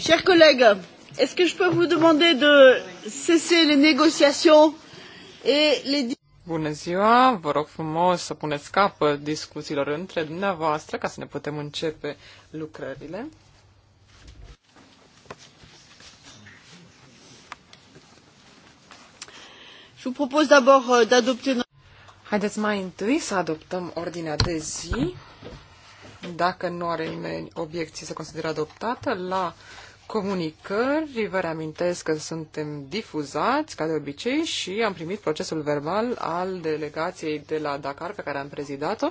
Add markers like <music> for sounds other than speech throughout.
Chers collègues, est-ce que je peux vous demander de cesser les négociations et les Bună ziua, vă rog frumos să puneți capăt discuțiilor între dumneavoastră ca să ne putem începe lucrările. Euh, Haideți mai întâi să adoptăm ordinea de zi. Dacă nu are nimeni obiecții, se consideră adoptată. La comunicări. Vă reamintesc că suntem difuzați, ca de obicei, și am primit procesul verbal al delegației de la Dakar, pe care am prezidat-o,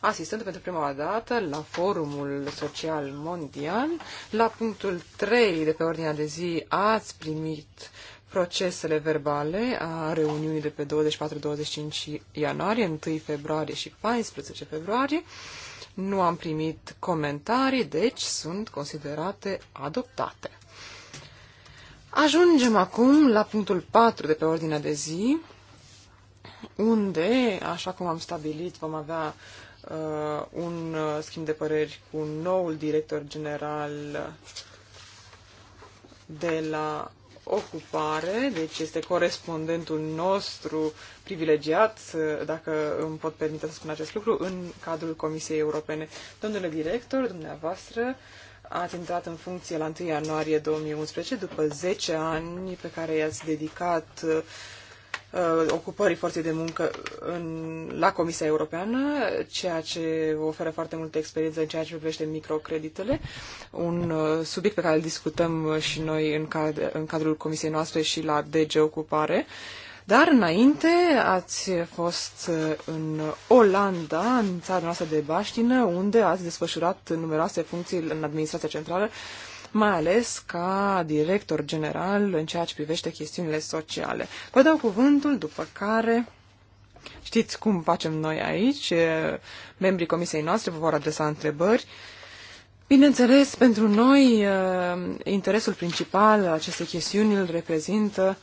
asistând pentru prima dată la Forumul Social Mondial. La punctul 3 de pe ordinea de zi ați primit procesele verbale a reuniunii de pe 24-25 ianuarie, 1 februarie și 14 februarie. Nu am primit comentarii, deci sunt considerate adoptate. Ajungem acum la punctul 4 de pe ordinea de zi, unde, așa cum am stabilit, vom avea uh, un uh, schimb de păreri cu noul director general de la ocupare, deci este corespondentul nostru privilegiat, dacă îmi pot permite să spun acest lucru, în cadrul Comisiei Europene. Domnule director, dumneavoastră, ați intrat în funcție la 1 ianuarie 2011, după 10 ani pe care i-ați dedicat uh, Uh, ocupării forței de muncă în, la Comisia Europeană, ceea ce oferă foarte multă experiență în ceea ce privește microcreditele, un uh, subiect pe care îl discutăm și noi în, cad, în cadrul Comisiei noastre și la DG Ocupare. Dar înainte ați fost uh, în Olanda, în țara noastră de Baștină, unde ați desfășurat numeroase funcții în administrația centrală, mai ales ca director general în ceea ce privește chestiunile sociale. Vă dau cuvântul, după care știți cum facem noi aici, membrii comisiei noastre vă vor adresa întrebări. Bineînțeles, pentru noi interesul principal al acestei chestiuni îl reprezintă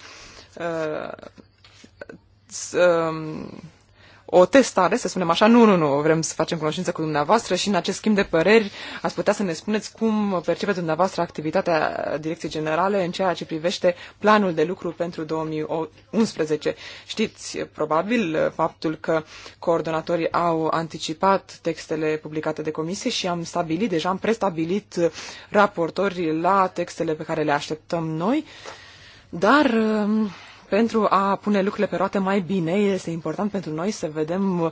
o testare, să spunem așa, nu, nu, nu, vrem să facem cunoștință cu dumneavoastră și în acest schimb de păreri ați putea să ne spuneți cum percepeți dumneavoastră activitatea Direcției Generale în ceea ce privește planul de lucru pentru 2011. Știți probabil faptul că coordonatorii au anticipat textele publicate de comisie și am stabilit, deja am prestabilit raportori la textele pe care le așteptăm noi, dar pentru a pune lucrurile pe roate mai bine. Este important pentru noi să vedem uh,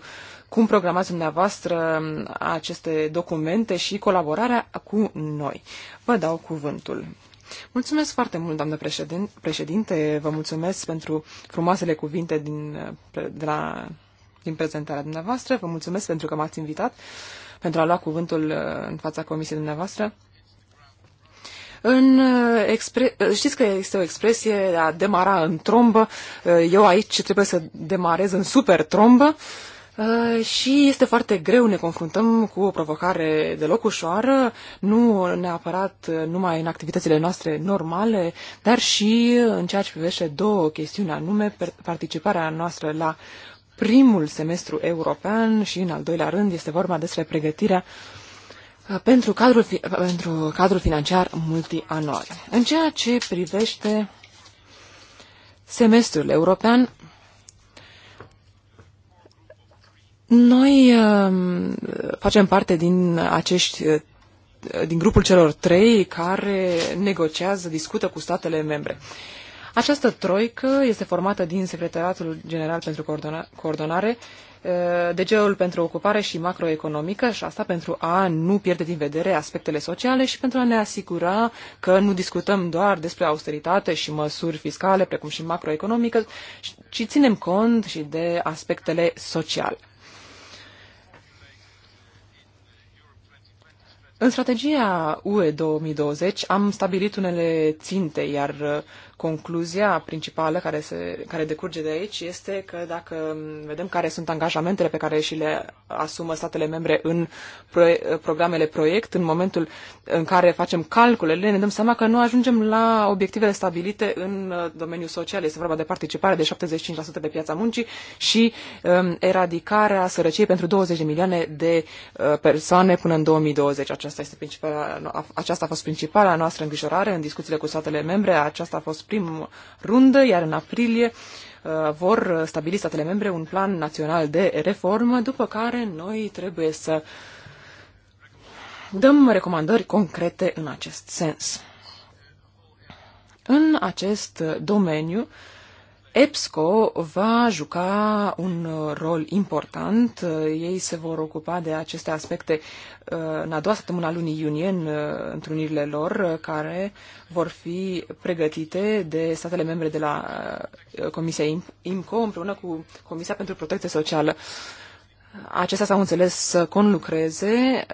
cum programați dumneavoastră um, aceste documente și colaborarea cu noi. Vă dau cuvântul. Mulțumesc foarte mult, doamnă președinte. Vă mulțumesc pentru frumoasele cuvinte din, uh, de la, din prezentarea dumneavoastră. Vă mulțumesc pentru că m-ați invitat pentru a lua cuvântul uh, în fața comisiei dumneavoastră. În uh, expre... Uh, știți că este o expresie a demara în trombă. Uh, eu aici trebuie să demarez în super trombă. Și este foarte greu, ne confruntăm cu o provocare deloc ușoară, nu neapărat numai în activitățile noastre normale, dar și în ceea ce privește două chestiuni anume, participarea noastră la primul semestru european și în al doilea rând este vorba despre pregătirea uh, pentru cadrul, pentru cadrul financiar multianual. În ceea ce privește semestrul european, noi um, facem parte din acești uh, din grupul celor trei care negociază, discută cu statele membre. Această troică este formată din Secretariatul General pentru Coordonare, Eh, DG-ul pentru ocupare și macroeconomică și asta pentru a nu pierde din vedere aspectele sociale și pentru a ne asigura că nu discutăm doar despre austeritate și măsuri fiscale, precum și macroeconomică, ci ținem cont și de aspectele sociale. În strategia UE 2020 am stabilit unele ținte, iar uh, Concluzia principală care, se, care decurge de aici este că dacă vedem care sunt angajamentele pe care și le asumă statele membre în pro- programele proiect, în momentul în care facem calculele, ne dăm seama că nu ajungem la obiectivele stabilite în uh, domeniul social. Este vorba de participare de 75% pe piața muncii și um, eradicarea sărăciei pentru 20 de milioane de uh, persoane până în 2020. Aceasta, este principala, aceasta a fost principala noastră îngrijorare în discuțiile cu statele membre. Aceasta a fost prim rundă, iar în aprilie uh, vor stabili statele membre un plan național de reformă, după care noi trebuie să dăm recomandări concrete în acest sens. În acest domeniu, uh, EPSCO va juca un rol important. Ei se vor ocupa de aceste aspecte uh, în a doua săptămână a lunii iunie în uh, întrunirile lor, uh, care vor fi pregătite de statele membre de la Comisia IMCO împreună cu Comisia pentru Protecție Socială. Acestea s-au înțeles să conlucreze,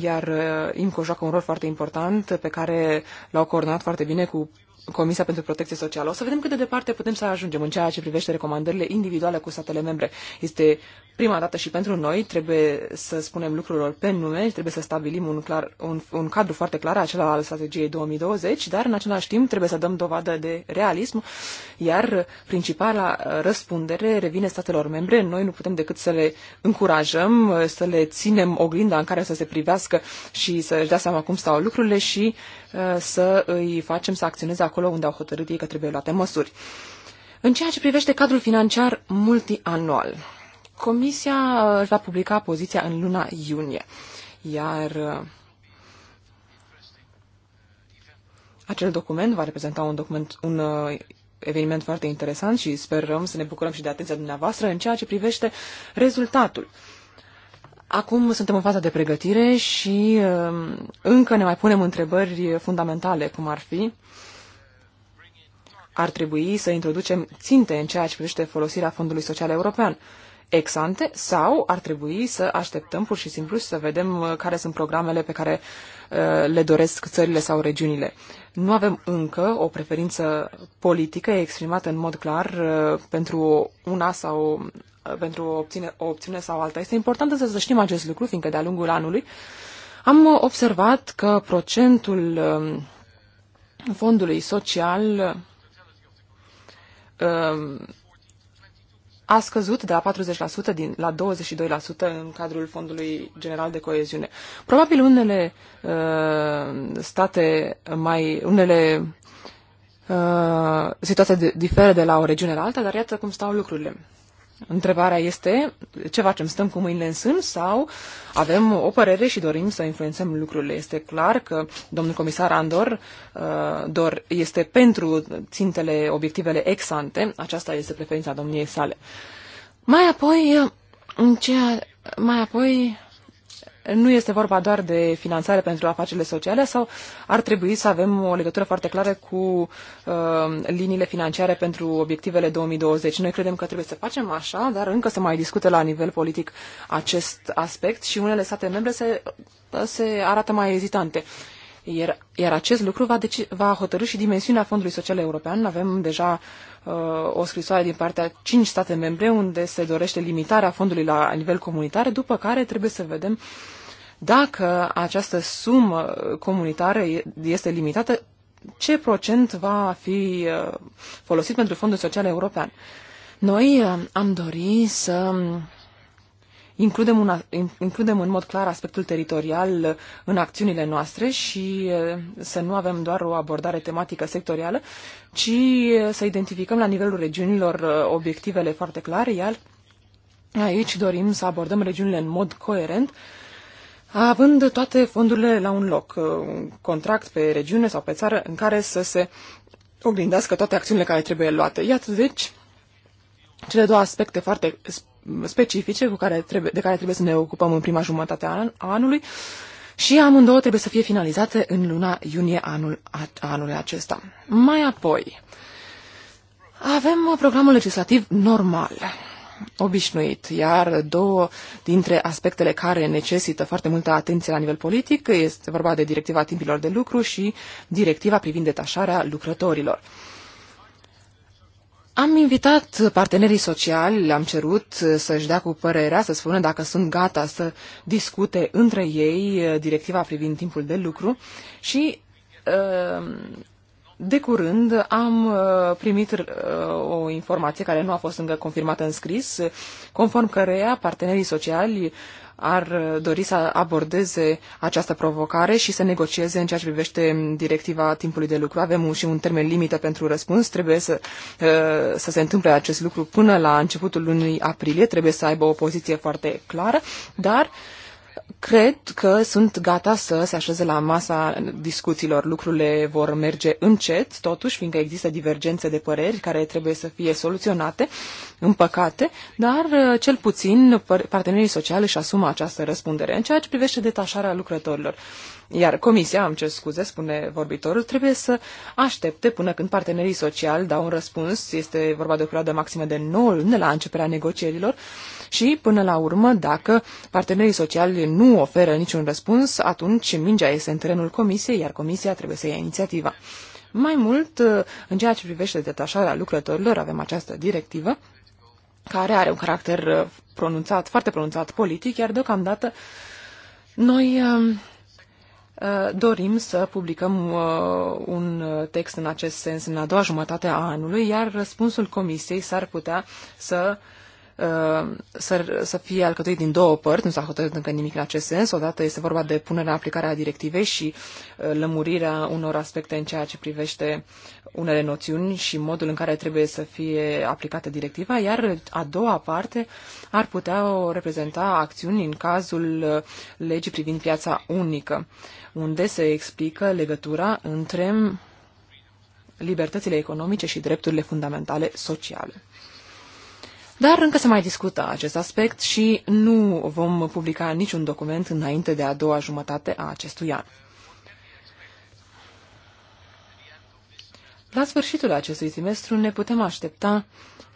iar IMCO joacă un rol foarte important pe care l-au coordonat foarte bine cu Comisia pentru Protecție Socială. O să vedem cât de departe putem să ajungem în ceea ce privește recomandările individuale cu statele membre. Este prima dată și pentru noi, trebuie să spunem lucrurilor pe nume, trebuie să stabilim un, clar, un, un cadru foarte clar, acela al strategiei 2020, dar în același timp trebuie să dăm dovadă de realism, iar principala uh, răspundere revine statelor membre. Noi nu putem decât să le încurajăm, uh, să le ținem oglinda în care să se privească și să-și dea seama cum stau lucrurile și uh, Uh, să îi facem să acționeze acolo unde au hotărât ei că trebuie luate măsuri. În ceea ce privește cadrul financiar multianual, Comisia uh, își va publica poziția în luna iunie, iar uh, acel document va reprezenta un document, un eveniment foarte interesant și sperăm să ne bucurăm și de atenția dumneavoastră în ceea ce privește rezultatul. Acum suntem în faza de pregătire și um, încă ne mai punem întrebări fundamentale, cum ar fi ar trebui să introducem ținte în ceea ce privește folosirea Fondului Social European ex ante sau ar trebui să așteptăm pur și simplu și să vedem uh, care sunt programele pe care uh, le doresc țările sau regiunile. Nu avem încă o preferință politică exprimată în mod clar uh, pentru una sau uh, pentru o, opțiune, o opțiune sau alta. Este important să știm acest lucru, fiindcă de-a lungul anului am observat că procentul um, fondului social um, a scăzut de la 40% din, la 22% în cadrul Fondului General de Coeziune. Probabil unele uh, state mai, unele uh, situații diferă de la o regiune la alta, dar iată cum stau lucrurile. Întrebarea este ce facem, stăm cu mâinile în sân sau avem o părere și dorim să influențăm lucrurile. Este clar că domnul comisar Andor uh, dor, este pentru țintele, obiectivele ex-ante, aceasta este preferința domniei sale. Mai apoi, uh, ceea, mai apoi nu este vorba doar de finanțare pentru afacerile sociale sau ar trebui să avem o legătură foarte clară cu uh, liniile financiare pentru obiectivele 2020. Noi credem că trebuie să facem așa, dar încă se mai discută la nivel politic acest aspect și unele state membre se, se arată mai ezitante. Iar, iar acest lucru va, deci, va hotărâ și dimensiunea Fondului Social European. Avem deja uh, Uh, o scrisoare din partea cinci state membre unde se dorește limitarea fondului la nivel comunitar, după care trebuie să vedem dacă această sumă comunitară este limitată, ce procent va fi uh, folosit pentru Fondul Social European. Noi uh, am dorit să includem, un, includem în mod clar aspectul teritorial uh, în acțiunile noastre și uh, să nu avem doar o abordare tematică sectorială, ci uh, să identificăm la nivelul regiunilor obiectivele foarte clare, iar aici dorim să abordăm regiunile în mod coerent, având toate fondurile la un loc, un contract pe regiune sau pe țară în care să se oglindească toate acțiunile care trebuie luate. Iată, deci, cele două aspecte foarte specifice cu care trebuie, de care trebuie să ne ocupăm în prima jumătate a anului și amândouă trebuie să fie finalizate în luna iunie anul, anul acesta. Mai apoi, avem programul legislativ normal obișnuit, iar două dintre aspectele care necesită foarte multă atenție la nivel politic este vorba de directiva timpilor de lucru și directiva privind detașarea lucrătorilor. Am invitat partenerii sociali, le-am cerut să-și dea cu părerea, să spună dacă sunt gata să discute între ei uh, directiva privind timpul de lucru și uh, de curând am uh, primit o informație care nu a fost încă confirmată în scris, conform căreia partenerii sociali ar dori să abordeze această provocare și să negocieze în ceea ce privește directiva timpului de lucru. Avem și un termen limită pentru răspuns. Trebuie să, uh, să se întâmple acest lucru până la începutul lunii aprilie. Trebuie să aibă o poziție foarte clară, dar cred că sunt gata să se așeze la masa discuțiilor. Lucrurile vor merge încet, totuși, fiindcă există divergențe de păreri care trebuie să fie soluționate, în păcate, dar uh, cel puțin partenerii sociali își asumă această răspundere în ceea ce privește detașarea lucrătorilor. Iar comisia, am ce scuze, spune vorbitorul, trebuie să aștepte până când partenerii sociali dau un răspuns, este vorba de o perioadă maximă de 9 luni la începerea negocierilor, și, până la urmă, dacă partenerii sociali nu oferă niciun răspuns, atunci mingea este în terenul comisiei, iar comisia trebuie să ia inițiativa. Mai mult, în ceea ce privește detașarea lucrătorilor, avem această directivă care are un caracter uh, pronunțat, foarte pronunțat politic, iar deocamdată noi um, uh, dorim să publicăm uh, un text în acest sens în a doua jumătate a anului, iar răspunsul comisiei s-ar putea să uh, Uh, să, să fie alcătuit din două părți, nu s-a hotărât încă nimic în acest sens. Odată este vorba de punerea în aplicare a directivei și uh, lămurirea unor aspecte în ceea ce privește unele noțiuni și modul în care trebuie să fie aplicată directiva, iar a doua parte ar putea o reprezenta acțiuni în cazul uh, legii privind piața unică, unde se explică legătura între libertățile economice și drepturile fundamentale sociale. Dar încă se mai discută acest aspect și nu vom publica niciun document înainte de a doua jumătate a acestui an. La sfârșitul acestui trimestru ne putem aștepta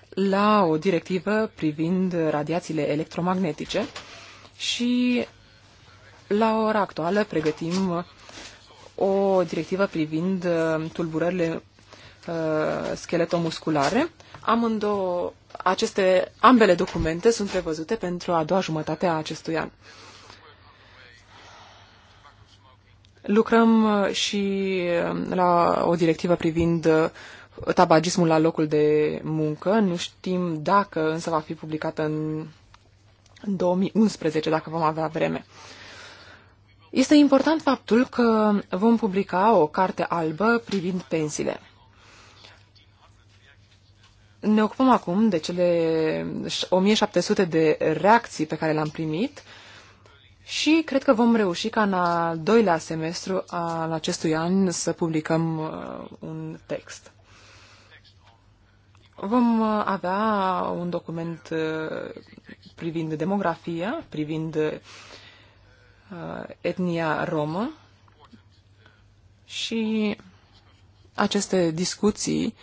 la o directivă privind radiațiile electromagnetice și la ora actuală pregătim o directivă privind tulburările uh, scheletomusculare Amândouă, aceste, ambele documente sunt prevăzute pentru a doua jumătate a acestui an. Lucrăm uh, și uh, la o directivă privind uh, tabagismul la locul de muncă. Nu știm dacă însă va fi publicată în 2011, dacă vom avea vreme. Este important faptul că vom publica o carte albă privind pensiile. Ne ocupăm acum de cele 1700 de reacții pe care le-am primit și cred că vom reuși ca în a doilea semestru al acestui an să publicăm uh, un text. Vom uh, avea un document uh, privind demografia, privind etnia romă și aceste discuții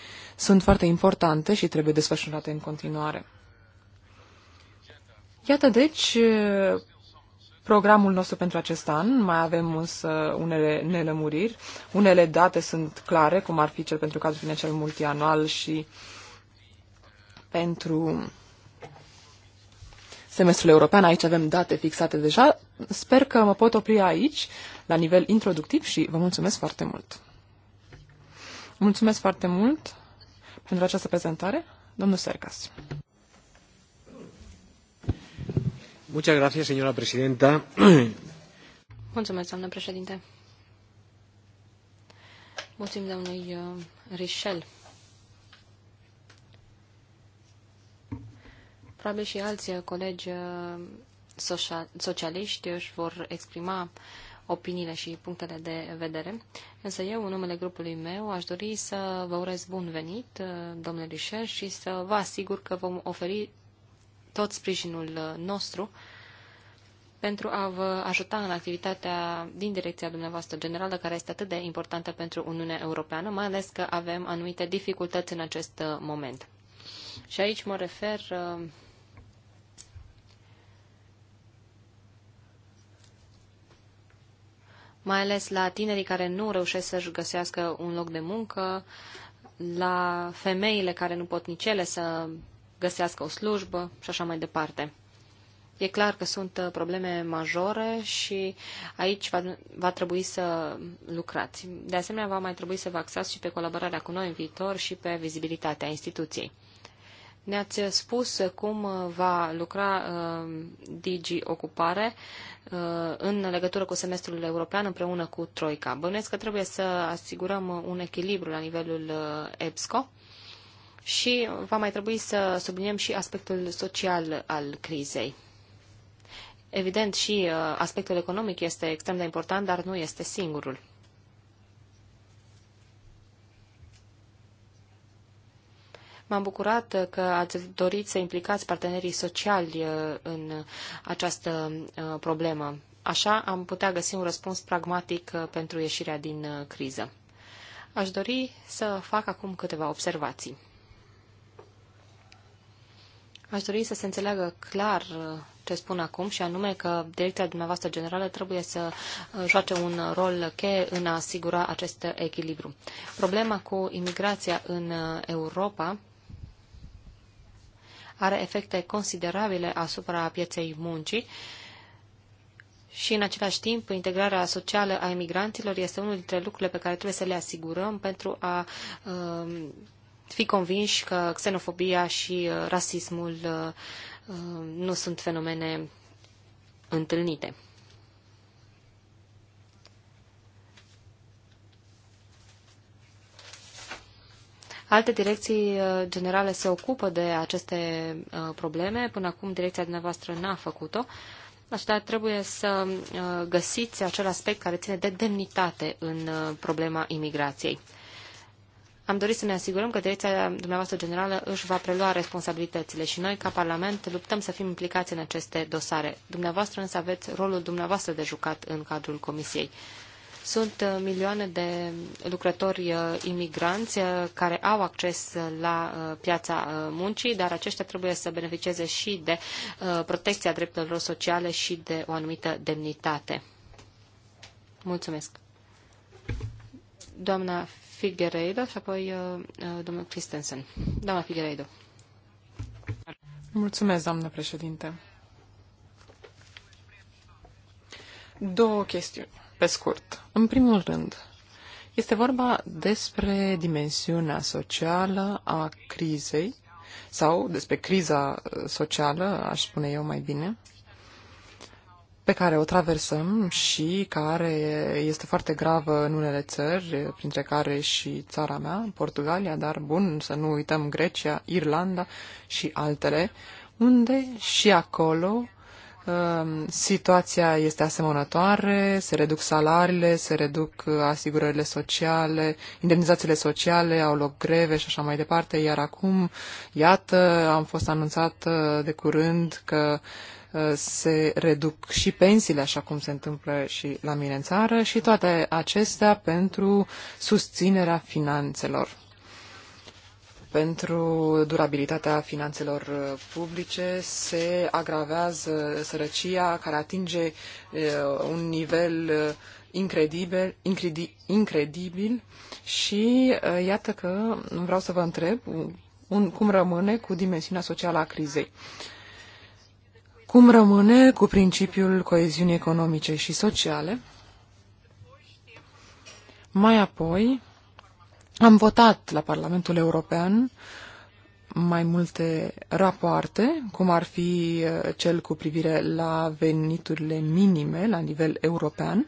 sunt foarte importante și trebuie desfășurate în continuare. Iată, deci, programul nostru pentru acest an. Mai avem însă unele nelămuriri. Unele date sunt clare, cum ar fi cel pentru cadrul financiar multianual și pentru semestrul european. Aici avem date fixate deja. Sper că mă pot opri aici, la nivel introductiv și vă mulțumesc foarte mult. Mulțumesc foarte mult pentru această prezentare. Domnul Sercas. Muchas gracias, señora presidenta. Mulțumesc, doamnă președinte. Mulțumim domnului uh, Richel. Probabil și alți uh, colegi uh, socialiști își vor exprima opiniile și punctele de vedere. Însă eu, în numele grupului meu, aș dori să vă urez bun venit, uh, domnule Rișel, și să vă asigur că vom oferi tot sprijinul uh, nostru pentru a vă ajuta în activitatea din direcția dumneavoastră generală, care este atât de importantă pentru Uniunea Europeană, mai ales că avem anumite dificultăți în acest uh, moment. Și aici mă refer mai ales la tinerii care nu reușesc să-și găsească un loc de muncă, la femeile care nu pot nici ele să găsească o slujbă și așa mai departe. E clar că sunt uh, probleme majore și aici va, va trebui să lucrați. De asemenea, va mai trebui să vă axați și pe colaborarea cu noi în viitor și pe vizibilitatea instituției. Ne-ați spus cum uh, va lucra uh, Digi Ocupare uh, în legătură cu semestrul european împreună cu Troica. Bănuiesc că trebuie să asigurăm uh, un echilibru la nivelul uh, EBSCO și va mai trebui să subliniem și aspectul social al crizei. Evident, și uh, aspectul economic este extrem de important, dar nu este singurul. M-am bucurat că ați dorit să implicați partenerii sociali uh, în această uh, problemă. Așa am putea găsi un răspuns pragmatic uh, pentru ieșirea din criză. Aș dori să fac acum câteva observații. Aș dori să se înțeleagă clar ce spun acum și anume că direcția dumneavoastră generală trebuie să joace un rol cheie în a asigura acest echilibru. Problema cu imigrația în Europa are efecte considerabile asupra pieței muncii și, în același timp, integrarea socială a emigranților este unul dintre lucrurile pe care trebuie să le asigurăm pentru a uh, fi convinși că xenofobia și uh, rasismul uh, um, nu sunt fenomene întâlnite. Alte direcții uh, generale se ocupă de aceste uh, probleme. Până acum direcția dumneavoastră n-a făcut-o. Așadar, trebuie să uh, găsiți acel aspect care ține de demnitate în problema imigrației. Am dorit să ne asigurăm că direcția dumneavoastră generală își va prelua responsabilitățile și noi, ca Parlament, luptăm să fim implicați în aceste dosare. Dumneavoastră însă aveți rolul dumneavoastră de jucat în cadrul Comisiei. Sunt uh, milioane de lucrători uh, imigranți uh, care au acces la piața muncii, dar aceștia trebuie să beneficieze și de protecția drepturilor sociale și de o anumită demnitate. Mulțumesc. Doamna Figueiredo și apoi domnul Christensen. Doamna Figueiredo. Mulțumesc, doamnă președinte. Două chestiuni pe scurt. În primul rând, este vorba despre dimensiunea socială a crizei sau despre criza uh, socială, aș spune eu mai bine, pe care o traversăm și care este foarte gravă în unele țări, printre care și țara mea, Portugalia, dar bun, să nu uităm Grecia, Irlanda și altele, unde și acolo Ehm, situația este asemănătoare, se reduc salariile, se reduc uh, asigurările sociale, indemnizațiile sociale, au loc greve și așa mai departe, iar acum, iată, am fost anunțat uh, de curând că uh, se reduc și pensiile, așa cum se întâmplă și la mine în țară, și toate acestea pentru susținerea finanțelor pentru durabilitatea finanțelor uh, publice se agravează sărăcia care atinge uh, un nivel uh, incredibil, incredi, incredibil și iată că vreau să vă întreb un, cum rămâne cu dimensiunea socială a crizei. Cum rămâne cu principiul coeziunii economice și sociale? Mai apoi, am votat la Parlamentul European mai multe rapoarte, cum ar fi uh, cel cu privire la veniturile minime la nivel european,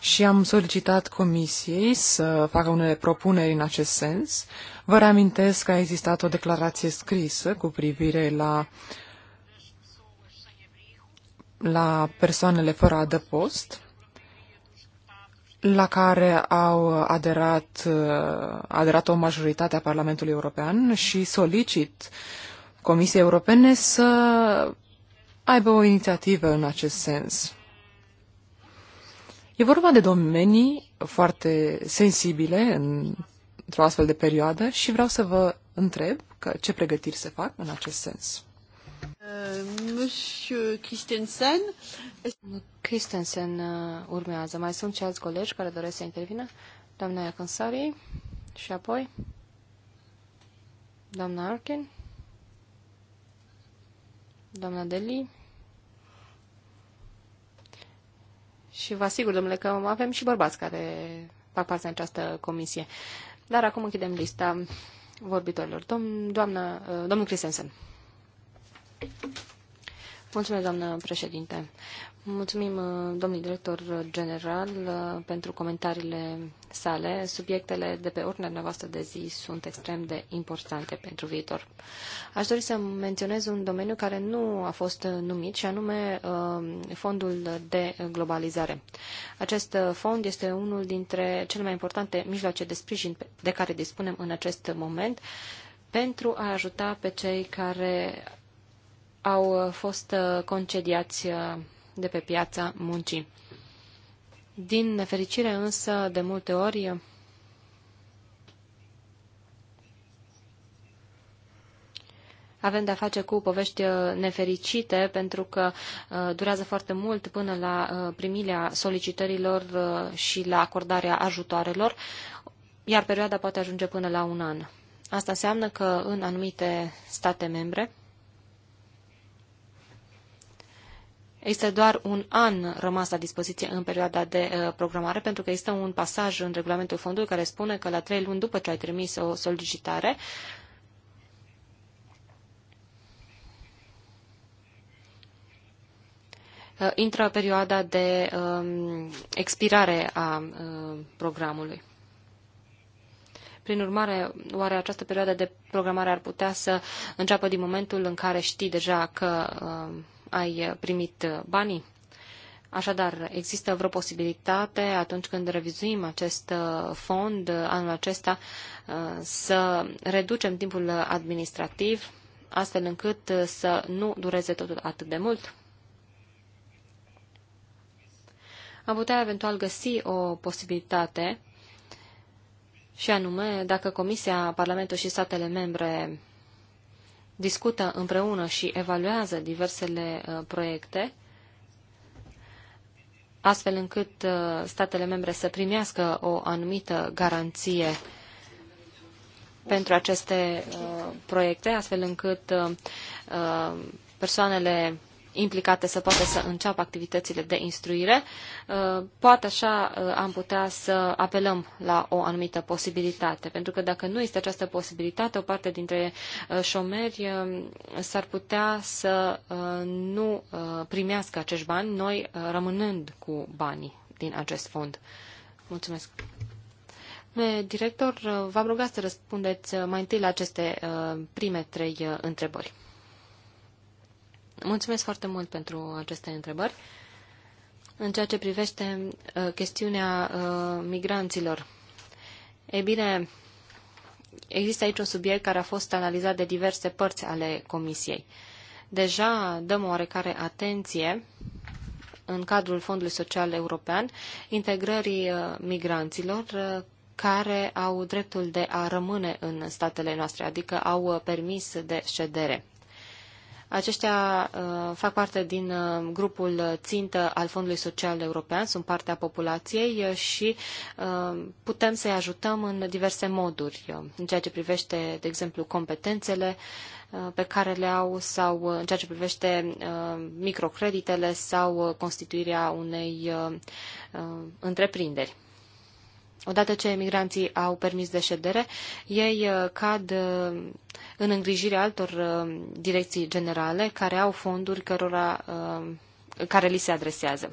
și am solicitat comisiei să facă unele propuneri în acest sens. Vă reamintesc că a existat o declarație scrisă cu privire la, la persoanele fără adăpost la care au aderat, uh, aderat o majoritate a Parlamentului European și solicit Comisiei Europene să aibă o inițiativă în acest sens. E vorba de domenii foarte sensibile în, într-o astfel de perioadă și vreau să vă întreb că ce pregătiri se fac în acest sens. Monsieur Christensen. Christensen uh, urmează. Mai sunt și alți colegi care doresc să intervină? Doamna Iacansari și apoi doamna Arkin, doamna Deli. Și vă asigur, domnule, că avem și bărbați care fac parte în această comisie. Dar acum închidem lista vorbitorilor. Domn, doamna, uh, domnul Christensen. Mulțumesc, doamnă președinte. Mulțumim, uh, domnului director general, uh, pentru comentariile sale. Subiectele de pe ordinea noastră de zi sunt extrem de importante pentru viitor. Aș dori să menționez un domeniu care nu a fost numit, și anume uh, fondul de globalizare. Acest fond este unul dintre cele mai importante mijloace de sprijin de care dispunem în acest moment pentru a ajuta pe cei care au uh, fost uh, concediați uh, de pe piața muncii. Din nefericire însă, de multe ori, avem de-a face cu povești nefericite pentru că durează foarte mult până la primirea solicitărilor și la acordarea ajutoarelor, iar perioada poate ajunge până la un an. Asta înseamnă că în anumite state membre Este doar un an rămas la dispoziție în perioada de uh, programare, pentru că există un pasaj în regulamentul fondului care spune că la trei luni după ce ai trimis o solicitare, uh, intră perioada de uh, expirare a uh, programului. Prin urmare, oare această perioadă de programare ar putea să înceapă din momentul în care știi deja că um, ai uh, primit uh, banii? Așadar, există vreo posibilitate atunci când revizuim acest uh, fond anul acesta să reducem timpul administrativ astfel încât să nu dureze totul atât de mult? Am putea eventual găsi o posibilitate și anume, dacă Comisia, Parlamentul și statele membre discută împreună și evaluează diversele uh, proiecte, astfel încât uh, statele membre să primească o anumită garanție pentru aceste uh, proiecte, astfel încât persoanele implicate să poată să înceapă activitățile de instruire. Uh, poate așa uh, am putea să apelăm la o anumită posibilitate, pentru că dacă nu este această posibilitate, o parte dintre uh, șomeri s-ar putea să nu primească acești bani, noi rămânând cu banii din acest fond. Mulțumesc. Domnule director, v-am rugat să răspundeți mai întâi la aceste prime trei întrebări. Mulțumesc foarte mult pentru aceste întrebări. În ceea ce privește uh, chestiunea uh, migranților, e bine, există aici un subiect care a fost analizat de diverse părți ale Comisiei. Deja dăm oarecare atenție în cadrul Fondului Social European integrării uh, migranților care au dreptul de a rămâne în statele noastre, adică au permis de ședere. Aceștia uh, fac parte din uh, grupul țintă al Fondului Social European, sunt partea populației uh, și putem să-i ajutăm în diverse moduri, în ceea ce privește, de exemplu, competențele pe care le au sau în ceea ce privește microcreditele sau constituirea unei întreprinderi. Odată ce emigranții au permis de ședere, ei uh, cad uh, în îngrijirea altor uh, direcții generale care au fonduri cărora, care li se adresează.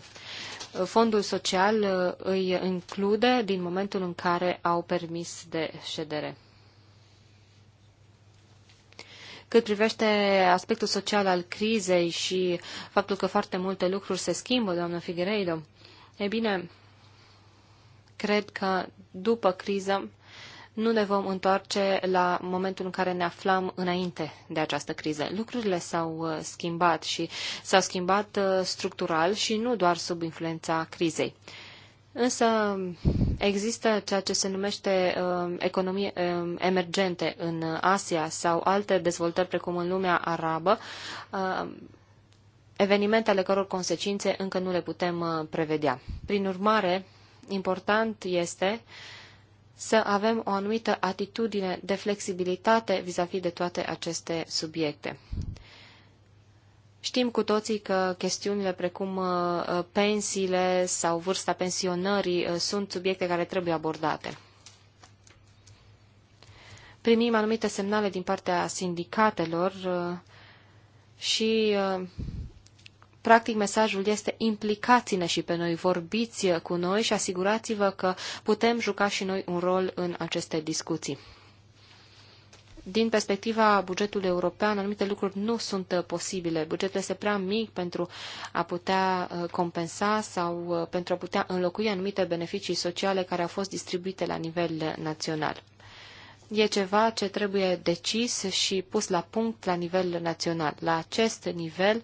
Fondul social îi include din momentul în care au permis de ședere. Cât privește aspectul social al crizei și faptul că foarte multe lucruri se schimbă, doamnă Figueiredo, e bine, Cred că după criză nu ne vom întoarce la momentul în care ne aflam înainte de această criză. Lucrurile s-au uh, schimbat și s-au schimbat uh, structural și nu doar sub influența crizei. Însă există ceea ce se numește uh, economie uh, emergente în Asia sau alte dezvoltări precum în lumea arabă, uh, evenimente ale căror consecințe încă nu le putem uh, prevedea. Prin urmare, important este să avem o anumită atitudine de flexibilitate vis-a-vis -vis de toate aceste subiecte. Știm cu toții că chestiunile precum uh, uh, pensiile sau vârsta pensionării uh, sunt subiecte care trebuie abordate. Primim anumite semnale din partea sindicatelor și Practic, mesajul este implicați-ne și pe noi, vorbiți cu noi și asigurați-vă că putem juca și noi un rol în aceste discuții. Din perspectiva bugetului european, anumite lucruri nu sunt uh, posibile. Bugetul este prea mic pentru a putea uh, compensa sau uh, pentru a putea înlocui anumite beneficii sociale care au fost distribuite la nivel național. E ceva ce trebuie decis și pus la punct la nivel național. La acest nivel,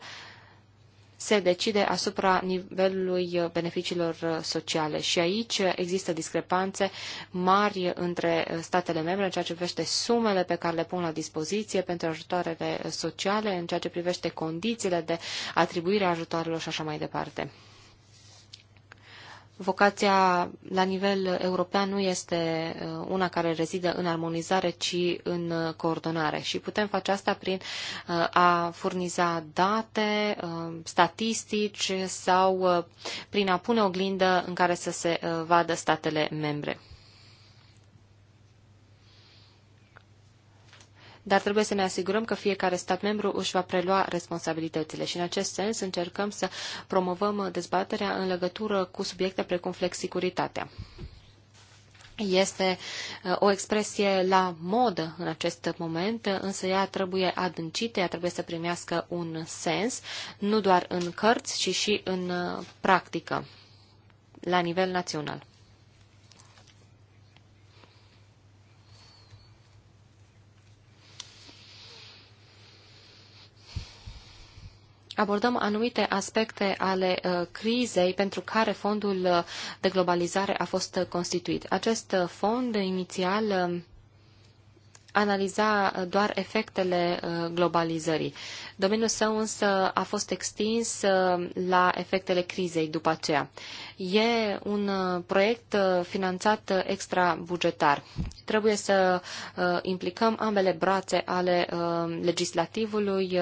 se decide asupra nivelului uh, beneficiilor uh, sociale. Și aici uh, există discrepanțe mari între statele membre în ceea ce privește sumele pe care le pun la dispoziție pentru ajutoarele sociale, în ceea ce privește condițiile de atribuire a ajutoarelor și așa mai departe vocația la nivel european nu este uh, una care rezidă în armonizare, ci în uh, coordonare. Și putem face asta prin uh, a furniza date, statistici sau prin a pune oglindă în care să se vadă statele membre. dar trebuie să ne asigurăm că fiecare stat membru își va prelua responsabilitățile și în acest sens încercăm să promovăm dezbaterea în legătură cu subiecte precum flexicuritatea. Este uh, o expresie la modă în acest moment, însă ea trebuie adâncită, ea trebuie să primească un sens, nu doar în cărți, ci și în uh, practică, la nivel național. abordăm anumite aspecte ale uh, crizei pentru care fondul uh, de globalizare a fost uh, constituit. Acest fond inițial um, analiza doar efectele globalizării. Domeniul său însă a fost extins la efectele crizei după aceea. E un proiect finanțat extra-bugetar. Trebuie să implicăm ambele brațe ale legislativului,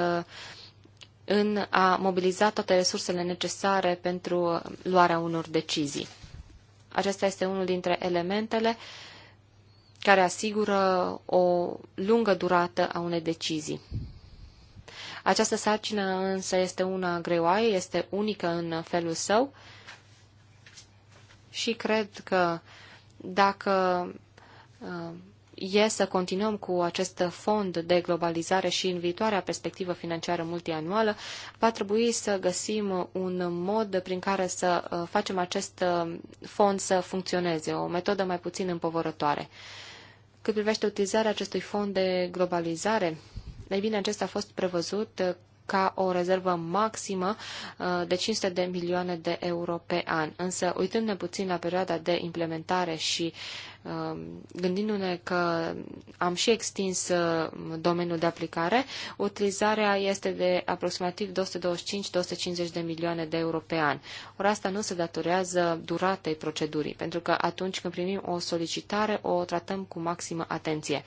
în a mobiliza toate resursele necesare pentru luarea unor decizii. Acesta este unul dintre elementele care asigură o lungă durată a unei decizii. Această sarcină însă este una greoaie, este unică în felul său și cred că dacă uh, e să continuăm cu acest fond de globalizare și în viitoarea perspectivă financiară multianuală, va trebui să găsim un mod prin care să uh, facem acest uh, fond să funcționeze, o metodă mai puțin împovărătoare. Cât privește utilizarea acestui fond de globalizare, ei bine, acesta a fost prevăzut uh, ca o rezervă maximă uh, de 500 de milioane de euro pe an. Însă, uitându-ne puțin la perioada de implementare și uh, gândindu-ne că am și extins uh, domeniul de aplicare, utilizarea este de aproximativ 225-250 de milioane de euro pe an. Ori asta nu se datorează duratei procedurii, pentru că atunci când primim o solicitare, o tratăm cu maximă atenție.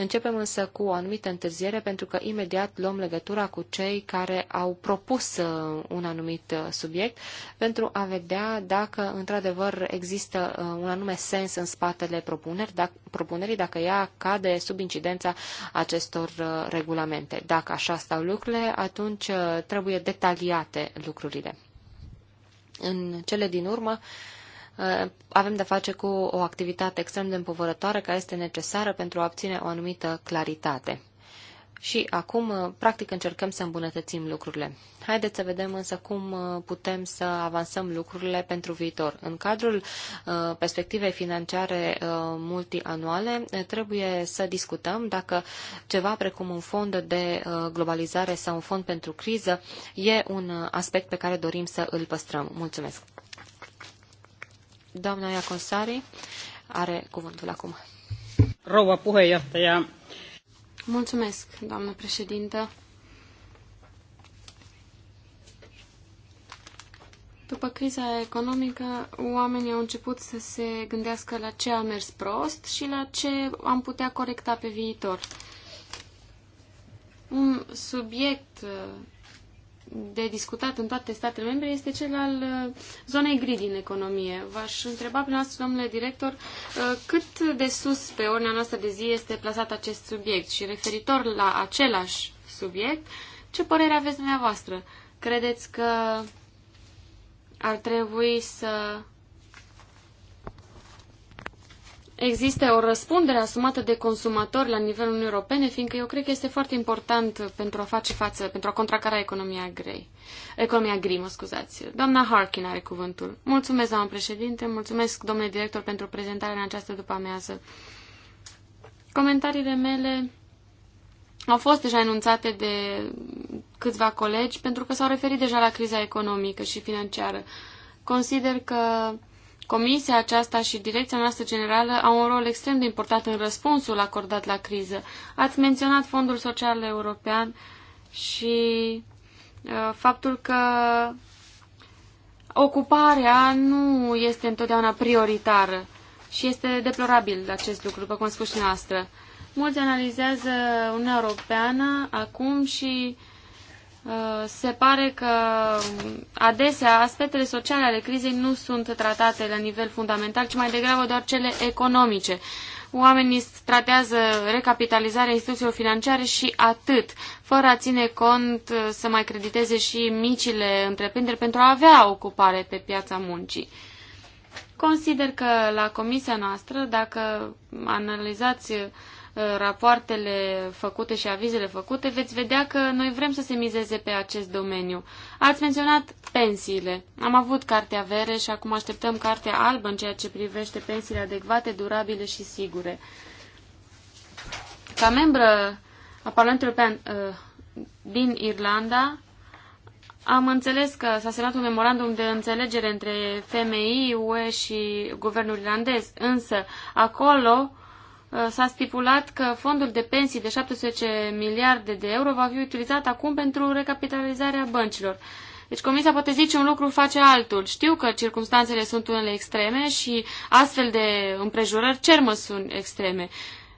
Începem însă cu o anumită întârziere pentru că imediat luăm legătura cu cei care au propus uh, un anumit uh, subiect pentru a vedea dacă într-adevăr există uh, un anume sens în spatele propuneri, dacă, propunerii, dacă ea cade sub incidența acestor regulamente. Dacă așa stau lucrurile, atunci trebuie detaliate lucrurile. În cele din urmă, Eh, avem de face cu o activitate extrem de împovărătoare care este necesară pentru a obține o anumită claritate. Și acum, eh, practic, încercăm să îmbunătățim lucrurile. Haideți să vedem însă cum eh, putem să avansăm lucrurile pentru viitor. În cadrul perspectivei financiare multianuale, trebuie să discutăm dacă ceva precum un fond de globalizare sau un fond pentru criză e un aspect pe care dorim să îl păstrăm. Mulțumesc! Doamna Iaconsari are cuvântul acum. Rouva puheenjohtaja. Mulțumesc, doamnă președintă. După criza economică, oamenii au început să se gândească la ce a mers prost și la ce am putea corecta pe viitor. Un subiect de discutat în toate statele membre este cel al uh, zonei gri din economie. V-aș întreba pe noastră, domnule director, uh, cât de sus pe ordinea noastră de zi este plasat acest subiect și referitor la același subiect, ce părere aveți dumneavoastră? Credeți că ar trebui să existe o răspundere asumată de consumatori la nivelul Uniunii Europene, fiindcă eu cred că este foarte important pentru a face față, pentru a contracara economia grei. Economia gri, mă scuzați. Doamna Harkin are cuvântul. Mulțumesc, doamnă președinte, mulțumesc, domnule director, pentru prezentarea în această după-amiază. Comentariile mele au fost deja enunțate de câțiva colegi, pentru că s-au referit deja la criza economică și financiară. Consider că Comisia aceasta și direcția noastră generală au un rol extrem de important în răspunsul acordat la criză. Ați menționat Fondul Social European și uh, faptul că ocuparea nu este întotdeauna prioritară și este deplorabil acest lucru, după cum spus și noastră. Mulți analizează Uniunea Europeană acum și Uh, se pare că um, adesea aspectele sociale ale crizei nu sunt tratate la nivel fundamental, ci mai degrabă doar cele economice. Oamenii tratează recapitalizarea instituțiilor financiare și atât, fără a ține cont uh, să mai crediteze și micile întreprinderi pentru a avea ocupare pe piața muncii. Consider că la comisia noastră, dacă analizați uh, Uh, rapoartele făcute și avizele făcute, veți vedea că noi vrem să se mizeze pe acest domeniu. Ați menționat pensiile. Am avut cartea vere și acum așteptăm cartea albă în ceea ce privește pensiile adecvate, durabile și sigure. Ca membră a Parlamentului European uh, din Irlanda, am înțeles că s-a semnat un memorandum de înțelegere între FMI, UE și guvernul irlandez, însă acolo Uh, s-a stipulat că fondul de pensii de 17 miliarde de euro va fi utilizat acum pentru recapitalizarea băncilor. Deci comisia poate zice un lucru, face altul. Știu că circumstanțele sunt unele extreme și astfel de împrejurări cer măsuri extreme.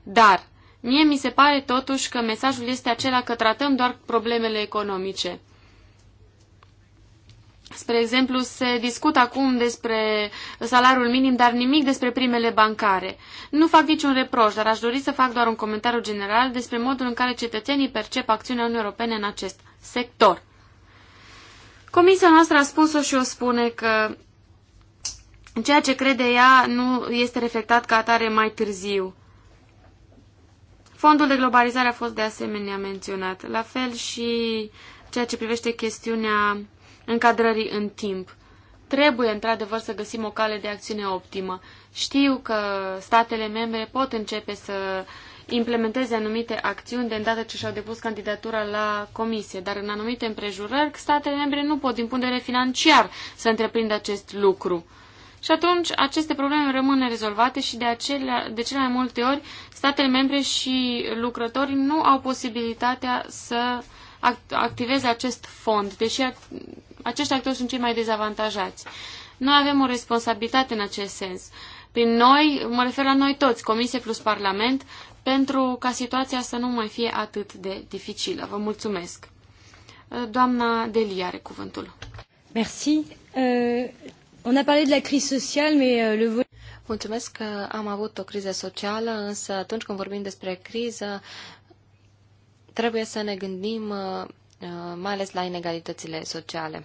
Dar mie mi se pare totuși că mesajul este acela că tratăm doar problemele economice. Spre exemplu, se discută acum despre salariul minim, dar nimic despre primele bancare. Nu fac niciun reproș, dar aș dori să fac doar un comentariu general despre modul în care cetățenii percep acțiunea Uniunii Europene în acest sector. Comisia noastră a spus-o și o spune că ceea ce crede ea nu este reflectat ca atare mai târziu. Fondul de globalizare a fost de asemenea menționat, la fel și ceea ce privește chestiunea încadrării în timp. Trebuie, într-adevăr, să găsim o cale de acțiune optimă. Știu că statele membre pot începe să implementeze anumite acțiuni de îndată ce și-au depus candidatura la comisie, dar în anumite împrejurări, statele membre nu pot, din punct de vedere financiar, să întreprindă acest lucru. Și atunci aceste probleme rămân nerezolvate și de, acelea, de cele mai multe ori statele membre și lucrătorii nu au posibilitatea să activeze acest fond, deși acești actori sunt cei mai dezavantajați. Noi avem o responsabilitate în acest sens. Prin noi, mă refer la noi toți, Comisie plus Parlament, pentru ca situația să nu mai fie atât de dificilă. Vă mulțumesc. Doamna Delia are cuvântul. Merci. Uh, on a parlé de la crise sociale, mais euh, le volet... Mulțumesc că am avut o criză socială, însă atunci când vorbim despre criză, trebuie să ne gândim uh, Uh, mai ales la inegalitățile sociale.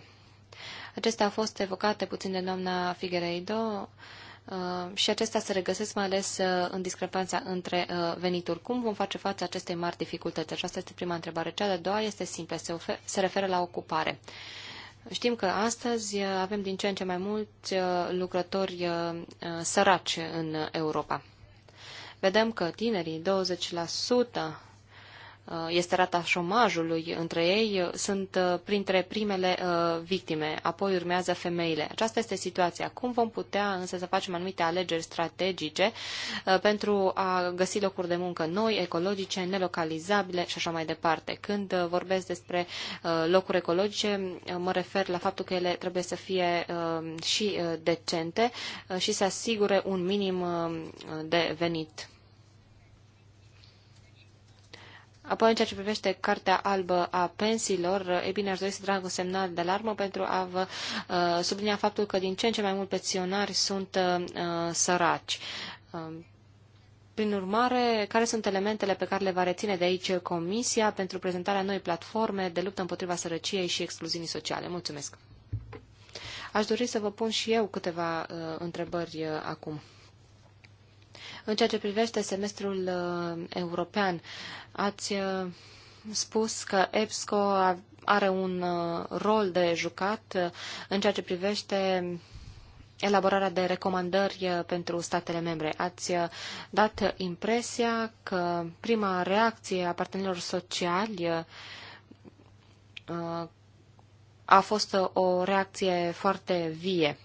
Acestea au fost evocate puțin de doamna Figueiredo uh, și acestea se regăsesc mai ales uh, în discrepanța între venituri. Cum vom face față acestei mari dificultăți? Aceasta deci este prima întrebare. Cea de-a doua este simplă, se, ofer- se referă la ocupare. Știm că astăzi avem din ce în ce mai mulți lucrători săraci în Europa. Vedem că tinerii, 20% Uh, este rata șomajului între ei, uh, sunt uh, printre primele victime, apoi urmează femeile. Aceasta este situația. Cum vom putea însă să facem anumite alegeri strategice pentru a găsi locuri de muncă noi, ecologice, nelocalizabile și așa mai departe? Când vorbesc despre locuri ecologice, mă refer la faptul că ele trebuie să fie și decente și să asigure un minim de venit. Apoi, în ceea ce privește Cartea Albă a Pensiilor, e bine, aș dori să trag un semnal de alarmă pentru a vă uh, sublinia faptul că din ce în ce mai mulți pensionari sunt uh, uh săraci. Uh, prin urmare, care sunt elementele pe care le va reține de aici Comisia pentru prezentarea noi platforme de luptă împotriva sărăciei și excluziunii sociale? Mulțumesc! Aș dori să vă pun și eu câteva uh, întrebări uh, acum. În ceea ce privește semestrul uh, european, ați uh, spus că EBSCO are un uh, rol de jucat în ceea ce privește elaborarea de recomandări pentru statele membre. Ați dat impresia că prima reacție a partenerilor sociali a fost o reacție foarte vie,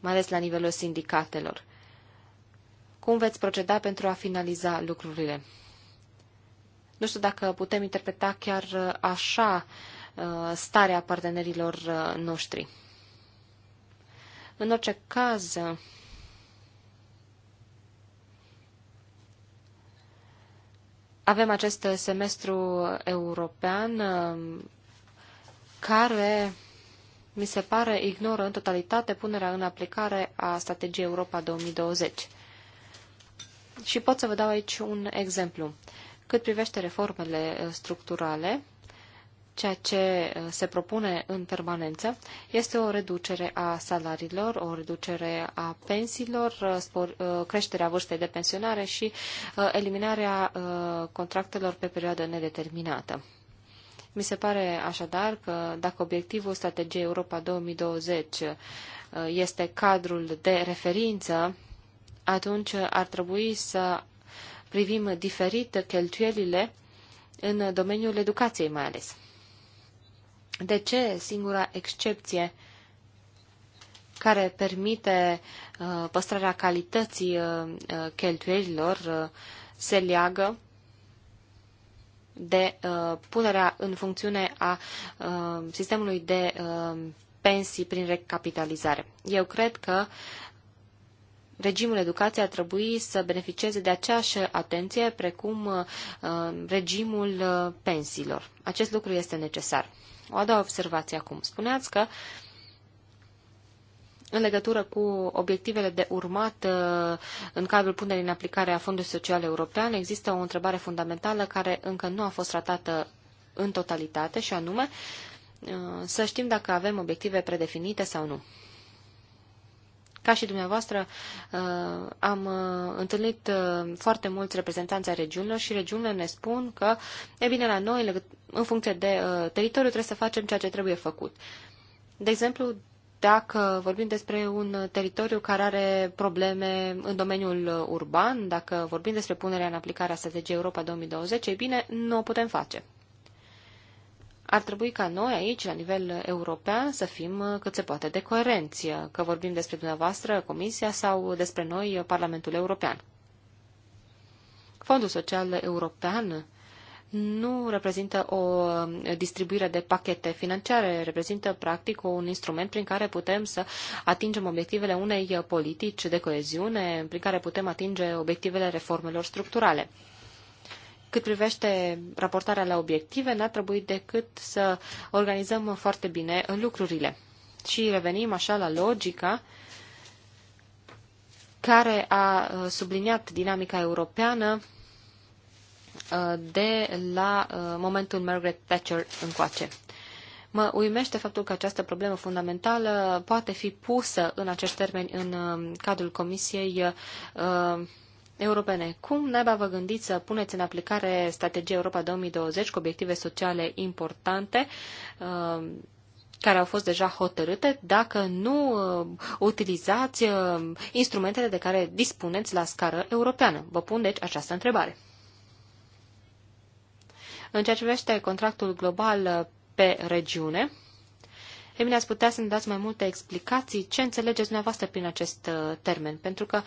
mai ales la nivelul sindicatelor. Cum veți proceda pentru a finaliza lucrurile? Nu știu dacă putem interpreta chiar uh, așa uh, starea partenerilor uh, noștri. În orice caz, avem acest semestru european care mi se pare ignoră în totalitate punerea în aplicare a strategiei Europa 2020. Și pot să vă dau aici un exemplu. Cât privește reformele uh, structurale, ceea ce uh, se propune în permanență este o reducere a salariilor, o reducere a pensiilor, uh, creșterea vârstei de pensionare și eliminarea contractelor pe perioadă nedeterminată. Mi se pare așadar că dacă obiectivul strategiei Europa 2020 este cadrul de referință atunci ar trebui să privim diferit cheltuielile în domeniul educației mai ales. De ce singura excepție care permite uh, păstrarea calității uh, uh, cheltuielilor se leagă de punerea în funcțiune a sistemului de pensii prin recapitalizare. Eu cred că regimul educației ar trebui să beneficieze de aceeași atenție precum uh, regimul uh, pensiilor. Acest lucru este necesar. O a doua observație acum. Spuneați că în legătură cu obiectivele de urmat uh, în cadrul punerii în aplicare a Fondului Social European, există o întrebare fundamentală care încă nu a fost tratată în totalitate și anume să știm dacă avem obiective predefinite sau nu. Ca și dumneavoastră, uh, am uh, întâlnit uh, foarte mulți reprezentanți ai regiunilor și regiunile ne spun că, e bine, la noi, în funcție de teritoriu, trebuie să facem ceea ce trebuie făcut. De exemplu, dacă vorbim despre un teritoriu care are probleme în domeniul urban, dacă vorbim despre punerea în aplicare a strategiei Europa 2020, ei bine, nu o putem face ar trebui ca noi aici, la nivel european, să fim uh, cât se poate de coerenți, uh, că vorbim despre dumneavoastră, Comisia sau despre noi, uh, Parlamentul European. Fondul Social European nu reprezintă o distribuire de pachete financiare, reprezintă practic un instrument prin care putem să atingem obiectivele unei politici de coeziune, prin care putem atinge obiectivele reformelor structurale. Cât privește raportarea la obiective, n-ar trebui decât să organizăm foarte bine lucrurile. Și revenim așa la logica care a uh, subliniat dinamica europeană uh, de la uh, momentul Margaret Thatcher încoace. Mă uimește faptul că această problemă fundamentală poate fi pusă în acești termeni în cadrul Comisiei europene. Cum naiba vă gândiți să puneți în aplicare strategia Europa 2020 cu obiective sociale importante uh, care au fost deja hotărâte dacă nu uh, utilizați uh, instrumentele de care dispuneți la scară europeană? Vă pun deci această întrebare. În ceea ce privește contractul global pe regiune, E bine, ați putea să mi dați mai multe explicații ce înțelegeți dumneavoastră prin acest termen, pentru că uh,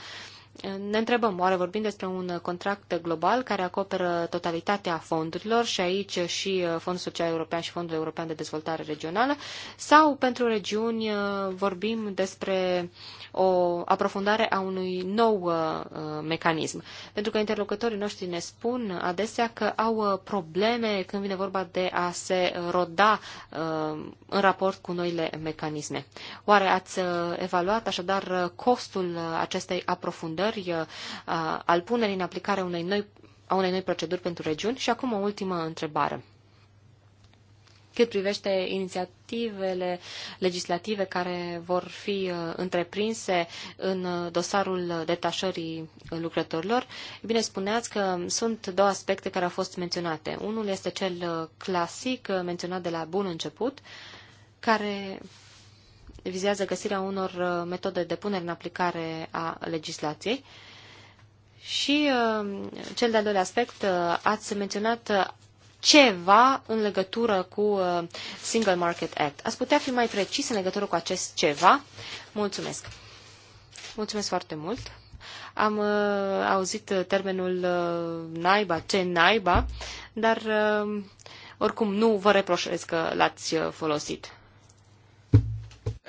ne întrebăm, oare vorbim despre un contract global care acoperă totalitatea fondurilor și aici și uh, Fondul Social European și Fondul European de Dezvoltare Regională sau pentru regiuni uh, vorbim despre o aprofundare a unui nou uh, mecanism? Pentru că interlocutorii noștri ne spun adesea că au probleme când vine vorba de a se roda în raport cu noile mecanisme. Oare ați evaluat așadar costul acestei aprofundări evaluări uh, uh, al punerii în aplicare unei noi, a unei noi proceduri pentru regiuni? Și acum o ultimă întrebare. Cât privește inițiativele legislative care vor fi uh, întreprinse în dosarul detașării lucrătorilor, bine spuneați că sunt două aspecte care au fost menționate. Unul este cel clasic menționat de la bun început, care vizează găsirea unor uh, metode de punere în aplicare a legislației. Și uh, cel de-al doilea aspect, uh, ați menționat ceva în legătură cu Single Market Act. Ați putea fi mai precis în legătură cu acest ceva? Mulțumesc! Mulțumesc foarte mult! Am uh, auzit termenul uh, naiba, ce naiba, dar uh, oricum nu vă reproșez că l-ați folosit.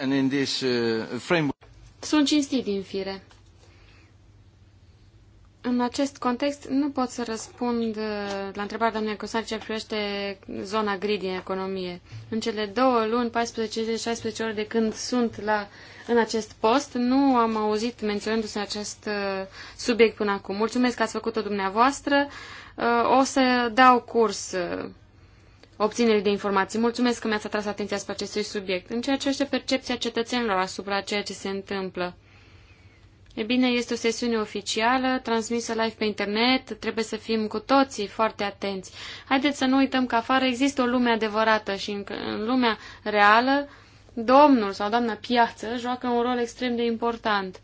And in this, uh, framework... Sunt cinstit din fire. În acest context nu pot să răspund uh, la întrebarea doamnei Cosar ce privește zona gri din economie. În cele două luni, 14-16 ore de când sunt la, în acest post, nu am auzit menționându-se acest uh, subiect până acum. Mulțumesc că ați făcut-o dumneavoastră. Uh, o să dau curs obținerii de informații. Mulțumesc că mi-ați atras atenția asupra acestui subiect. În ceea ce este percepția cetățenilor asupra ceea ce se întâmplă. E bine, este o sesiune oficială, transmisă live pe internet, trebuie să fim cu toții foarte atenți. Haideți să nu uităm că afară există o lume adevărată și în, în lumea reală, domnul sau doamna piață joacă un rol extrem de important.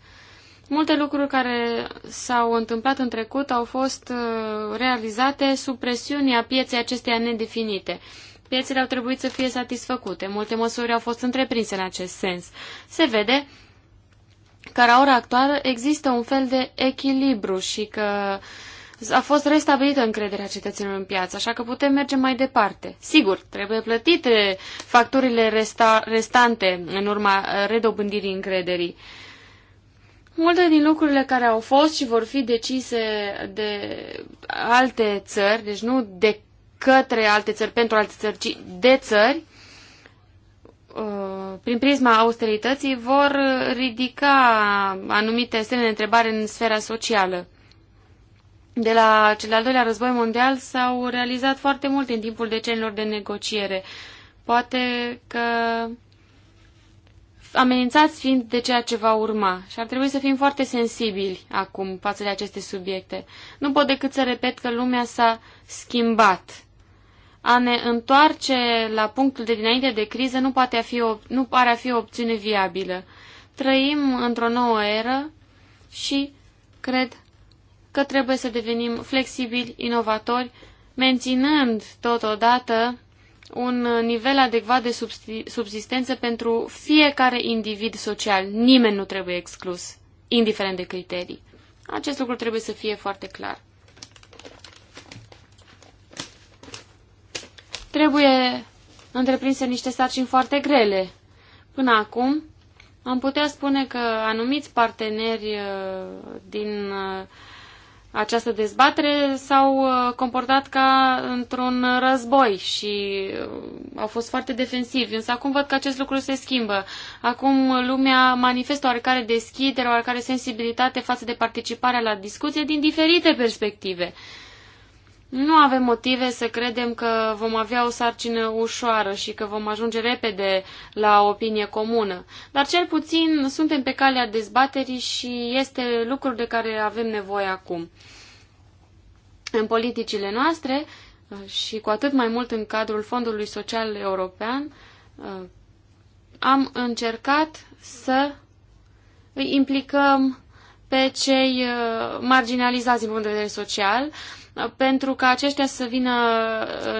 Multe lucruri care s-au întâmplat în trecut au fost uh, realizate sub presiunea pieței acesteia nedefinite. Piețele au trebuit să fie satisfăcute. Multe măsuri au fost întreprinse în acest sens. Se vede că la ora actuală există un fel de echilibru și că a fost restabilită încrederea cetățenilor în piață, așa că putem merge mai departe. Sigur, trebuie plătite facturile resta restante în urma redobândirii încrederii. Multe din lucrurile care au fost și vor fi decise de alte țări, deci nu de către alte țări, pentru alte țări, ci de țări, uh, prin prisma austerității, vor ridica anumite semne de întrebare în sfera socială. De la cel al doilea război mondial s-au realizat foarte multe în timpul decenilor de negociere. Poate că amenințați fiind de ceea ce va urma și ar trebui să fim foarte sensibili acum față de aceste subiecte. Nu pot decât să repet că lumea s-a schimbat. A ne întoarce la punctul de dinainte de criză nu, poate a fi o, nu pare a fi o opțiune viabilă. Trăim într-o nouă eră și cred că trebuie să devenim flexibili, inovatori, menținând totodată un nivel adecvat de subsistență pentru fiecare individ social. Nimeni nu trebuie exclus, indiferent de criterii. Acest lucru trebuie să fie foarte clar. Trebuie întreprinse niște sarcini foarte grele. Până acum, am putea spune că anumiți parteneri uh, din uh, această dezbatere s-au uh, comportat ca într-un război și uh, au fost foarte defensivi. Însă acum văd că acest lucru se schimbă. Acum lumea manifestă oarecare deschidere, oarecare sensibilitate față de participarea la discuție din diferite perspective. Nu avem motive să credem că vom avea o sarcină ușoară și că vom ajunge repede la o opinie comună, dar cel puțin suntem pe calea dezbaterii și este lucru de care avem nevoie acum. În politicile noastre și cu atât mai mult în cadrul Fondului Social European, am încercat să îi implicăm pe cei uh, marginalizați din punct de vedere social, pentru ca aceștia să vină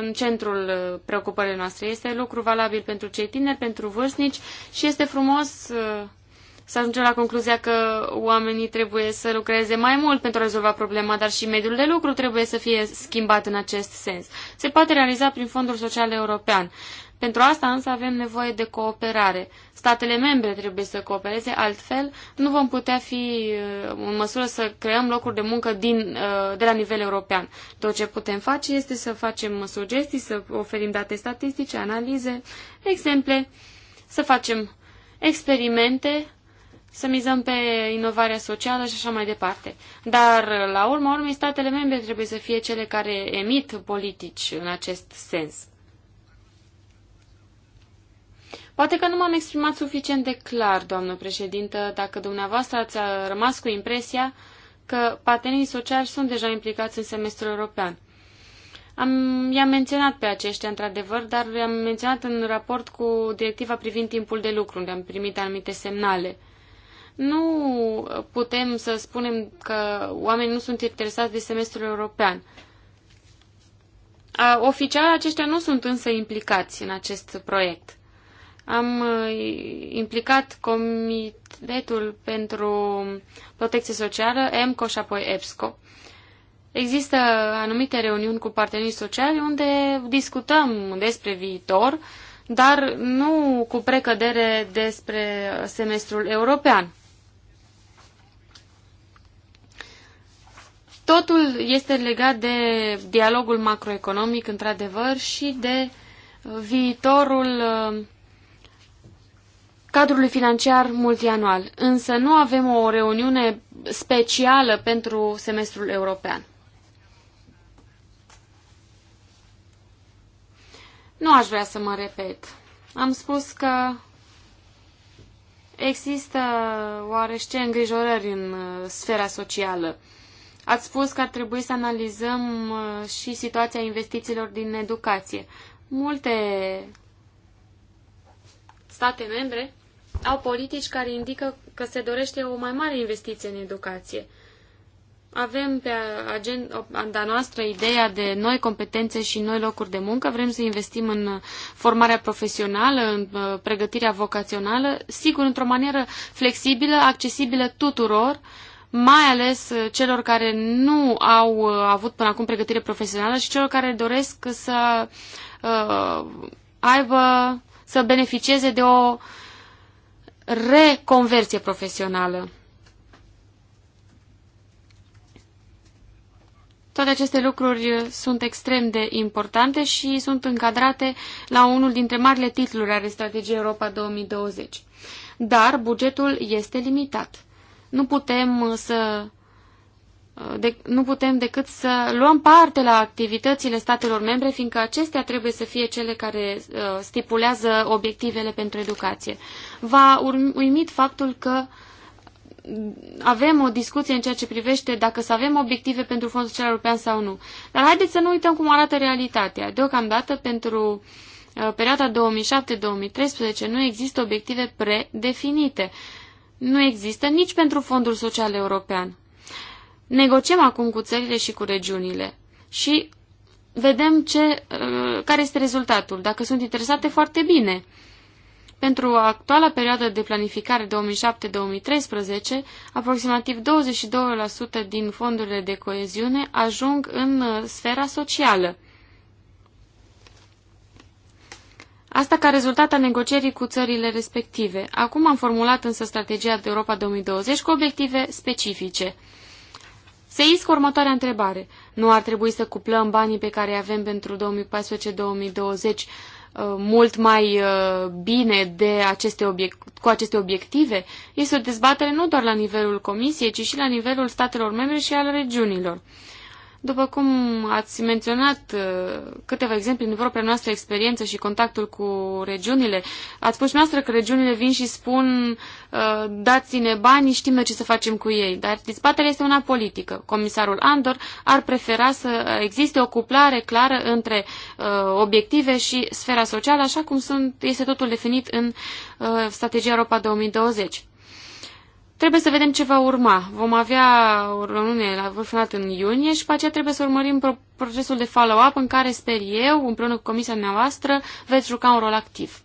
în centrul uh, preocupării noastre. Este lucru valabil pentru cei tineri, pentru vârstnici și este frumos uh, să ajungem la concluzia că oamenii trebuie să lucreze mai mult pentru a rezolva problema, dar și mediul de lucru trebuie să fie schimbat în acest sens. Se poate realiza prin Fondul Social European. Pentru asta însă avem nevoie de cooperare. Statele membre trebuie să coopereze, altfel nu vom putea fi uh, în măsură să creăm locuri de muncă din, uh, de la nivel european. Tot ce putem face este să facem sugestii, să oferim date statistice, analize, exemple, să facem experimente să mizăm pe inovarea socială și așa mai departe. Dar, la urma urmei, statele membre trebuie să fie cele care emit politici în acest sens. Poate că nu m-am exprimat suficient de clar, doamnă președintă, dacă dumneavoastră ați rămas cu impresia că partenerii sociali sunt deja implicați în semestrul european. Am, i-am menționat pe aceștia, într-adevăr, dar i-am menționat în raport cu directiva privind timpul de lucru, unde am primit anumite semnale. Nu putem să spunem că oamenii nu sunt interesați de semestrul european. Oficial, aceștia nu sunt însă implicați în acest proiect. Am uh, implicat Comitetul pentru Protecție Socială, EMCO și apoi EPSCO. Există anumite reuniuni cu partenerii sociali unde discutăm despre viitor, dar nu cu precădere despre semestrul european. Totul este legat de dialogul macroeconomic, într-adevăr, și de viitorul uh, cadrului financiar multianual, însă nu avem o reuniune specială pentru semestrul european. Nu aș vrea să mă repet. Am spus că există oarește îngrijorări în uh, sfera socială. Ați spus că ar trebui să analizăm uh, și situația investițiilor din educație. Multe state membre au politici care indică că se dorește o mai mare investiție în educație. Avem pe agenda noastră ideea de noi competențe și noi locuri de muncă. Vrem să investim în formarea profesională, în uh, pregătirea vocațională, sigur, într-o manieră flexibilă, accesibilă tuturor, mai ales uh, celor care nu au uh, avut până acum pregătire profesională și celor care doresc să aibă, să beneficieze de o uh, reconversie profesională. Toate aceste lucruri sunt extrem de importante și sunt încadrate la unul dintre marile titluri ale strategiei Europa 2020. Dar bugetul este limitat. Nu putem să Uh, de, nu putem decât să luăm parte la activitățile statelor membre, fiindcă acestea trebuie să fie cele care uh, stipulează obiectivele pentru educație. Va uimit faptul că avem o discuție în ceea ce privește dacă să avem obiective pentru Fondul Social European sau nu. Dar haideți să nu uităm cum arată realitatea. Deocamdată, pentru uh, perioada 2007-2013, nu există obiective predefinite. Nu există nici pentru Fondul Social European. Negociem acum cu țările și cu regiunile și vedem ce, uh, care este rezultatul. Dacă sunt interesate, foarte bine. Pentru actuala perioadă de planificare 2007-2013, aproximativ 22% din fondurile de coeziune ajung în uh, sfera socială. Asta ca rezultat a negocierii cu țările respective. Acum am formulat însă strategia de Europa 2020 cu obiective specifice. Se iscă următoarea întrebare. Nu ar trebui să cuplăm banii pe care avem pentru 2014-2020 uh, mult mai uh, bine de aceste obiect, cu aceste obiective? Este o dezbatere nu doar la nivelul Comisiei, ci și la nivelul statelor membre și al regiunilor. După cum ați menționat uh, câteva exemple din propria noastră experiență și contactul cu regiunile, ați spus noastră că regiunile vin și spun uh, dați-ne bani, știm noi ce să facem cu ei, dar spatele este una politică. Comisarul Andor ar prefera să existe o cuplare clară între uh, obiective și sfera socială, așa cum sunt, este totul definit în strategia Europa 2020. Trebuie să vedem ce va urma. Vom avea o reuniune la vârf în iunie și pe aceea trebuie să urmărim procesul de follow-up în care sper eu, împreună cu comisia noastră, veți juca un rol activ.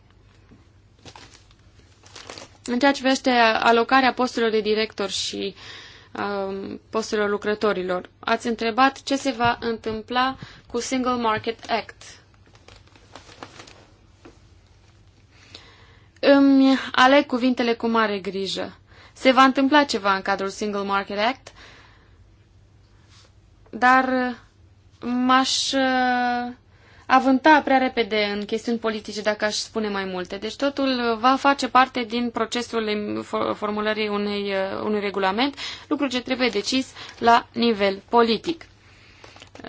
În ceea ce privește alocarea posturilor de director și um, posturilor lucrătorilor, ați întrebat ce se va întâmpla cu Single Market Act. Îmi aleg cuvintele cu mare grijă se va întâmpla ceva în cadrul Single Market Act, dar uh, m-aș uh, avânta prea repede în chestiuni politice dacă aș spune mai multe. Deci totul uh, va face parte din procesul formulării unei, unui regulament, lucru ce trebuie decis la nivel politic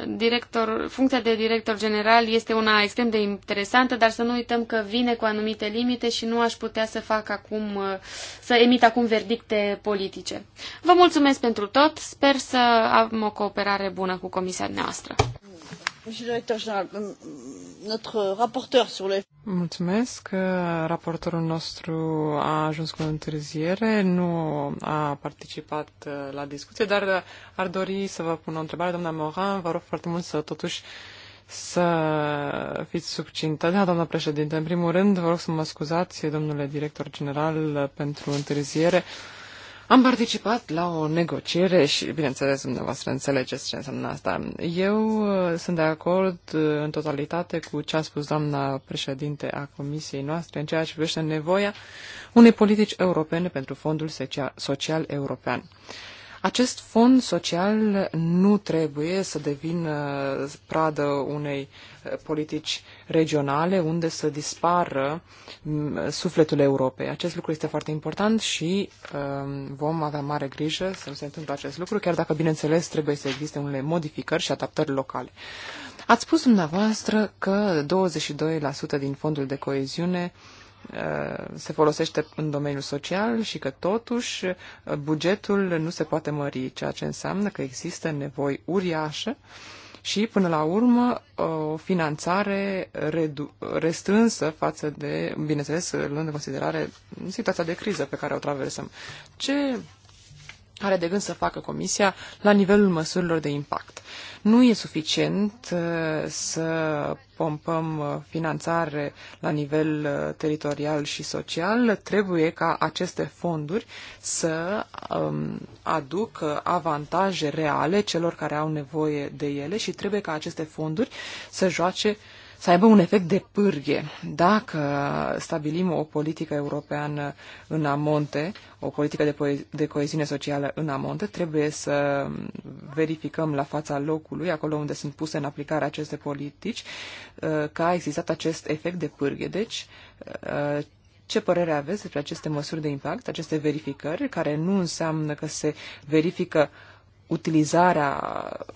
director, funcția de director general este una extrem de interesantă, dar să nu uităm că vine cu anumite limite și nu aș putea să fac acum, uh, să emit acum verdicte politice. Vă mulțumesc pentru tot, sper să am o cooperare bună cu comisia noastră. Euh, Mulțumesc. Raportorul nostru a ajuns cu întârziere, nu a participat uh, la discuție, dar uh, ar dori să vă pun o întrebare. Doamna Moran, vă rog foarte mult să totuși să fiți succintă. Da, doamna președinte, în primul rând vă rog să mă scuzați, domnule director general, uh, pentru întârziere. Am participat la o negociere și, bineînțeles, dumneavoastră înțelegeți ce înseamnă asta. Eu uh, sunt de acord uh, în totalitate cu ce a spus doamna președinte a comisiei noastre în ceea ce privește nevoia unei politici europene pentru Fondul Social European. Acest fond social nu trebuie să devină pradă unei eh, politici regionale unde să dispară mm, sufletul Europei. Acest lucru este foarte important și ehm, vom avea mare grijă să nu se întâmple acest lucru, chiar dacă, bineînțeles, trebuie să existe unele modificări și adaptări locale. Ați spus dumneavoastră că 22% din fondul de coeziune uh, Uh, se folosește în domeniul social și că totuși uh, bugetul nu se poate mări, ceea ce înseamnă că există nevoi uriașe și, până la urmă, uh, o finanțare restrânsă față de, bineînțeles, luând în considerare situația de criză pe care o traversăm. Ce are de gând să facă Comisia la nivelul măsurilor de impact? Uh, nu e suficient uh, să pompăm uh, finanțare la nivel uh, teritorial și social. Trebuie ca aceste fonduri să um, aducă avantaje reale celor care au nevoie de ele și trebuie ca aceste fonduri să joace să aibă un efect de pârghie. Dacă stabilim o politică europeană în amonte, o politică de, de coeziune socială în amonte, trebuie să verificăm la fața locului, acolo unde sunt puse în aplicare aceste politici, uh, că a existat acest efect de pârghie. Deci, uh, ce părere aveți despre aceste măsuri de impact, aceste verificări, care nu înseamnă că se verifică utilizarea,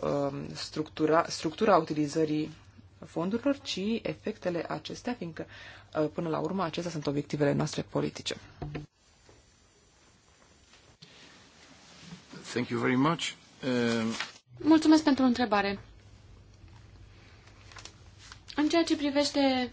uh, structura, structura utilizării fondurilor, ci efectele acestea, fiindcă uh, până la urmă acestea sunt obiectivele noastre politice. Thank you very much. Uh... Mulțumesc pentru întrebare. În ceea ce privește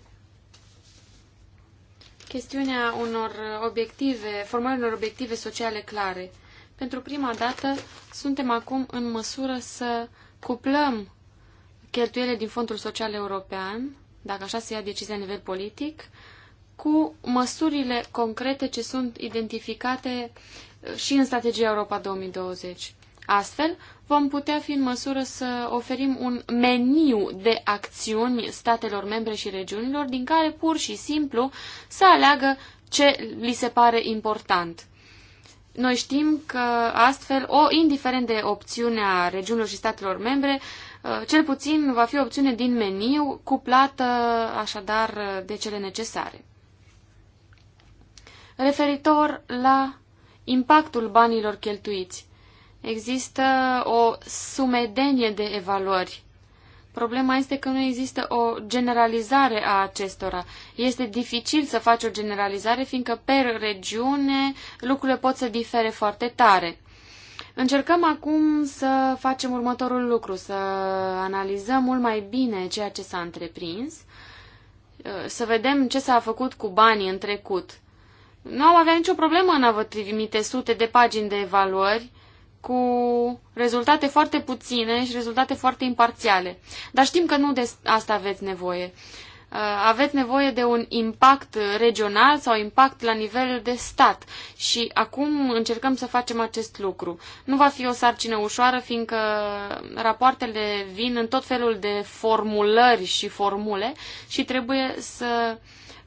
chestiunea unor obiective, formarea unor obiective sociale clare, pentru prima dată suntem acum în măsură să cuplăm cheltuiele din Fondul Social European, dacă așa se ia decizia la nivel politic, cu măsurile concrete ce sunt identificate uh, și în strategia Europa 2020. Astfel, vom putea fi în măsură să oferim un meniu de acțiuni statelor membre și regiunilor, din care pur și simplu să aleagă ce li se pare important. Noi știm că astfel, o, indiferent de opțiunea regiunilor și statelor membre, Uh, cel puțin va fi opțiune din meniu, cuplată așadar de cele necesare. Referitor la impactul banilor cheltuiți, există o sumedenie de evaluări. Problema este că nu există o generalizare a acestora. Este dificil să faci o generalizare, fiindcă per regiune lucrurile pot să difere foarte tare. Încercăm acum să facem următorul lucru, să analizăm mult mai bine ceea ce s-a întreprins, uh, să vedem ce s-a făcut cu banii în trecut. Nu am avea nicio problemă în a vă trimite sute de pagini de evaluări cu rezultate foarte puține și rezultate foarte imparțiale. Dar știm că nu de asta aveți nevoie. Uh, aveți nevoie de un impact regional sau impact la nivel de stat. Și acum încercăm să facem acest lucru. Nu va fi o sarcină ușoară, fiindcă rapoartele vin în tot felul de formulări și formule și trebuie să uh,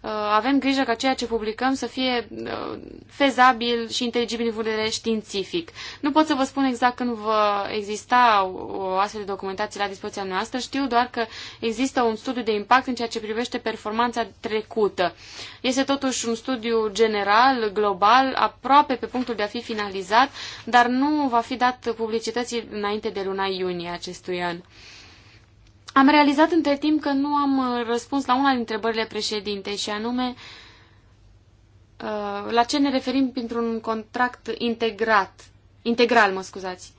Uh, avem grijă ca ceea ce publicăm să fie uh, fezabil și inteligibil din punct de vedere științific. Nu pot să vă spun exact când va exista o astfel de documentație la dispoziția noastră, știu doar că există un studiu de impact în ceea ce privește performanța trecută. Este totuși un studiu general, global, aproape pe punctul de a fi finalizat, dar nu va fi dat publicității înainte de luna iunie acestui an. Am realizat între timp că nu am uh, răspuns la una dintre întrebările președintei și anume uh, la ce ne referim printr-un contract integrat, integral, mă scuzați.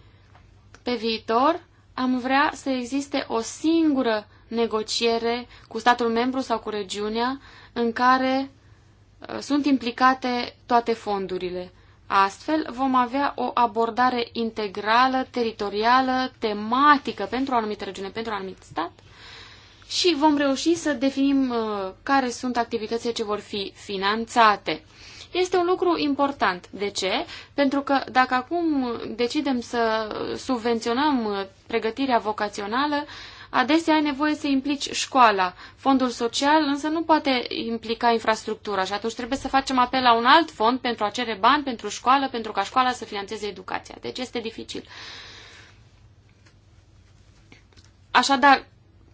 Pe viitor am vrea să existe o singură negociere cu statul membru sau cu regiunea în care uh, sunt implicate toate fondurile. Astfel vom avea o abordare integrală, teritorială, tematică pentru o anumită regiune, pentru un anumit stat și vom reuși să definim uh, care sunt activitățile ce vor fi finanțate. Este un lucru important. De ce? Pentru că dacă acum decidem să subvenționăm uh, pregătirea vocațională, uh, adesea ai nevoie să implici școala. Fondul social însă nu poate implica infrastructura și atunci trebuie să facem apel la un alt fond pentru a cere bani pentru școală, pentru ca școala să financeze educația. Deci este dificil. Așadar,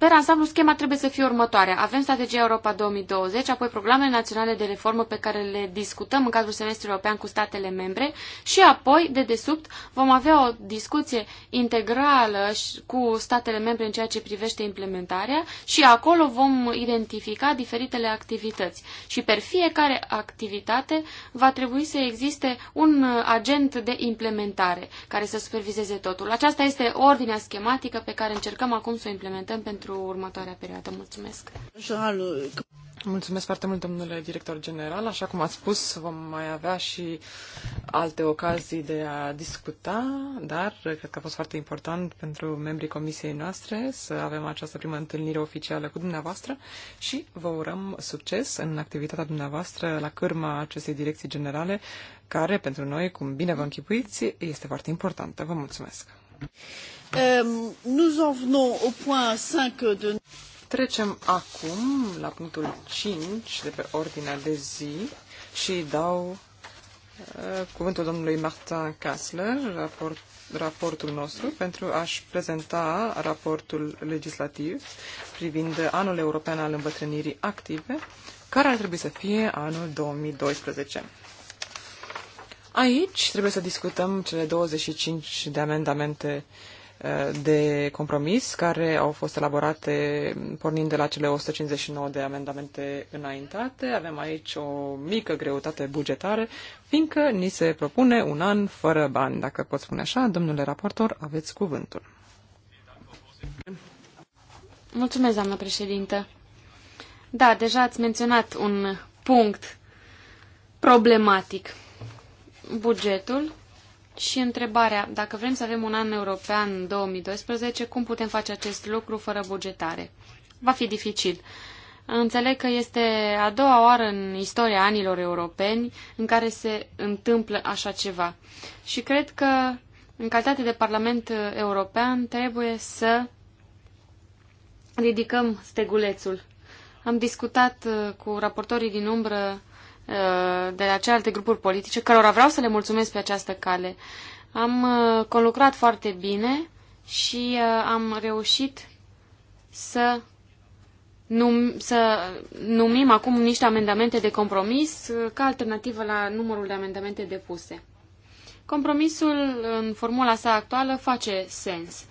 Per ansamblu, schema trebuie să fie următoarea. Avem strategia Europa 2020, apoi programele naționale de reformă pe care le discutăm în cadrul semestrului european cu statele membre și apoi, de desubt, vom avea o discuție integrală cu statele membre în ceea ce privește implementarea și acolo vom identifica diferitele activități. Și per fiecare activitate va trebui să existe un agent de implementare care să superviseze totul. Aceasta este ordinea schematică pe care încercăm acum să o implementăm pentru pentru următoarea perioadă. Mulțumesc! Mulțumesc foarte mult, domnule director general. Așa cum ați spus, vom mai avea și alte ocazii de a discuta, dar cred că a fost foarte important pentru membrii comisiei noastre să avem această primă întâlnire oficială cu dumneavoastră și vă urăm succes în activitatea dumneavoastră la cârma acestei direcții generale, care pentru noi, cum bine vă închipuiți, este foarte importantă. Vă mulțumesc! Euh, nous en venons au point 5 de... Trecem acum la punctul 5 de pe ordinea de zi și dau uh, cuvântul domnului Martin Kassler, raport, raportul nostru, pentru a-și prezenta raportul legislativ privind anul european al îmbătrânirii active, care ar trebui să fie anul 2012. Aici trebuie să discutăm cele 25 de amendamente uh, de compromis care au fost elaborate pornind de la cele 159 de amendamente înaintate. Avem aici o mică greutate bugetară, fiindcă ni se propune un an fără bani. Dacă pot spune așa, domnule raportor, aveți cuvântul. Mulțumesc, doamnă președintă. Da, deja ați menționat un punct problematic bugetul și întrebarea, dacă vrem să avem un an european 2012, cum putem face acest lucru fără bugetare? Va fi dificil. Înțeleg că este a doua oară în istoria anilor europeni în care se întâmplă așa ceva. Și cred că, în calitate de Parlament European, trebuie să ridicăm stegulețul. Am discutat uh, cu raportorii din umbră Uh, de la celelalte grupuri politice, cărora vreau să le mulțumesc pe această cale. Am uh, conlucrat foarte bine și uh, am reușit să, num, să numim acum niște amendamente de compromis ca alternativă la numărul de amendamente depuse. Compromisul în formula sa actuală face sens.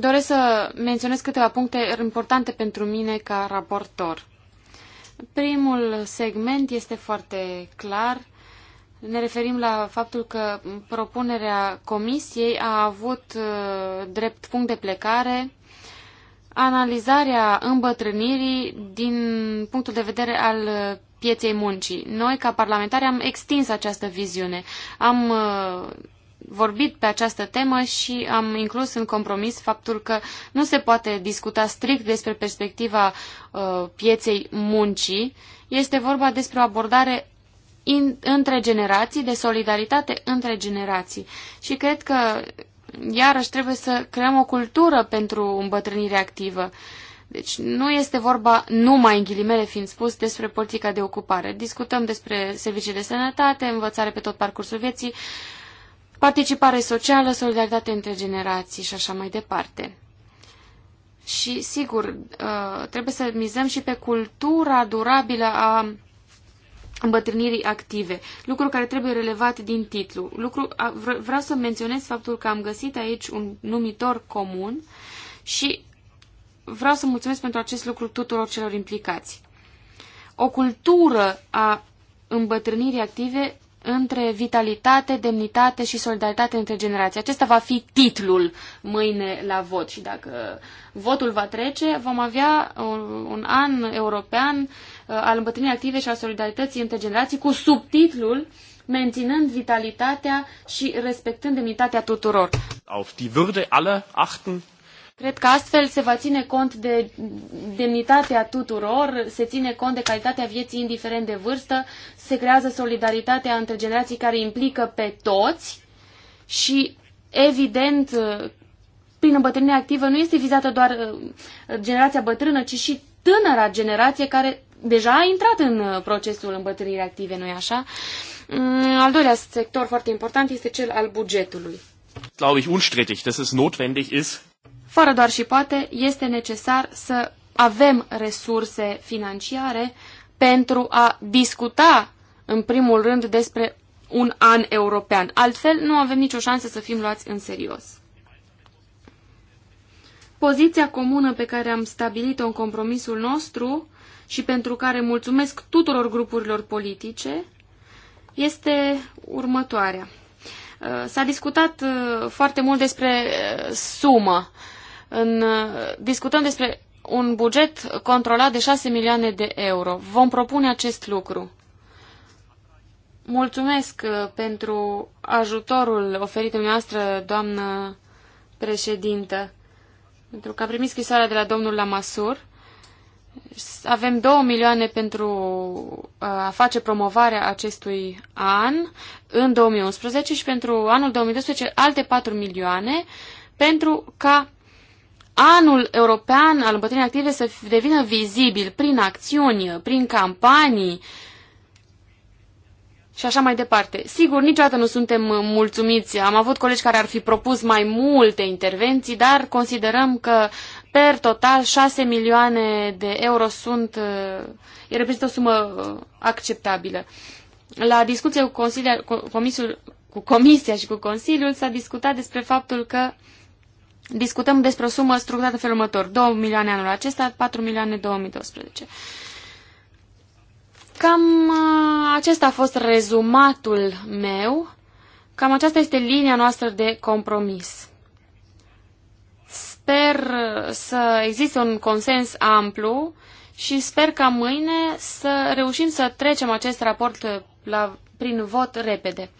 Doresc să menționez câteva puncte importante pentru mine ca raportor. Primul segment este foarte clar. Ne referim la faptul că propunerea comisiei a avut uh, drept punct de plecare analizarea îmbătrânirii din punctul de vedere al pieței muncii. Noi, ca parlamentari, am extins această viziune. Am uh, vorbit pe această temă și am inclus în compromis faptul că nu se poate discuta strict despre perspectiva uh, pieței muncii. Este vorba despre o abordare in, între generații, de solidaritate între generații. Și cred că, iarăși, trebuie să creăm o cultură pentru îmbătrânire activă. Deci nu este vorba numai, în ghilimele fiind spus, despre politica de ocupare. Discutăm despre servicii de sănătate, învățare pe tot parcursul vieții, uh, participare socială, solidaritate între generații și așa mai departe. Și, sigur, uh, trebuie să mizăm și pe cultura durabilă a îmbătrânirii active, lucru care trebuie relevat din titlu. Lucru, vreau să menționez faptul că am găsit aici un numitor comun și vreau să mulțumesc pentru acest lucru tuturor celor implicați. O cultură a îmbătrânirii active între vitalitate, demnitate și solidaritate între generații. Acesta va fi titlul mâine la vot și dacă votul va trece, vom avea un, un an european uh, al îmbătrânirii active și al solidarității între generații cu subtitlul menținând vitalitatea și respectând demnitatea tuturor. Auf die Würde aller achten Cred că astfel se va ține cont de demnitatea tuturor, se ține cont de calitatea vieții indiferent de vârstă, se creează solidaritatea între generații care implică pe toți și, evident, prin îmbătrânire activă nu este vizată doar uh, generația bătrână, ci și tânăra generație care deja a intrat în uh, procesul îmbătrânirii active, nu-i așa? Mm, al doilea sector foarte important este cel al bugetului. Glaube ich unstrittig, dass es notwendig ist fără doar și poate, este necesar să avem resurse financiare pentru a discuta, în primul rând, despre un an european. Altfel, nu avem nicio șansă să fim luați în serios. Poziția comună pe care am stabilit-o în compromisul nostru și pentru care mulțumesc tuturor grupurilor politice este următoarea. S-a discutat uh, foarte mult despre uh, sumă. În, discutăm despre un buget controlat de 6 milioane de euro. Vom propune acest lucru. Mulțumesc uh, pentru ajutorul oferit dumneavoastră, doamnă președintă, pentru că am primit scrisoarea de la domnul Lamasur. Avem 2 milioane pentru uh, a face promovarea acestui an în 2011 și pentru anul 2012 alte 4 milioane pentru ca anul european al îmbătrânirii active să devină vizibil prin acțiuni, prin campanii și așa mai departe. Sigur, niciodată nu suntem mulțumiți. Am avut colegi care ar fi propus mai multe intervenții, dar considerăm că per total 6 milioane de euro sunt, eh, e reprezintă o sumă eh, acceptabilă. La discuție cu, consilia, cu, comisiul, cu Comisia și cu Consiliul s-a discutat despre faptul că Discutăm despre o sumă structurată felul următor. 2 milioane anul acesta, 4 milioane 2012. Cam uh, acesta a fost rezumatul meu. Cam aceasta este linia noastră de compromis. Sper uh, să existe un consens amplu și sper ca mâine să reușim să trecem acest raport uh, la, prin vot repede.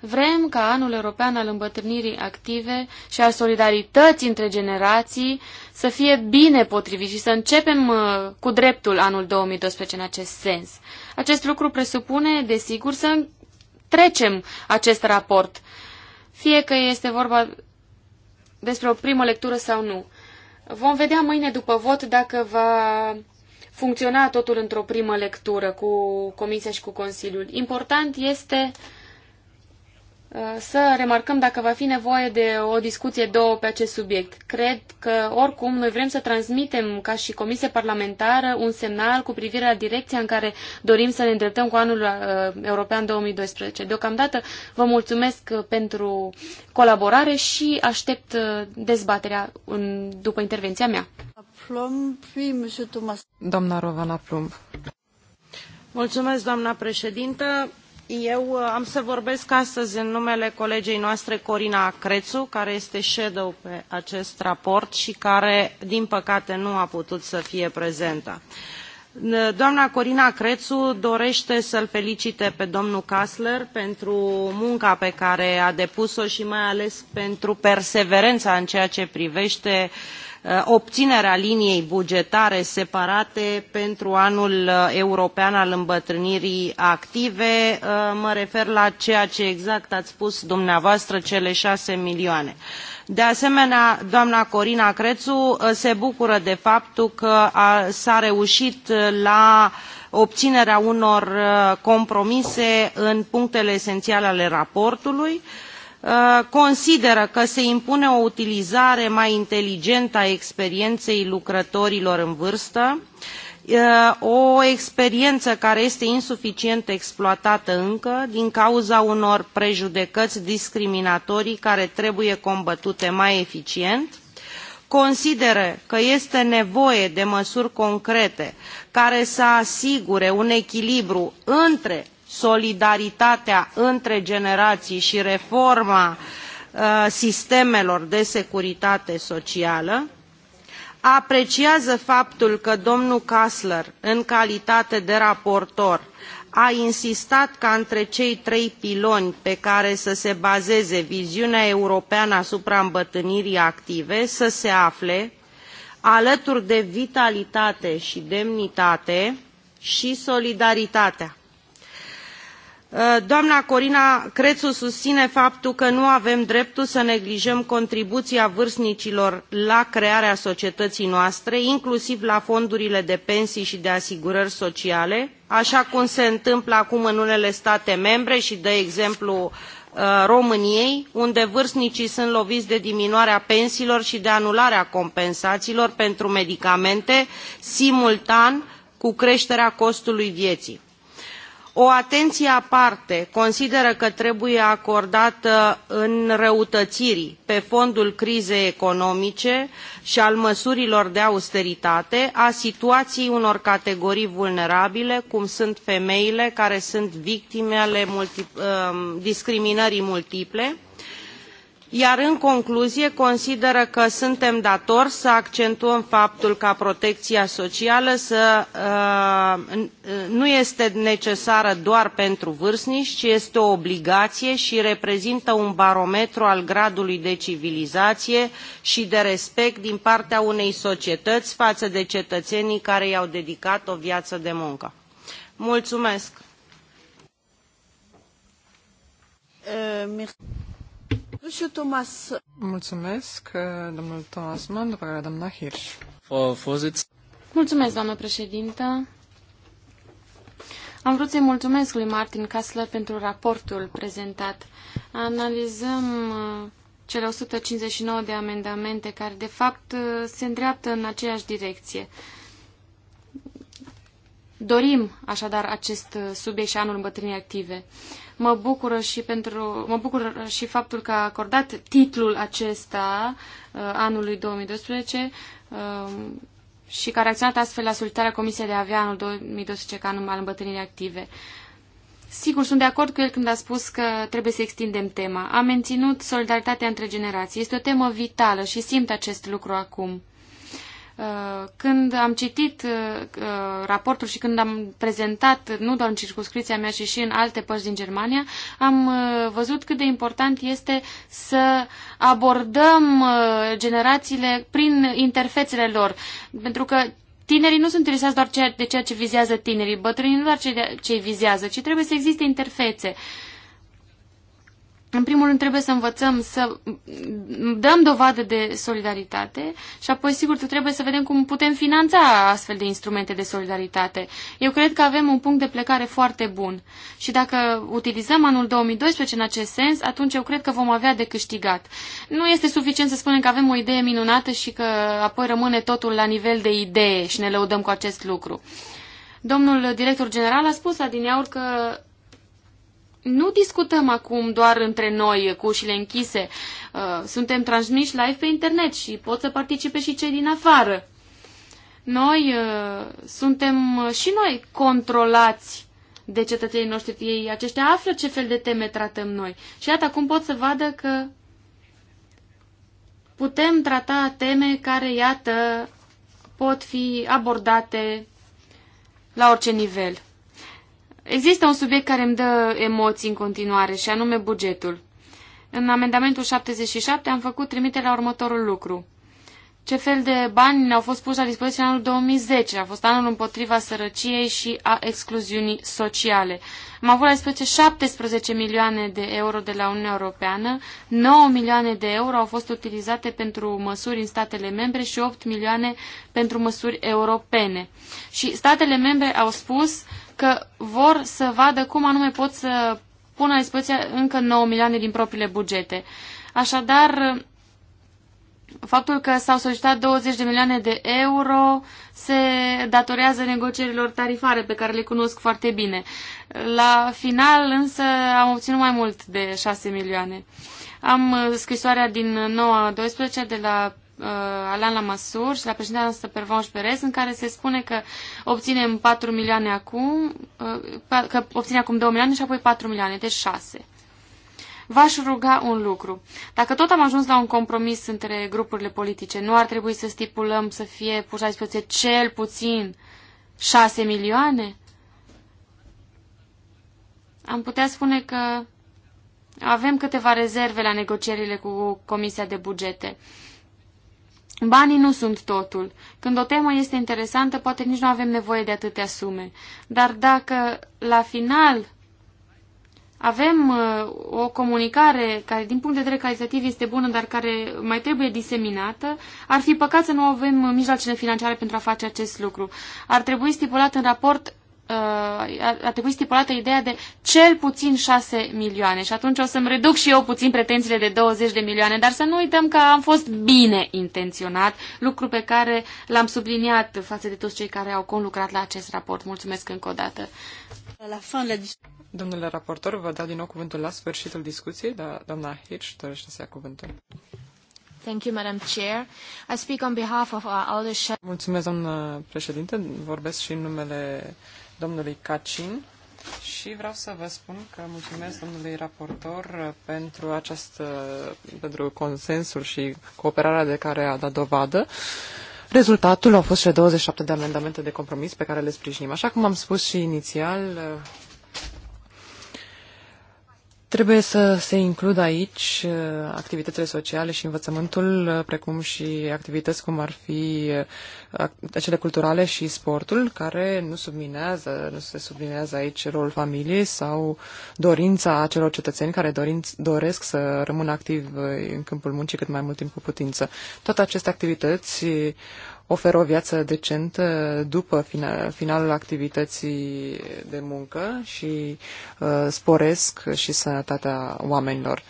Vrem ca anul european al îmbătrânirii active și al solidarității între generații să fie bine potrivit și să începem uh, cu dreptul anul 2012 în acest sens. Acest lucru presupune, desigur, să trecem acest raport, fie că este vorba despre o primă lectură sau nu. Vom vedea mâine după vot dacă va funcționa totul într-o primă lectură cu Comisia și cu Consiliul. Important este Uh, să remarcăm dacă va fi nevoie de o discuție două pe acest subiect. Cred că, oricum, noi vrem să transmitem, ca și Comisie Parlamentară, un semnal cu privire la direcția în care dorim să ne îndreptăm cu anul uh, european 2012. Deocamdată vă mulțumesc pentru colaborare și aștept uh, dezbaterea în, după intervenția mea. Doamna Rovana Plumb. Mulțumesc, doamna președintă. Eu uh, am să vorbesc astăzi în numele colegei noastre Corina Crețu, care este shadow pe acest raport și care, din păcate, nu a putut să fie prezentă. Uh, doamna Corina Crețu dorește să-l felicite pe domnul Kassler pentru munca pe care a depus-o și mai ales pentru perseverența în ceea ce privește uh, Uh, obținerea liniei bugetare separate pentru anul uh, european al îmbătrânirii active. Uh, mă refer la ceea ce exact ați spus dumneavoastră, cele șase milioane. De asemenea, doamna Corina Crețu se bucură de faptul că s-a reușit la obținerea unor compromise în punctele esențiale ale raportului. Uh, Uh, consideră că se impune o utilizare mai inteligentă a experienței lucrătorilor în vârstă, uh, o experiență care este insuficient exploatată încă din cauza unor prejudecăți discriminatorii care trebuie combătute mai eficient, consideră că este nevoie de măsuri concrete care să asigure un echilibru între solidaritatea între generații și reforma uh, sistemelor de securitate socială, apreciază faptul că domnul Kassler, în calitate de raportor, a insistat ca între cei trei piloni pe care să se bazeze viziunea europeană asupra îmbătrânirii active să se afle, alături de vitalitate și demnitate, și solidaritatea. Uh, doamna Corina Crețu susține faptul că nu avem dreptul să neglijăm contribuția vârstnicilor la crearea societății noastre, inclusiv la fondurile de pensii și de asigurări sociale, așa cum se întâmplă acum în unele state membre și de exemplu uh, României, unde vârstnicii sunt loviți de diminuarea pensiilor și de anularea compensațiilor pentru medicamente simultan cu creșterea costului vieții o atenție aparte consideră că trebuie acordată înrăutățirii pe fondul crizei economice și al măsurilor de austeritate a situației unor categorii vulnerabile, cum sunt femeile care sunt victime ale multi, ă, discriminării multiple, iar în concluzie consideră că suntem datori să accentuăm faptul ca protecția socială să, uh, nu este necesară doar pentru vârstnici, ci este o obligație și reprezintă un barometru al gradului de civilizație și de respect din partea unei societăți față de cetățenii care i-au dedicat o viață de muncă. Mulțumesc! Uh, Thomas. Mulțumesc, uh, domnul Thomas Mann, după care doamna Hirsch. Mulțumesc, doamnă președintă. Am vrut să-i mulțumesc lui Martin Kassler pentru raportul prezentat. Analizăm uh, cele 159 de amendamente care, de fapt, uh, se îndreaptă în aceeași direcție. Dorim, așadar, acest subiect și anul îmbătrânii active. Mă bucură și, pentru, mă bucură și faptul că a acordat titlul acesta uh, anului 2012 um, și că a reacționat astfel la solicitarea Comisiei de a avea anul 2012 ca anul al îmbătrânirii active. Sigur, sunt de acord cu el când a spus că trebuie să extindem tema. A menținut solidaritatea între generații. Este o temă vitală și simt acest lucru acum. Când am citit uh, uh, raportul și când am prezentat, nu doar în circunscripția mea, ci și în alte părți din Germania, am uh, văzut cât de important este să abordăm generațiile prin interfețele lor. Pentru că tinerii nu sunt interesați doar de ceea ce vizează tinerii, bătrânii nu doar cei, ce cei vizează, ci trebuie să existe interfețe. Uh, în primul rând trebuie să învățăm să dăm dovadă de solidaritate și apoi sigur trebuie să vedem cum putem finanța astfel de instrumente de solidaritate. Eu cred că avem un punct de plecare foarte bun și dacă utilizăm anul 2012 în acest sens, atunci eu cred că vom avea de câștigat. Nu este suficient să spunem că avem o idee minunată și că apoi rămâne totul la nivel de idee și ne lăudăm cu acest lucru. Domnul director general a spus adineaur că nu discutăm acum doar între noi cu ușile închise. Uh, suntem transmiși live pe internet și pot să participe și cei din afară. Noi uh, suntem uh, și noi controlați de cetățenii noștri. Ei aceștia află ce fel de teme tratăm noi. Și iată, acum pot să vadă că putem trata teme care, iată, pot fi abordate la orice nivel. Există un subiect care îmi dă emoții în continuare, și anume bugetul. În amendamentul 77 am făcut trimite la următorul lucru. Ce fel de bani ne-au fost puși la dispoziție în anul 2010? A fost anul împotriva sărăciei și a excluziunii sociale. Am avut la dispoziție 17 milioane de euro de la Uniunea Europeană, 9 milioane de euro au fost utilizate pentru măsuri în statele membre și 8 milioane pentru măsuri europene. Și statele membre au spus că vor să vadă cum anume pot să pună la dispoziție încă 9 milioane din propriile bugete. Așadar, faptul că s-au solicitat 20 de milioane de euro se datorează negocierilor tarifare pe care le cunosc foarte bine. La final însă am obținut mai mult de 6 milioane. Am uh, scrisoarea din 9-12 de la uh, Alan la și la președintea noastră Pervonș Perez, în care se spune că obținem 4 milioane acum, uh, că obține acum 2 milioane și apoi 4 milioane, deci 6. V-aș ruga un lucru. Dacă tot am ajuns la un compromis între grupurile politice, nu ar trebui să stipulăm să fie pus la dispoziție cel puțin 6 milioane? Am putea spune că avem câteva rezerve la negocierile cu Comisia de Bugete. Uh, Banii nu sunt totul. Când o temă este interesantă, poate nici nu avem nevoie de atâtea sume. Dar dacă la final avem uh, o comunicare care, din punct de vedere calitativ, este bună, dar care mai trebuie diseminată, ar fi păcat să nu avem uh, mijloacele financiare pentru a face acest lucru. Ar trebui stipulat în raport Uh, a trebuit stipulată ideea de cel puțin 6 milioane și atunci o să-mi reduc și eu puțin pretențiile de 20 de milioane, dar să nu uităm că am fost bine intenționat, lucru pe care l-am subliniat față de toți cei care au conlucrat la acest raport. Mulțumesc încă o dată. La fin, la... Domnule raportor, vă dau din nou cuvântul la sfârșitul discuției, dar doamna Hitch dorește să ia cuvântul. Thank you, Madam Chair. I speak on behalf of our Mulțumesc, doamnă președinte. Vorbesc și în numele uh, domnului Cacin și vreau să vă spun că mulțumesc domnului raportor pentru, această, pentru consensul și cooperarea de care a dat dovadă. Rezultatul au fost cele 27 de amendamente de compromis pe care le sprijinim. Așa cum am spus și inițial, Trebuie să se includă aici uh, activitățile sociale și învățământul, uh, precum și activități cum ar fi uh, acele culturale și sportul, care nu subminează, nu se subminează aici rolul familiei sau dorința acelor cetățeni care dorinț, doresc să rămână activ în câmpul muncii cât mai mult timp cu putință. Toate aceste activități oferă o viață decentă după final, finalul activității de muncă și uh, sporesc și sănătatea oamenilor.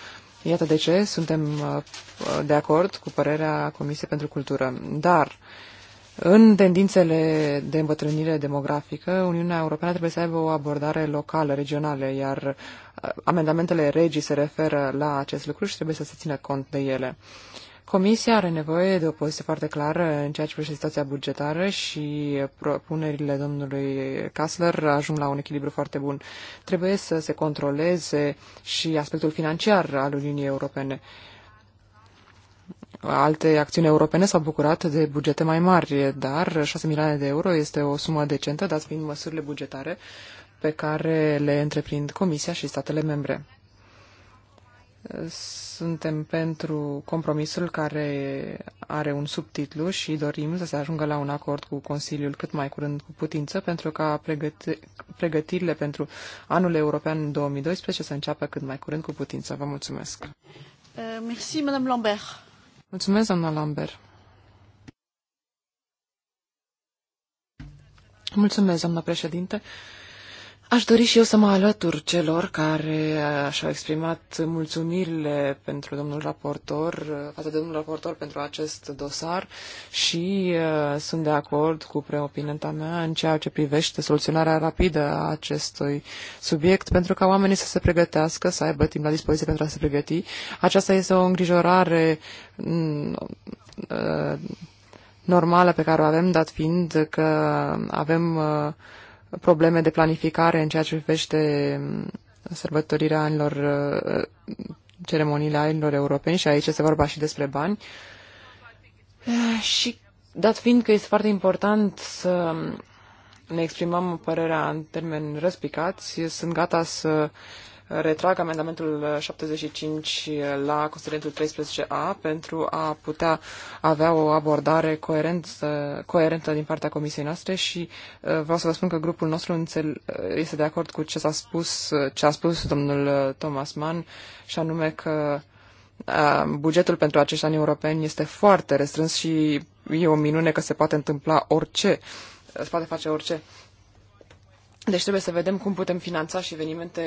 Iată de ce suntem uh, de acord cu părerea Comisiei pentru Cultură. Dar în tendințele de îmbătrânire demografică, Uniunea Europeană trebuie să aibă o abordare locală, regională, iar uh, amendamentele regii se referă la acest lucru și trebuie să se țină cont de ele. Uh, Comisia are nevoie de o poziție foarte clară în ceea ce privește situația bugetară și propunerile domnului Kassler ajung la un echilibru foarte bun. Trebuie să se controleze și aspectul financiar al Uniunii Europene. Alte acțiuni europene s-au bucurat de bugete mai mari, dar 6 milioane de euro este o sumă decentă, dat fiind măsurile bugetare pe care le întreprind Comisia și statele membre. Suntem pentru compromisul care are un subtitlu și dorim să se ajungă la un acord cu Consiliul cât mai curând cu putință pentru ca pregăti- pregătirile pentru anul european 2012 să înceapă cât mai curând cu putință. Vă mulțumesc. Uh, merci, Madame Lambert. Mulțumesc, doamna Lambert. Mulțumesc, doamna președinte. Aș dori și eu să mă alătur celor care uh, și-au exprimat mulțumirile pentru domnul raportor, uh, față de domnul raportor pentru acest dosar și uh, sunt de acord cu preopinenta mea în ceea ce privește soluționarea rapidă a acestui subiect pentru ca oamenii să se pregătească, să aibă timp la dispoziție pentru a se pregăti. Aceasta este o îngrijorare mm, uh, normală pe care o avem, dat fiind că avem uh, probleme de planificare în ceea ce privește mm, sărbătorirea anilor, uh, ceremoniile anilor europeni și aici se vorba și despre bani. Eh, și dat fiind că este foarte important să mm, ne exprimăm părerea în termeni răspicați, sunt gata să uh, retrag amendamentul 75 la considerentul 13A pentru a putea avea o abordare coerentă, coerentă din partea comisiei noastre și uh, vreau să vă spun că grupul nostru uh, este de acord cu ce s-a spus, uh, ce a spus domnul Thomas Mann și anume că bugetul pentru acești ani europeni este foarte restrâns și e o minune că se poate întâmpla orice, se poate face orice. Deci trebuie să vedem cum putem finanța și evenimente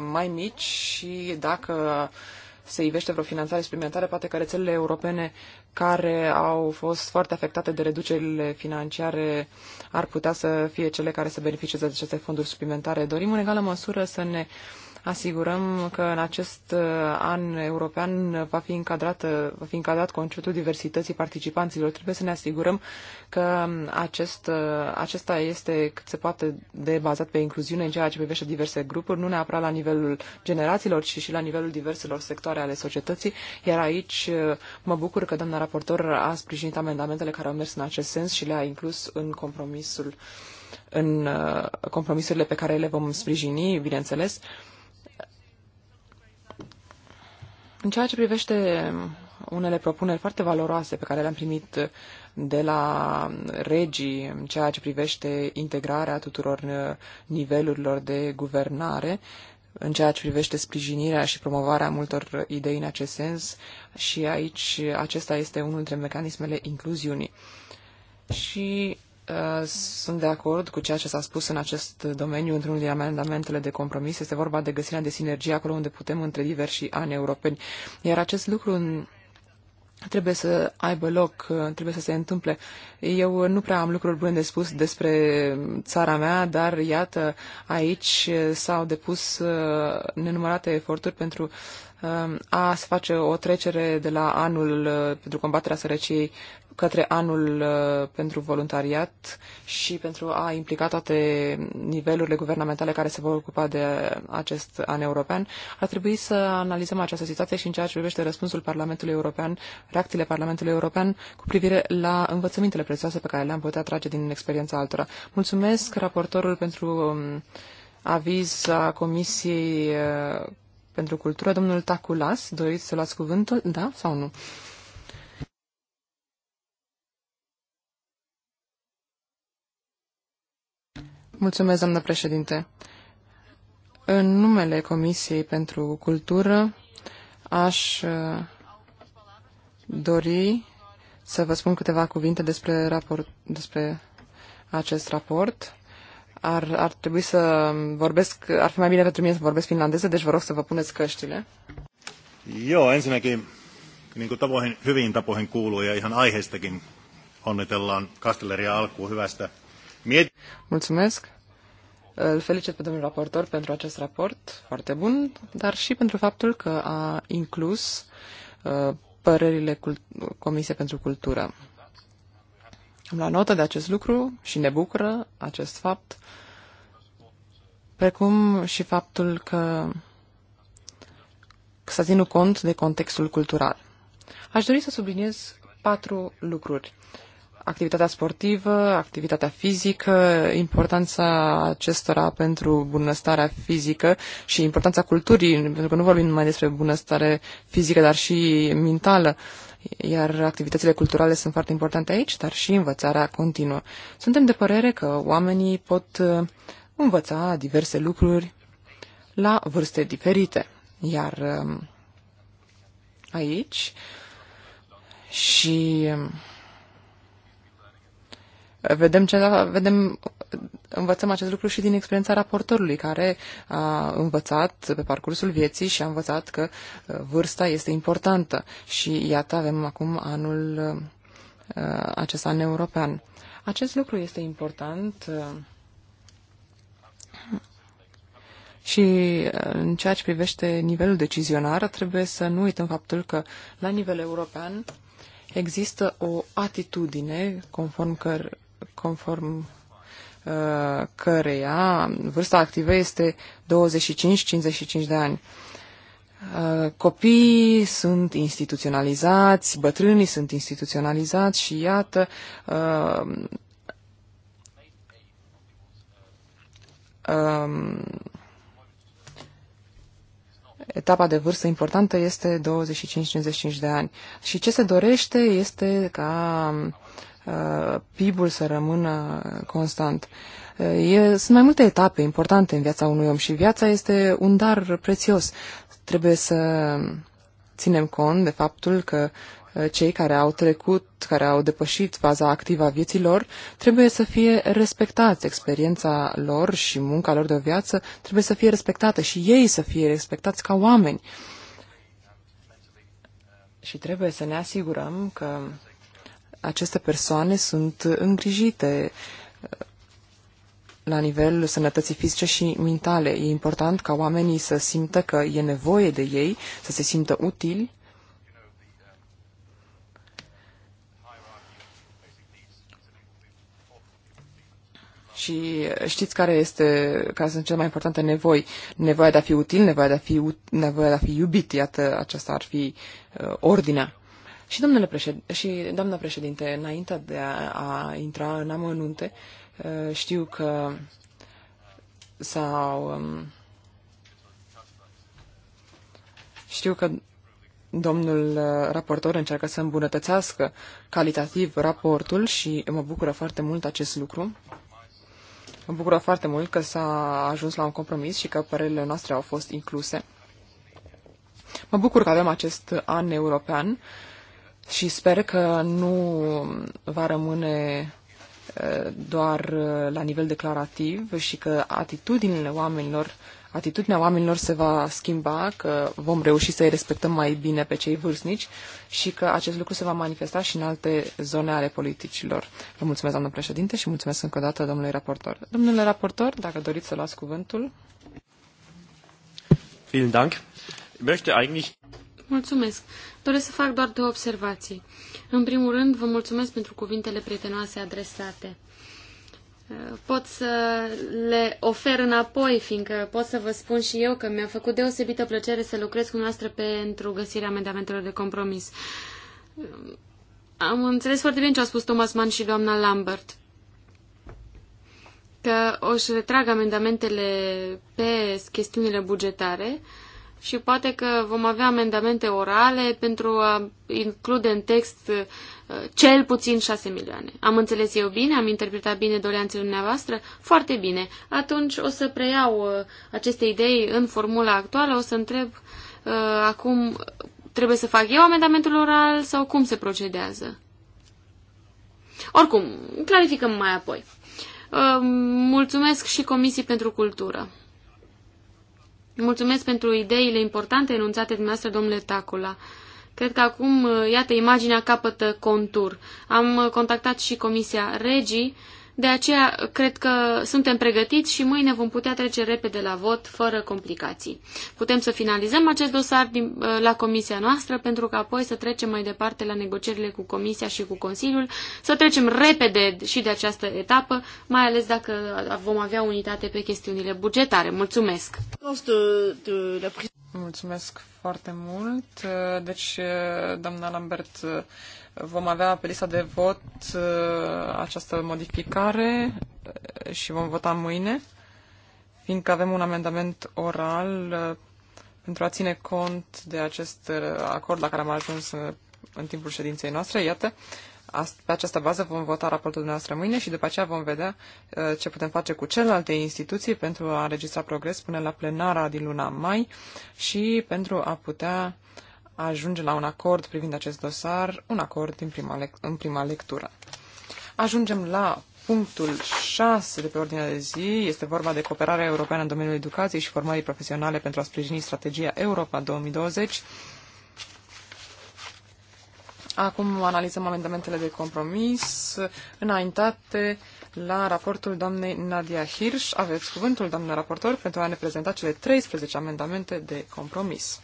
mai mici și dacă se ivește vreo finanțare suplimentară, poate că rețelele europene care au fost foarte afectate de reducerile financiare ar putea să fie cele care să beneficieze de aceste fonduri suplimentare. Dorim în egală măsură să ne uh, asigurăm că în acest uh, an european va fi, încadrat va fi încadrat conceptul diversității participanților. Trebuie să ne asigurăm că um, acest, uh, acesta este cât se poate de bazat pe incluziune în ceea ce privește diverse grupuri, nu neapărat la nivelul generațiilor, ci și la nivelul diverselor sectoare ale societății. Iar aici uh, mă bucur că doamna raportor a sprijinit amendamentele care au mers în acest sens și le-a inclus în compromisul în compromisurile pe care le vom sprijini, bineînțeles. Uh, În ceea ce privește unele propuneri foarte valoroase pe care le-am primit de la regii în ceea ce privește integrarea tuturor uh, nivelurilor de guvernare, în ceea ce privește sprijinirea și promovarea multor idei în acest sens și aici acesta este unul dintre mecanismele incluziunii. Și Uh, sunt de acord cu ceea ce s-a spus în acest domeniu într-unul din amendamentele de compromis. Este vorba de găsirea de sinergie acolo unde putem între diversi ani europeni. Iar acest lucru trebuie să aibă loc, uh, trebuie să se întâmple. Eu nu prea am lucruri bune de spus despre țara mea, dar iată, aici s-au depus uh, nenumărate eforturi pentru Um, a se face o trecere de la anul uh, pentru combaterea sărăciei către anul uh, pentru voluntariat și pentru a implica toate nivelurile guvernamentale care se vor ocupa de acest an european. Ar trebui să analizăm această situație și în ceea ce privește răspunsul Parlamentului European, reacțiile Parlamentului European cu privire la învățămintele prețioase pe care le-am putea trage din experiența altora. Mulțumesc raportorul pentru um, aviz a Comisiei uh, pentru Cultură. Domnul Taculas, doriți să luați cuvântul, da sau nu? Mulțumesc, doamnă președinte. În numele Comisiei pentru Cultură aș uh, dori să vă spun câteva cuvinte despre, raport, despre acest raport ar, ar trebui să vorbesc, ar fi mai bine pentru mine să vorbesc finlandeză, deci vă rog să vă puneți căștile. Joo, ensinnäkin, niin kuin tapoihin, hyviin tapoihin kuuluu ja ihan aiheestakin onnitellaan Kastelleria alkuun hyvästä miet... Mulțumesc. Îl felicit pe domnul raportor pentru acest raport foarte bun, dar și pentru faptul că a inclus uh, părerile Comisiei pentru Cultură. Am luat notă de acest lucru și ne bucură acest fapt, precum și faptul că s-a ținut cont de contextul cultural. Aș dori să subliniez patru lucruri activitatea sportivă, activitatea fizică, importanța acestora pentru bunăstarea fizică și importanța culturii, pentru că nu vorbim numai despre bunăstare fizică, dar și mentală. Iar activitățile culturale sunt foarte importante aici, dar și învățarea continuă. Suntem de părere că oamenii pot uh, învăța diverse lucruri la vârste diferite. Iar um, aici și um, Vedem, ce, vedem, învățăm acest lucru și din experiența raportorului, care a învățat pe parcursul vieții și a învățat că uh, vârsta este importantă. Și iată, avem acum anul, uh, acest an european. Acest lucru este important uh, și în ceea ce privește nivelul decizionar, trebuie să nu uităm faptul că la nivel european există o atitudine conform, căr- conform uh, căreia vârsta activă este 25-55 de ani. Uh, copiii sunt instituționalizați, bătrânii sunt instituționalizați și iată um, um, etapa de vârstă importantă este 25-55 de ani. Și ce se dorește este ca Uh, PIB-ul să rămână constant. Uh, e, sunt mai multe etape importante în viața unui om și viața este un dar prețios. Trebuie să ținem cont de faptul că uh, cei care au trecut, care au depășit faza activă a vieții lor, trebuie să fie respectați. Experiența lor și munca lor de o viață trebuie să fie respectată și ei să fie respectați ca oameni. Și trebuie să ne asigurăm că aceste persoane sunt îngrijite uh, la nivel sănătății fizice și mentale. E important ca oamenii să simtă că e nevoie de ei, să se simtă utili. Și știți care, este, care sunt cele mai importante nevoi? Nevoia de a fi util, nevoia de a fi, nevoia de a fi iubit, iată, aceasta ar fi uh, ordinea. Și, domnule președinte, și doamna președinte, înainte de a, a intra în amănunte, ă, știu că sau um, știu că domnul ă, raportor încearcă să îmbunătățească calitativ raportul și mă bucură foarte mult acest lucru. Mă bucură foarte mult că s-a ajuns la un compromis și că părerile noastre au fost incluse. Mă bucur că avem acest an european și sper că nu va rămâne doar la nivel declarativ și că atitudinile oamenilor, atitudinea oamenilor se va schimba, că vom reuși să-i respectăm mai bine pe cei vârstnici și că acest lucru se va manifesta și în alte zone ale politicilor. Vă mulțumesc, doamnă președinte, și mulțumesc încă o dată domnului raportor. Domnule raportor, dacă doriți să luați cuvântul. Vielen Dank. Möchte eigentlich... Mulțumesc. Doresc să fac doar două observații. În primul rând, vă mulțumesc pentru cuvintele prietenoase adresate. Pot să le ofer înapoi, fiindcă pot să vă spun și eu că mi-a făcut deosebită plăcere să lucrez cu noastră pentru găsirea amendamentelor de compromis. Am înțeles foarte bine ce au spus Thomas Mann și doamna Lambert că o să retrag amendamentele pe chestiunile bugetare și poate că vom avea amendamente orale pentru a include în text uh, cel puțin 6 milioane. Am înțeles eu bine? Am interpretat bine doleanțele dumneavoastră? Foarte bine. Atunci o să preiau uh, aceste idei în formula actuală, o să întreb uh, acum trebuie să fac eu amendamentul oral sau cum se procedează? Oricum, clarificăm mai apoi. mulțumesc și Comisii pentru Cultură. Mulțumesc pentru ideile importante enunțate dumneavoastră, domnule Tacula. Cred că acum, uh, iată, imaginea capătă contur. Am uh, contactat și Comisia Regii de aceea, cred că suntem pregătiți și mâine vom putea trece repede la vot, fără complicații. Putem să finalizăm acest dosar din, ă, la comisia noastră, pentru că apoi să trecem mai departe la negocierile cu comisia și cu Consiliul, să trecem repede și de această etapă, mai ales dacă vom avea unitate pe chestiunile bugetare. Mulțumesc! Mulțumesc foarte mult. Deci, doamna Lambert, Vom avea pe lista de vot uh, această modificare uh, și vom vota mâine, fiindcă avem un amendament oral uh, pentru a ține cont de acest acord la care am ajuns în timpul ședinței noastre. Iată, pe această bază vom vota raportul dumneavoastră mâine și după aceea vom vedea ce putem face cu celelalte instituții pentru a înregistra progres până la plenara din luna mai și pentru a putea ajunge la un acord privind acest dosar, un acord în prima, lec- în prima lectură. Ajungem la punctul 6 de pe ordinea de zi. Este vorba de cooperarea europeană în domeniul educației și formării profesionale pentru a sprijini strategia Europa 2020. Acum analizăm amendamentele de compromis înaintate la raportul doamnei Nadia Hirsch. Aveți cuvântul, doamnă raportor, pentru a ne prezenta cele 13 amendamente de compromis.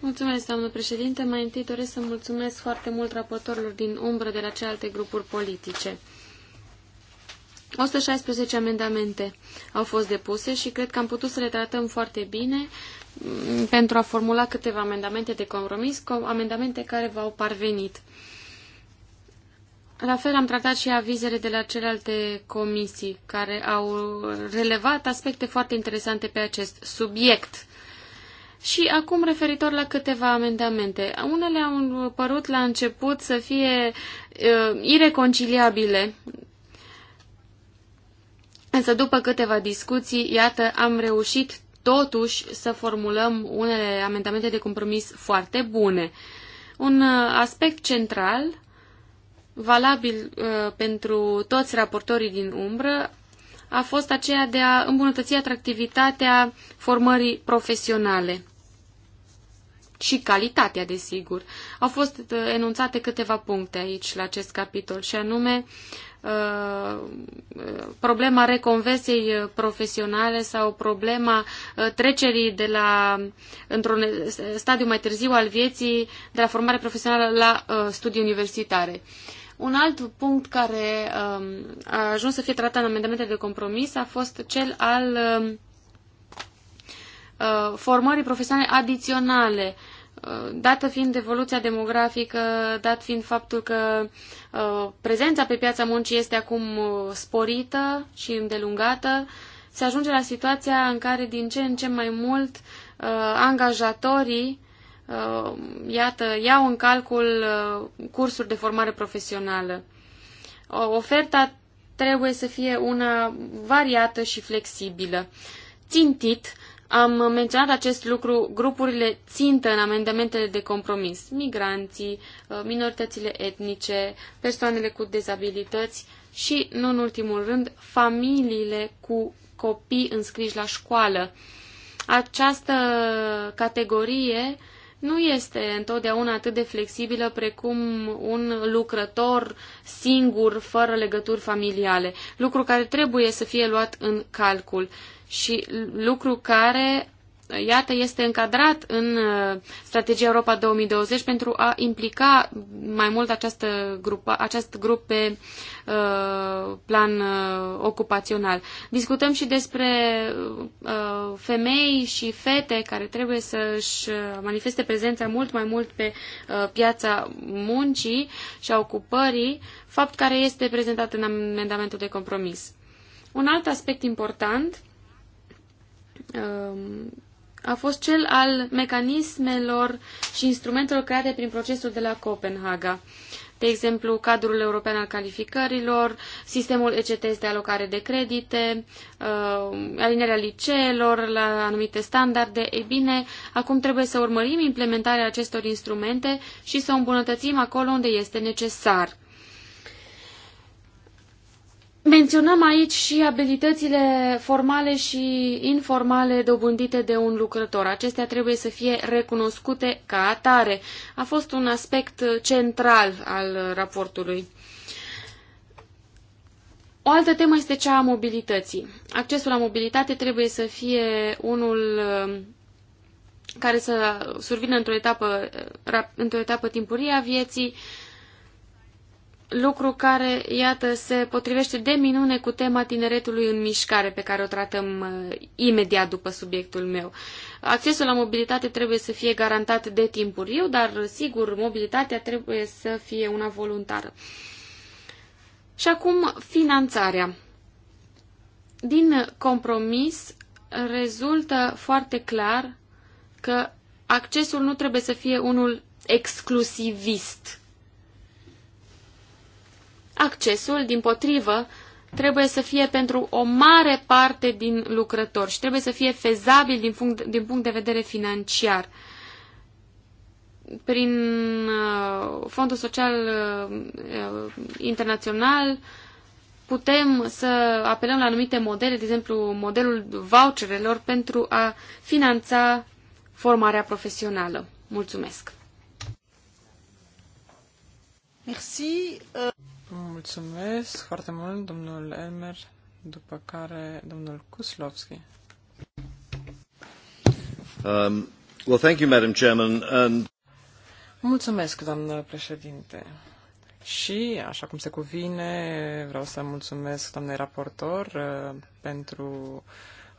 Mulțumesc, doamnă președinte. Mai întâi doresc să mulțumesc foarte mult raportorilor din umbră de la celelalte grupuri politice. 116 amendamente au fost depuse și cred că am putut să le tratăm foarte bine mm, pentru a formula câteva amendamente de compromis, amendamente care v-au parvenit. La fel am tratat și avizele de la celelalte comisii care au relevat aspecte foarte interesante pe acest subiect. Și acum referitor la câteva amendamente. Unele au părut la început să fie uh, ireconciliabile, însă după câteva discuții, iată, am reușit totuși să formulăm unele amendamente de compromis foarte bune. Un uh, aspect central, valabil uh, pentru toți raportorii din umbră, a fost aceea de a îmbunătăți atractivitatea formării profesionale și calitatea, desigur. Au fost uh, enunțate câteva puncte aici, la acest capitol, și anume uh, uh, problema reconversiei profesionale sau problema trecerii de la, într-un stadiu mai târziu al vieții, de la formare profesională la studii universitare. Un alt punct care um, a ajuns să fie tratat în amendamentele de compromis a fost cel al um, Uh, formării profesionale adiționale, uh, dată fiind evoluția demografică, dat fiind faptul că uh, prezența pe piața muncii este acum sporită și îndelungată, se ajunge la situația în care din ce în ce mai mult angajatorii iată, iau în calcul cursuri de formare profesională. Oferta trebuie să fie una variată și flexibilă, țintit am menționat acest lucru, grupurile țintă în amendamentele de compromis, migranții, uh, minoritățile etnice, persoanele cu dezabilități și, nu în ultimul rând, familiile cu copii înscriși la școală. Această categorie nu este întotdeauna atât de flexibilă precum un lucrător singur, fără legături familiale, lucru care trebuie să fie luat în calcul și lucru care, iată, este încadrat în uh, strategia Europa 2020 pentru a implica mai mult această grupă, acest grup pe uh, plan uh, ocupațional. Discutăm și despre femei și fete care trebuie să-și manifeste prezența mult mai mult pe piața muncii și a ocupării, fapt care este prezentat în amendamentul de compromis. Un alt aspect important Um, a fost cel al mecanismelor și instrumentelor create prin procesul de la Copenhaga. De exemplu, cadrul european al calificărilor, sistemul ECTS de alocare de credite, um, alinerea liceelor la anumite standarde. Ei bine, acum trebuie să urmărim implementarea acestor instrumente și să o îmbunătățim acolo unde este necesar. Menționăm aici și abilitățile formale și informale dobândite de un lucrător. Acestea trebuie să fie recunoscute ca atare. A fost un aspect central al raportului. O altă temă este cea a mobilității. Accesul la mobilitate trebuie să fie unul um, care să survină într-o etapă, într-o etapă timpurie a vieții, lucru care, iată, se potrivește de minune cu tema tineretului în mișcare, pe care o tratăm uh, imediat după subiectul meu. Accesul la mobilitate trebuie să fie garantat de timpuriu, dar, sigur, mobilitatea trebuie să fie una voluntară. Și acum, finanțarea. Din compromis rezultă foarte clar că accesul nu trebuie să fie unul exclusivist Accesul, din potrivă, trebuie să fie pentru o mare parte din lucrători și trebuie să fie fezabil din punct, din punct de vedere financiar. Prin uh, Fondul Social uh, uh Internațional putem să apelăm la anumite modele, de exemplu modelul voucherelor, pentru a finanța formarea profesională. Mulțumesc! Merci. Mulțumesc foarte mult, domnul Elmer, după care domnul Kuslovski. Um, well, thank you, Madam Chairman. And... Mulțumesc, doamnă președinte. Și, așa cum se cuvine, vreau să mulțumesc doamnei raportor uh, pentru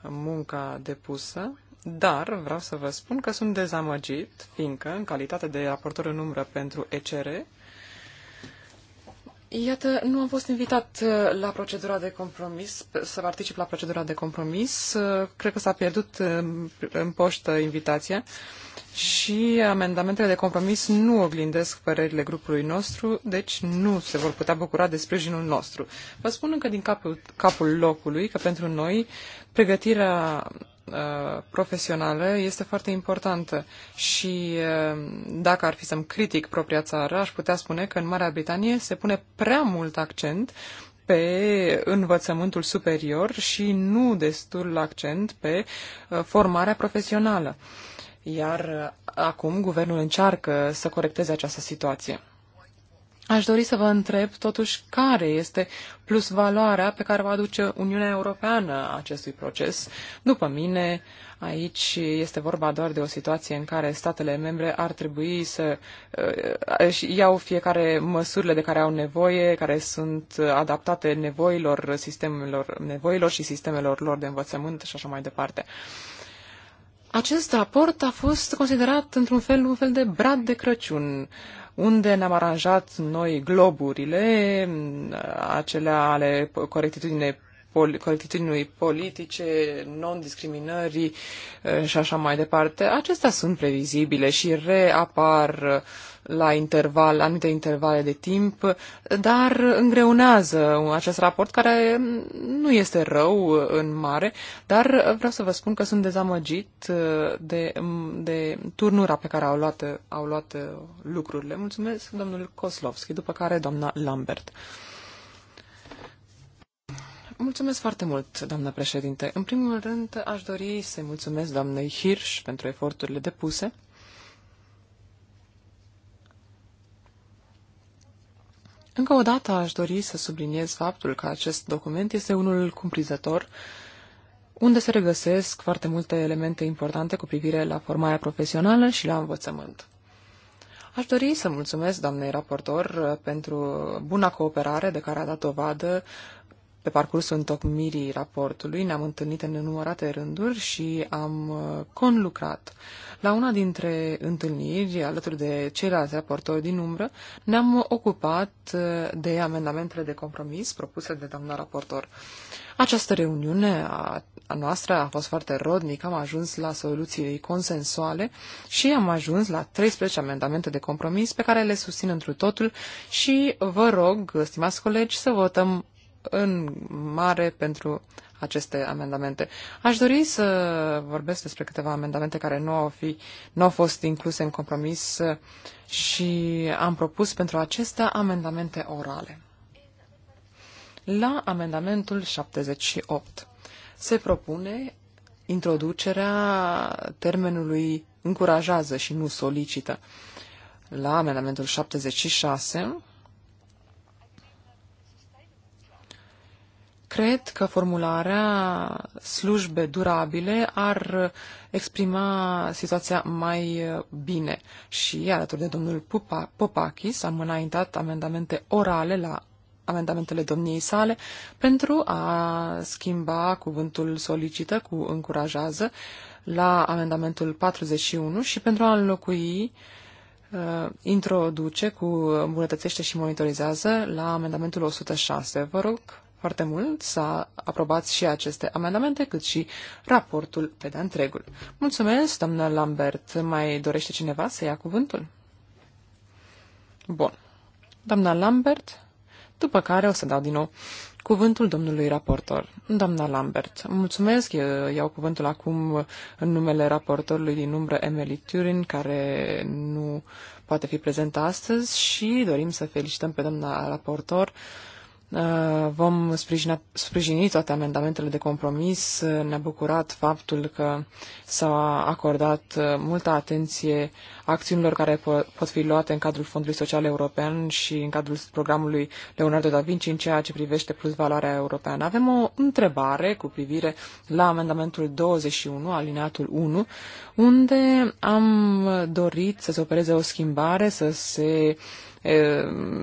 munca depusă, dar vreau să vă spun că sunt dezamăgit, fiindcă, în calitate de raportor în umbră pentru ECR, Iată, nu am fost invitat uh, la procedura de compromis, să particip la procedura de compromis. Uh, cred că s-a pierdut um, în poștă invitația și amendamentele de compromis nu oglindesc părerile grupului nostru, deci nu se vor putea bucura de sprijinul nostru. Vă spun încă din capul, capul locului că pentru noi pregătirea Uh, profesională profesionale este foarte importantă și uh, dacă ar fi să-mi critic propria țară, aș putea spune că în Marea Britanie se pune prea mult accent pe învățământul superior și nu destul accent pe uh, formarea profesională. Iar acum guvernul încearcă să corecteze această situație. Aș dori să vă întreb totuși care este plus valoarea pe care o aduce Uniunea Europeană acestui proces. După mine, aici este vorba doar de o situație în care statele membre ar trebui să uh, iau fiecare măsurile de care au nevoie, care sunt adaptate nevoilor, sistemelor, nevoilor și sistemelor lor de învățământ și așa mai departe. Acest raport a fost considerat într-un fel un fel de brad de Crăciun. Uh, unde ne-am aranjat noi globurile, acelea ale corectitudine pol- corectitudinii politice, non-discriminării eh, și așa mai departe, acestea sunt previzibile și reapar la interval, anumite intervale de timp, dar îngreunează acest raport care nu este rău în mare, dar vreau să vă spun că sunt dezamăgit uh, de, de turnura pe care au luat, au luat uh, lucrurile. Mulțumesc domnul Koslovski, după care doamna Lambert. Mulțumesc foarte mult, doamnă președinte. În primul rând, aș dori să-i mulțumesc doamnei Hirsch pentru eforturile depuse. Încă o dată aș dori să subliniez faptul că acest document este unul cumprizător, unde se regăsesc foarte multe elemente importante cu privire la formarea profesională și la învățământ. Aș dori să mulțumesc doamnei raportor uh, pentru buna cooperare de care a dat dovadă pe parcursul întocmirii raportului ne-am întâlnit în nenumărate rânduri și am uh, conlucrat. La una dintre întâlniri, alături de ceilalți raportori din umbră, ne-am ocupat uh, de amendamentele de compromis propuse de doamna raportor. Această reuniune a, a noastră a fost foarte rodnică, am ajuns la soluțiile consensuale și am ajuns la 13 amendamente de compromis pe care le susțin întru totul și vă rog, stimați colegi, să votăm în mare pentru aceste amendamente. Aș dori să vorbesc despre câteva amendamente care nu au, fi, nu au fost incluse în compromis și am propus pentru acestea amendamente orale. La amendamentul 78 se propune introducerea termenului încurajează și nu solicită. La amendamentul 76 Cred că formularea slujbe durabile ar exprima situația mai bine și alături de domnul Pupa, Popakis am înaintat amendamente orale la amendamentele domniei sale pentru a schimba cuvântul solicită cu încurajează la amendamentul 41 și pentru a înlocui uh, introduce cu îmbunătățește și monitorizează la amendamentul 106. Vă rog foarte mult să aprobați și aceste amendamente, cât și raportul pe de întregul. Mulțumesc, doamnă Lambert. Mai dorește cineva să ia cuvântul? Bun. Doamna Lambert, după care o să dau din nou cuvântul domnului raportor. Doamna Lambert, mulțumesc, eu iau cuvântul acum în numele raportorului din umbră Emily Turin, care nu poate fi prezentă astăzi și dorim să felicităm pe doamna raportor uh, Uh, vom sprijina, sprijini toate amendamentele de compromis. Uh, ne-a bucurat faptul că s-a acordat uh, multă atenție acțiunilor care pot fi luate în cadrul Fondului Social European și în cadrul programului Leonardo da Vinci în ceea ce privește plus europeană. Avem o întrebare cu privire la amendamentul 21, alineatul 1, unde am dorit să se opereze o schimbare, să se uh,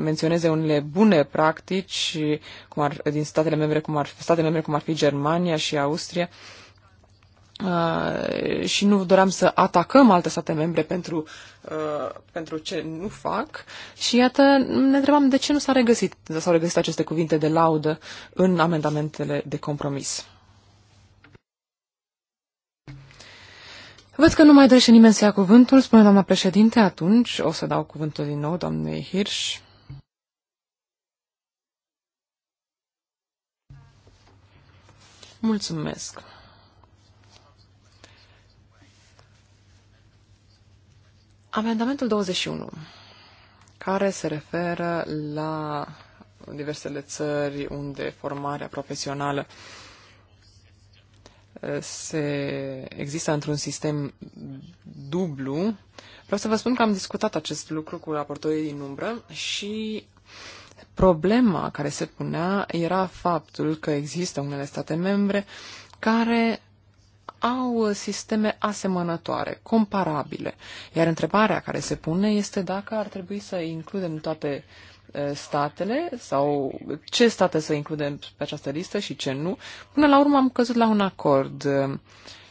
menționeze unele bune practici cum ar, din statele membre cum, ar, state membre cum ar fi Germania și Austria. Uh, și nu doream să atacăm alte state membre pentru, uh, pentru ce nu fac. Și iată, ne întrebam de ce nu s-au regăsit, s-au regăsit aceste cuvinte de laudă în amendamentele de compromis. Văd că nu mai dorește nimeni să ia cuvântul, spune doamna președinte, atunci o să dau cuvântul din nou doamnei Hirsch. Mulțumesc. Amendamentul 21, care se referă la diversele țări unde formarea profesională uh, se există într-un sistem dublu. Vreau să vă spun că am discutat acest lucru cu raportorii din umbră și problema care se punea era faptul că există unele state membre care au sisteme asemănătoare, comparabile. Iar întrebarea care se pune este dacă ar trebui să includem toate uh, statele sau ce state să includem pe această listă și ce nu. Până la urmă am căzut la un acord uh,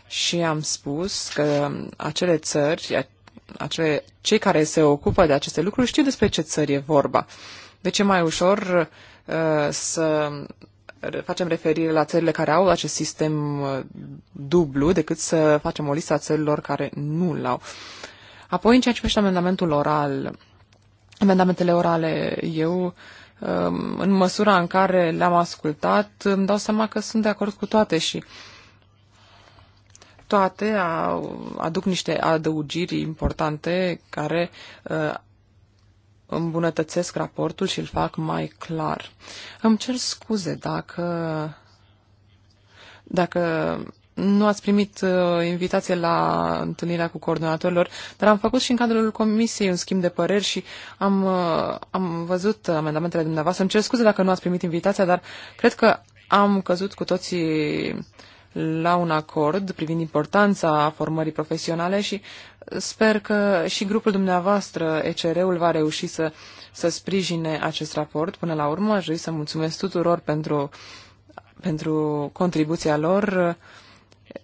și am spus că acele țări, acele, cei care se ocupă de aceste lucruri știu despre ce țări e vorba. Deci e mai ușor uh, să facem referire la țările care au acest sistem uh, dublu decât să facem o listă a țărilor care nu l-au. Apoi, în ceea ce privește amendamentul oral, amendamentele orale. Eu, um, în măsura în care le-am ascultat, îmi dau seama că sunt de acord cu toate și toate aduc niște adăugiri importante care uh, îmbunătățesc raportul și îl fac mai clar. Îmi cer scuze dacă, dacă nu ați primit uh, invitație la întâlnirea cu coordonatorilor, dar am făcut și în cadrul comisiei un schimb de păreri și am, uh, am văzut amendamentele dumneavoastră. Îmi cer scuze dacă nu ați primit invitația, dar cred că am căzut cu toții la un acord privind importanța formării profesionale și sper că și grupul dumneavoastră, ECR-ul, va reuși să, să sprijine acest raport. Până la urmă, aș să mulțumesc tuturor pentru, pentru contribuția lor. Uh,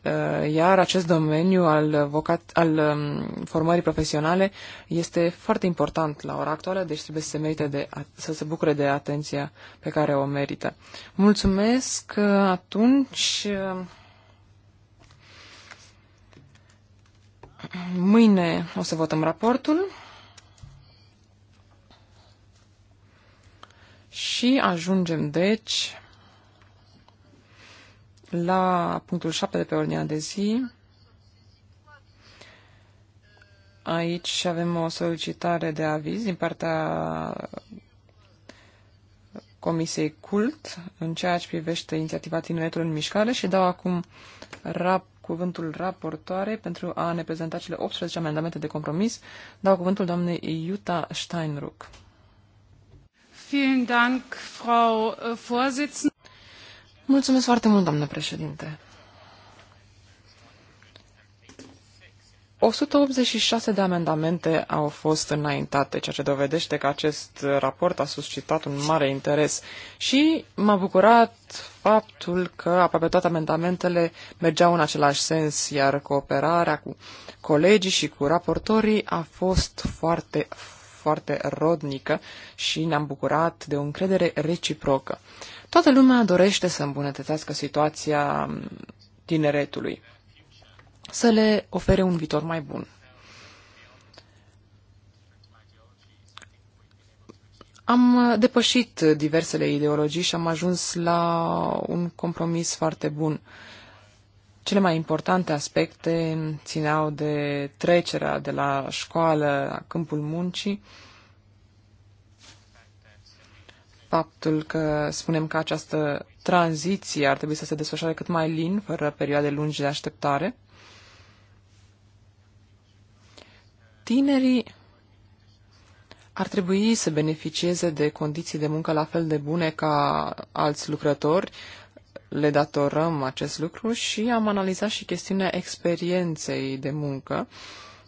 Uh, iar acest domeniu al, vocat, al um, formării profesionale este foarte important la ora actuală, deci trebuie să se, merite de, să se bucure de atenția pe care o merită. Mulțumesc! Uh, atunci, uh, mâine o să votăm raportul. Și ajungem, deci, la punctul 7 de pe ordinea de zi. Aici avem o solicitare de aviz din partea Comisiei CULT în ceea ce privește inițiativa Tineretul în Mișcare și dau acum rap, cuvântul raportoare pentru a ne prezenta cele 18 amendamente de compromis. Dau cuvântul doamnei Iuta Steinruck. Vielen Dank, Frau äh, Vorsitzende. Mulțumesc foarte mult, doamnă președinte. 186 de amendamente au fost înaintate, ceea ce dovedește că acest raport a suscitat un mare interes și m-a bucurat faptul că aproape toate amendamentele mergeau în același sens, iar cooperarea cu colegii și cu raportorii a fost foarte, foarte rodnică și ne-am bucurat de o încredere reciprocă. Toată lumea dorește să îmbunătățească situația tineretului, să le ofere un viitor mai bun. Am depășit diversele ideologii și am ajuns la un compromis foarte bun. Cele mai importante aspecte țineau de trecerea de la școală la câmpul muncii faptul că spunem că această tranziție ar trebui să se desfășoare cât mai lin, fără perioade lungi de așteptare. Tinerii ar trebui să beneficieze de condiții de muncă la fel de bune ca alți lucrători. Le datorăm acest lucru și am analizat și chestiunea experienței de muncă,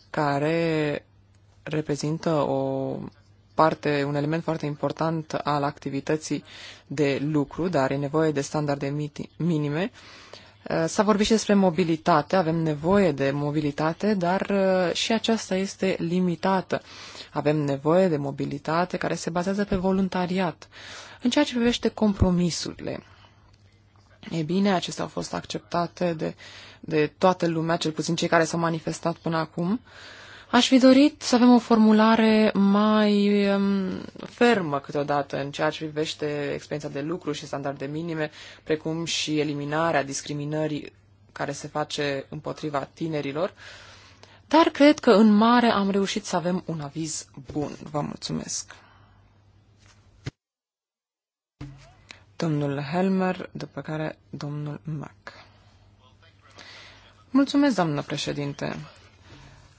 care reprezintă o parte, un element foarte important al activității de lucru, dar e nevoie de standarde minime. Uh, s-a vorbit și despre mobilitate, avem nevoie de mobilitate, dar uh, și aceasta este limitată. Avem nevoie de mobilitate care se bazează pe voluntariat. În ceea ce privește compromisurile, e bine, acestea au fost acceptate de, de toată lumea, cel puțin cei care s-au manifestat până acum. Uh, Aș fi dorit să avem o formulare mai um, fermă câteodată în ceea ce privește experiența de lucru și standarde minime, precum și eliminarea discriminării care se face împotriva tinerilor, dar cred că în mare am reușit să avem un aviz bun. Vă mulțumesc! Domnul Helmer, după care domnul Mac. Mulțumesc, doamnă președinte!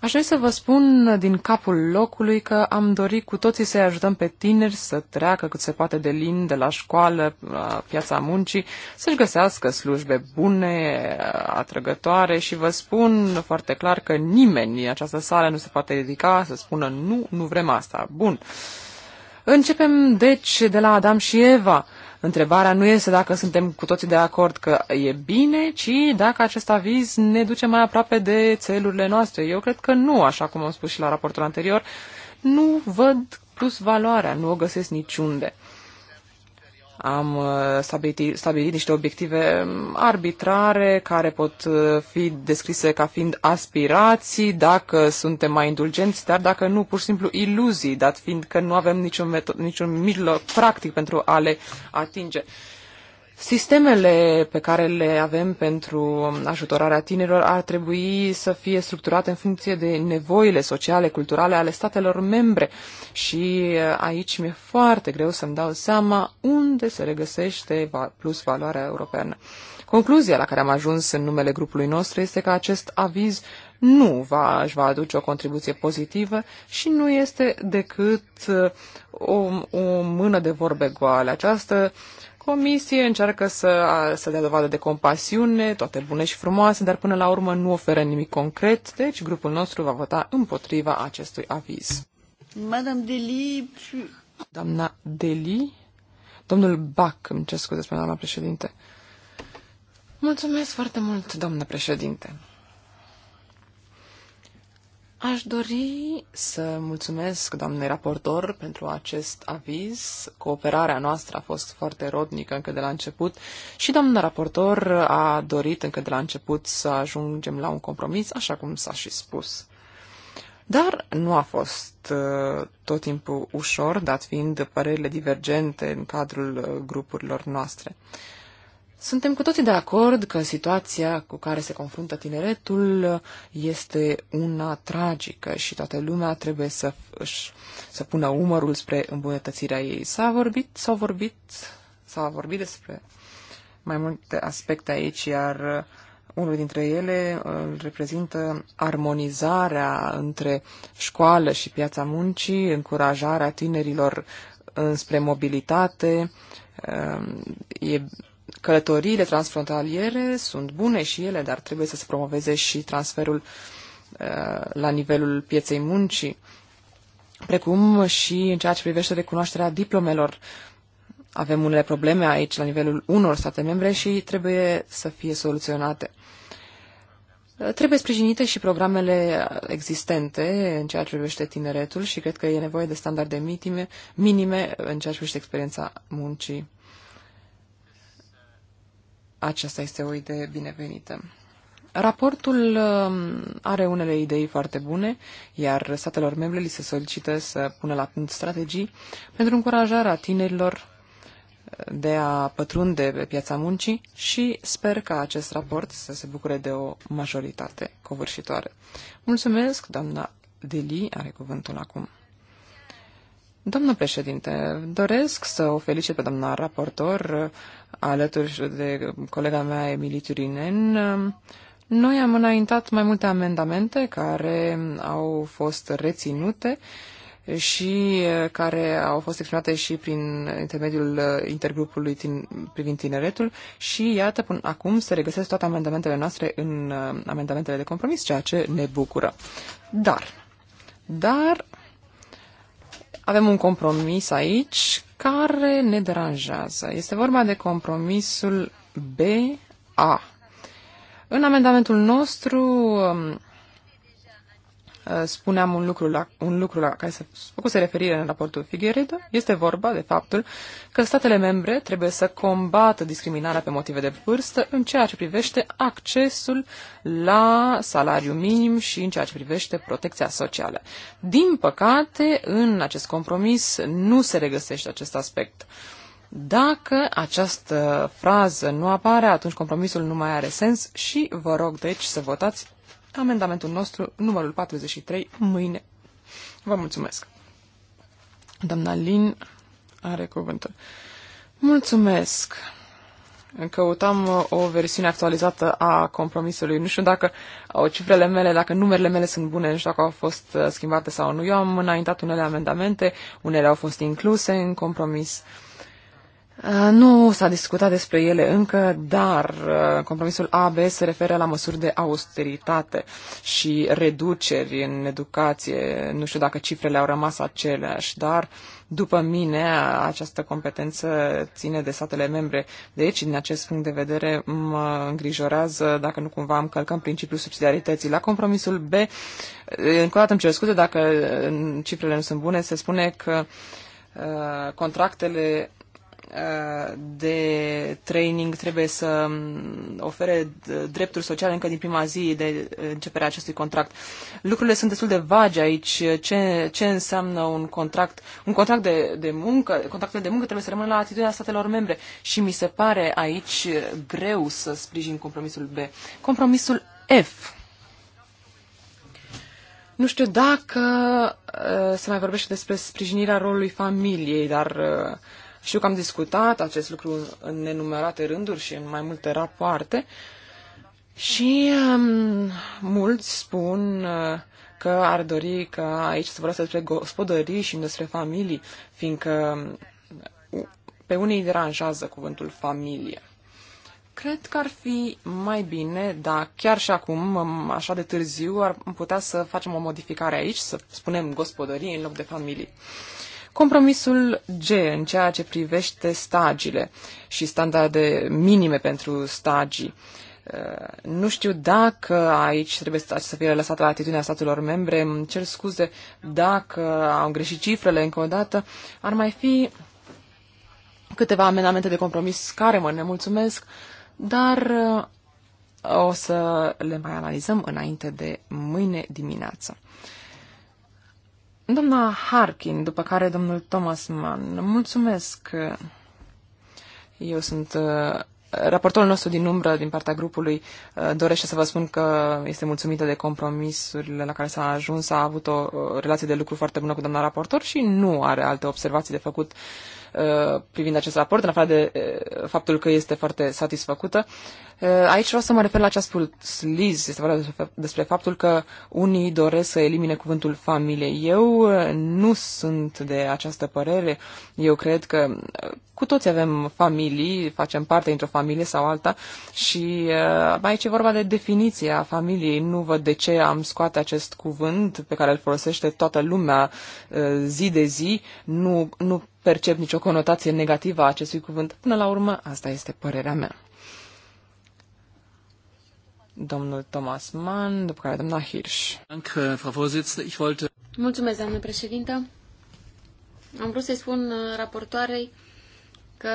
Aș vrea să vă spun din capul locului că am dorit cu toții să-i ajutăm pe tineri să treacă cât se poate de lin de la școală, la piața muncii, să-și găsească slujbe bune, atrăgătoare și vă spun foarte clar că nimeni în această sală nu se poate ridica să spună nu, nu vrem asta. Bun. Începem deci de la Adam și Eva întrebarea nu este dacă suntem cu toții de acord că e bine, ci dacă acest aviz ne duce mai aproape de țelurile noastre. Eu cred că nu, așa cum am spus și la raportul anterior, nu văd plus valoarea, nu o găsesc niciunde. Am uh, stabilit, stabilit niște obiective um, arbitrare care pot uh, fi descrise ca fiind aspirații, dacă suntem mai indulgenți, dar dacă nu, pur și simplu iluzii, dat fiind că nu avem niciun, metod, niciun mijloc practic pentru a le atinge. Sistemele pe care le avem pentru ajutorarea tinerilor ar trebui să fie structurate în funcție de nevoile sociale, culturale ale statelor membre și uh, aici mi-e foarte greu să-mi dau seama unde se regăsește plus valoarea europeană. Concluzia la care am ajuns în numele grupului nostru este că acest aviz nu va, își va aduce o contribuție pozitivă și nu este decât uh, o, o mână de vorbe goale. Această uh, Comisie încearcă să, să dea dovadă de compasiune, toate bune și frumoase, dar până la urmă nu oferă nimic concret, deci grupul nostru va vota împotriva acestui aviz. Madame Deli... Doamna Deli? Domnul Bac, îmi cer scuze, spune doamna președinte. Mulțumesc foarte mult, doamnă președinte. Aș dori să mulțumesc, doamne raportor, pentru acest aviz. Cooperarea noastră a fost foarte rodnică încă de la început și doamna raportor a dorit încă de la început să ajungem la un compromis, așa cum s-a și spus. Dar nu a fost uh, tot timpul ușor, dat fiind părerile divergente în cadrul uh, grupurilor noastre. Suntem cu toții de acord că situația cu care se confruntă tineretul este una tragică și toată lumea trebuie să, își, să pună umărul spre îmbunătățirea ei. S-a vorbit, s-a vorbit, s-a vorbit despre mai multe aspecte aici, iar unul dintre ele îl reprezintă armonizarea între școală și piața muncii, încurajarea tinerilor înspre mobilitate. Ehm, e Călătoriile transfrontaliere sunt bune și ele, dar trebuie să se promoveze și transferul uh, la nivelul pieței muncii, precum și în ceea ce privește recunoașterea diplomelor. Avem unele probleme aici la nivelul unor state membre și trebuie să fie soluționate. Uh, trebuie sprijinite și programele existente în ceea ce privește tineretul și cred că e nevoie de standarde minime, minime în ceea ce privește experiența muncii. Aceasta este o idee binevenită. Raportul um, are unele idei foarte bune, iar statelor membre li se solicită să pună la punct strategii pentru încurajarea tinerilor de a pătrunde pe piața muncii și sper ca acest raport să se bucure de o majoritate covârșitoare. Mulțumesc, doamna Deli are cuvântul acum. Doamnă președinte, doresc să o felicit pe doamna raportor alături de colega mea Emilie Turinen. Noi am înaintat mai multe amendamente care au fost reținute și care au fost exprimate și prin intermediul intergrupului tin, privind tineretul și iată până acum se regăsesc toate amendamentele noastre în uh, amendamentele de compromis, ceea ce ne bucură. Dar, dar avem un compromis aici care ne deranjează. Este vorba de compromisul BA. În amendamentul nostru um, Uh, spuneam un lucru, la, un lucru la care se făcuse referire în raportul Figueredo, este vorba de faptul că statele membre trebuie să combată discriminarea pe motive de vârstă în ceea ce privește accesul la salariu minim și în ceea ce privește protecția socială. Din păcate, în acest compromis nu se regăsește acest aspect. Dacă această frază nu apare, atunci compromisul nu mai are sens și vă rog deci să votați amendamentul nostru, numărul 43, mâine. Vă mulțumesc. Doamna Lin are cuvântul. Mulțumesc. Căutam uh, o versiune actualizată a compromisului. Nu știu dacă au uh, cifrele mele, dacă numerele mele sunt bune, nu știu dacă au fost uh, schimbate sau nu. Eu am înaintat unele amendamente, unele au fost incluse în compromis. Uh, Uh, nu s-a discutat despre ele încă, dar uh, compromisul AB se referă la măsuri de austeritate și reduceri în educație. Nu știu dacă cifrele au rămas aceleași, dar după mine această competență ține de statele membre. Deci, din acest punct de vedere, mă îngrijorează dacă nu cumva încălcăm principiul subsidiarității. La compromisul B, uh, încă o dată îmi cer scuze dacă cifrele nu sunt bune, se spune că contractele de training trebuie să ofere drepturi sociale încă din prima zi de începerea acestui contract. Lucrurile sunt destul de vagi aici. Ce, ce înseamnă un contract? Un contract de, de muncă, contractele de muncă trebuie să rămână la atitudinea statelor membre și mi se pare aici greu să sprijin compromisul B. Compromisul F. Nu știu dacă uh, se mai vorbește despre sprijinirea rolului familiei, dar uh, știu că am discutat acest lucru în nenumărate rânduri și în mai multe rapoarte și um, mulți spun uh, că ar dori că aici să vorbesc despre gospodării și despre familii, fiindcă um, pe unii îi deranjează cuvântul familie. Cred că ar fi mai bine, dar chiar și acum, um, așa de târziu, ar putea să facem o modificare aici, să spunem gospodărie în loc de familii. Compromisul G în ceea ce privește stagiile și standarde minime pentru stagii. Uh, nu știu dacă aici trebuie să fie lăsată la atitudinea statelor membre. Îmi cer scuze dacă au greșit cifrele încă o dată. Ar mai fi câteva amendamente de compromis care mă nemulțumesc, dar uh, o să le mai analizăm înainte de mâine dimineață. Doamna Harkin, după care domnul Thomas Mann. Mulțumesc. Eu sunt uh, raportorul nostru din umbră, din partea grupului, uh, dorește să vă spun că este mulțumită de compromisurile la care s-a ajuns, a avut o relație de lucru foarte bună cu doamna raportor și nu are alte observații de făcut uh, privind acest raport, în afară de faptul că este foarte satisfăcută. Uh, aici vreau să mă refer la ce a spus Liz. Este vorba despre faptul că unii doresc să elimine cuvântul familie. Eu uh, nu sunt de această părere. Eu cred că uh, cu toți avem familii, facem parte dintr-o familie sau alta și aici e vorba de definiția familiei. Nu văd de ce am scoate acest cuvânt pe care îl folosește toată lumea zi de zi. Nu, nu percep nicio conotație negativă a acestui cuvânt. Până la urmă, asta este părerea mea domnul Thomas Mann, după care doamna Hirsch. Uh, Mulțumesc, doamnă președintă. Am vrut să-i spun uh, raportoarei că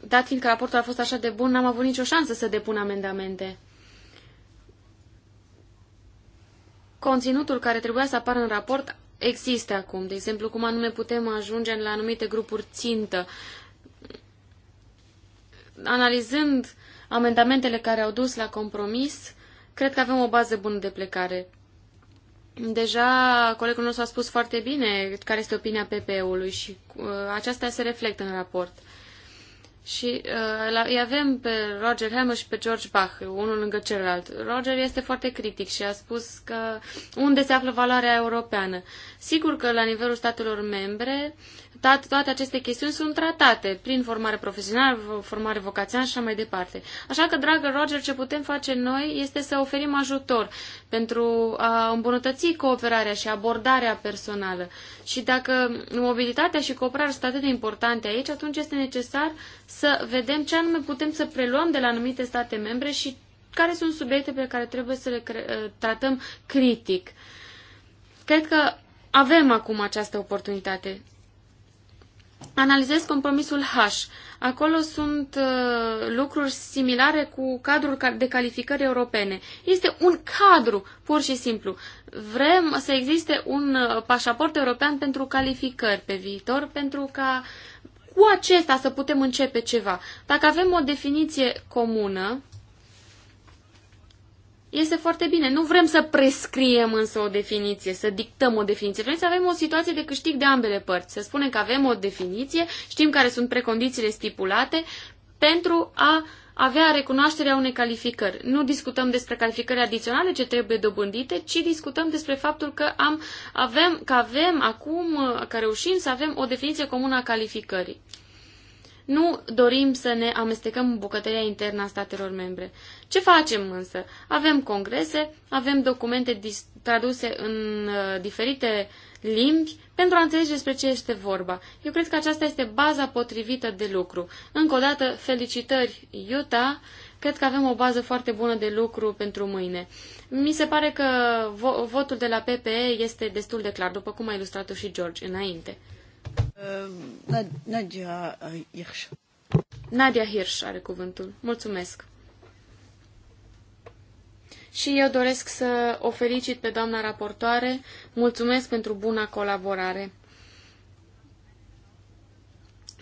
dat fiind că raportul a fost așa de bun, n-am avut nicio șansă să depun amendamente. Conținutul care trebuia să apară în raport există acum. De exemplu, cum anume putem ajunge la anumite grupuri țintă analizând amendamentele care au dus la compromis, cred că avem o bază bună de plecare. Deja colegul nostru a spus foarte bine care este opinia PP-ului și uh, aceasta se reflectă în raport. Și uh, îi avem pe Roger Hammer și pe George Bach, unul lângă celălalt. Roger este foarte critic și a spus că unde se află valoarea europeană. Sigur că la nivelul statelor membre toate aceste chestiuni sunt tratate prin formare profesională, formare vocațională și așa mai departe. Așa că, dragă Roger, ce putem face noi este să oferim ajutor pentru a îmbunătăți cooperarea și abordarea personală. Și dacă mobilitatea și cooperarea sunt atât de importante aici, atunci este necesar să vedem ce anume putem să preluăm de la anumite state membre și care sunt subiecte pe care trebuie să le uh, tratăm critic. Cred că avem acum această oportunitate. Analizez compromisul H. Acolo sunt uh, lucruri similare cu cadrul de calificări europene. Este un cadru, pur și simplu. Vrem să existe un uh, pașaport european pentru calificări pe viitor, pentru ca cu acesta să putem începe ceva. Dacă avem o definiție comună, este foarte bine. Nu vrem să prescriem însă o definiție, să dictăm o definiție. Vrem să avem o situație de câștig de ambele părți. Să spunem că avem o definiție, știm care sunt precondițiile stipulate pentru a avea recunoașterea unei calificări. Nu discutăm despre calificări adiționale ce trebuie dobândite, ci discutăm despre faptul că, am, avem, că avem acum, că reușim să avem o definiție comună a calificării. Nu dorim să ne amestecăm în bucătăria internă a statelor membre. Ce facem însă? Avem congrese, avem documente traduse în uh, diferite uh, limbi pentru a înțelege despre ce este vorba. Eu cred că aceasta este baza potrivită de lucru. Încă o dată, felicitări, Iuta! Cred că avem o bază foarte bună de lucru pentru mâine. Mi se pare că vo votul de la PPE este destul de clar, după cum a ilustrat-o și George înainte. Nadia Hirsch. Nadia Hirsch are cuvântul. Mulțumesc și eu doresc să o felicit pe doamna raportoare. Mulțumesc pentru buna colaborare.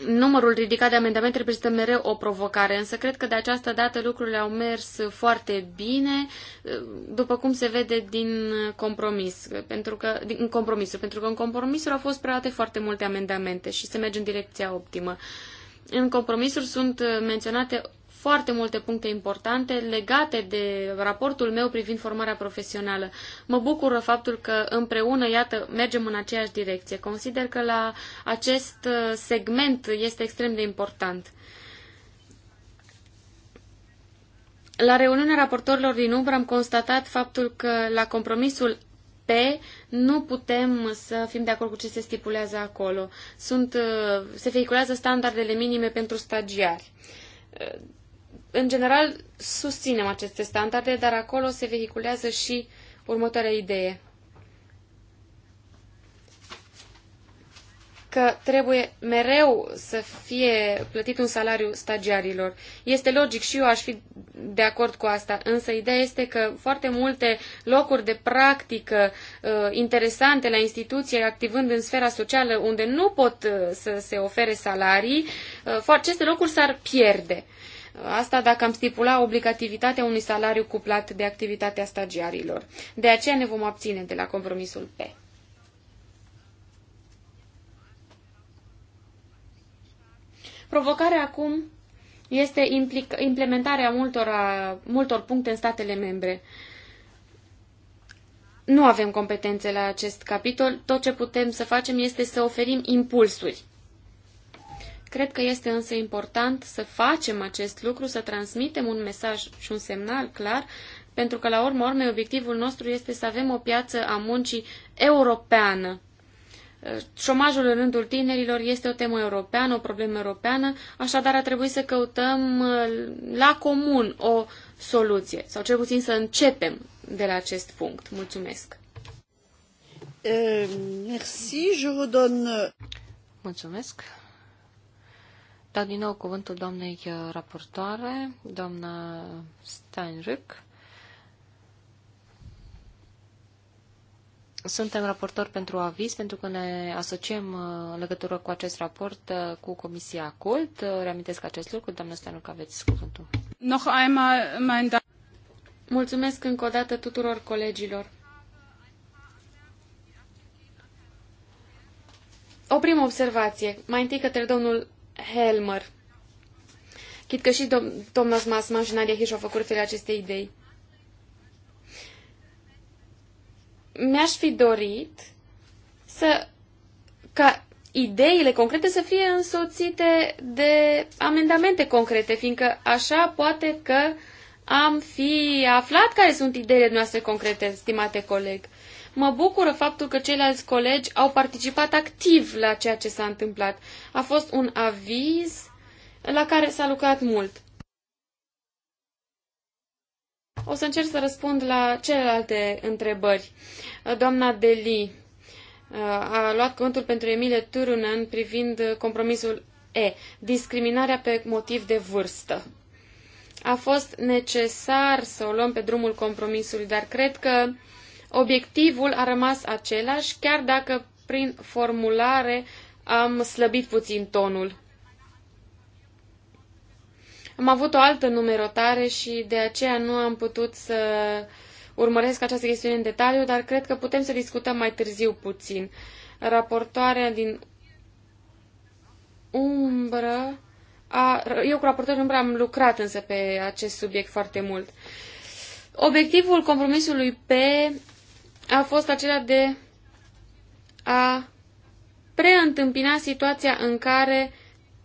Numărul ridicat de amendamente reprezintă mereu o provocare, însă cred că de această dată lucrurile au mers foarte bine, după cum se vede din compromis, pentru că, din compromisul, pentru că în compromisul au fost preluate foarte multe amendamente și se merge în direcția optimă. În compromisuri sunt menționate foarte multe puncte importante legate de raportul meu privind formarea profesională. Mă bucură faptul că împreună, iată, mergem în aceeași direcție. Consider că la acest uh, segment este extrem de important. La reuniunea raportorilor din umbră am constatat faptul că la compromisul P nu putem să fim de acord cu ce se stipulează acolo. Sunt, uh, se vehiculează standardele minime pentru stagiari în general, susținem aceste standarde, dar acolo se vehiculează și următoarea idee. că trebuie mereu să fie plătit un salariu stagiarilor. Este logic și eu aș fi de acord cu asta, însă ideea este că foarte multe locuri de practică uh, interesante la instituție, activând în sfera socială, unde nu pot uh, să se ofere salarii, uh, aceste locuri s-ar pierde. Uh, Asta dacă am stipula obligativitatea unui salariu cuplat de activitatea stagiarilor. De aceea ne vom abține de la compromisul P. Provocarea acum este implementarea multor, multor puncte în statele membre. Nu avem competențe la acest capitol. Tot ce putem să facem este să oferim impulsuri Cred că este însă important să facem acest lucru, să transmitem un mesaj și un semnal clar, pentru că, la urmă urmei, obiectivul nostru este să avem o piață a muncii europeană. Șomajul în rândul tinerilor este o temă europeană, o problemă europeană, așadar ar trebui să căutăm uh, la comun o soluție, sau cel puțin să începem de la acest punct. Mulțumesc! Eh, merci, je vous donne... Mulțumesc! Da, din nou cuvântul doamnei uh, raportoare, doamna Steinrück. Suntem raportori pentru aviz, pentru că ne asociem uh, în legătură cu acest raport uh, cu Comisia CULT. Reamintesc acest lucru, doamna Steinrück, că aveți cuvântul. Noch einmal, mein da Mulțumesc încă o dată tuturor colegilor. O primă observație. Mai întâi către domnul Helmer. Chit că și domnul Masman și Nadia Hirsch au făcut referire aceste idei. Mi-aș fi dorit să ca ideile concrete să fie însoțite de amendamente concrete, fiindcă așa poate că am fi aflat care sunt ideile noastre concrete, stimate coleg. Mă bucură faptul că ceilalți colegi au participat activ la ceea ce s-a întâmplat. A fost un aviz la care s-a lucrat mult. O să încerc să răspund la celelalte întrebări. Doamna Deli uh, a luat cuvântul pentru Emile Turunen privind compromisul E, discriminarea pe motiv de vârstă. A fost necesar să o luăm pe drumul compromisului, dar cred că uh, obiectivul a rămas același, chiar dacă prin formulare am slăbit puțin tonul. Am avut o altă numerotare și de aceea nu am putut să urmăresc această chestiune în detaliu, dar cred că putem să discutăm mai târziu puțin. Raportoarea din umbră... A, eu cu raportor umbră am lucrat însă pe acest subiect foarte mult. Obiectivul compromisului P a fost acela de a preîntâmpina situația în care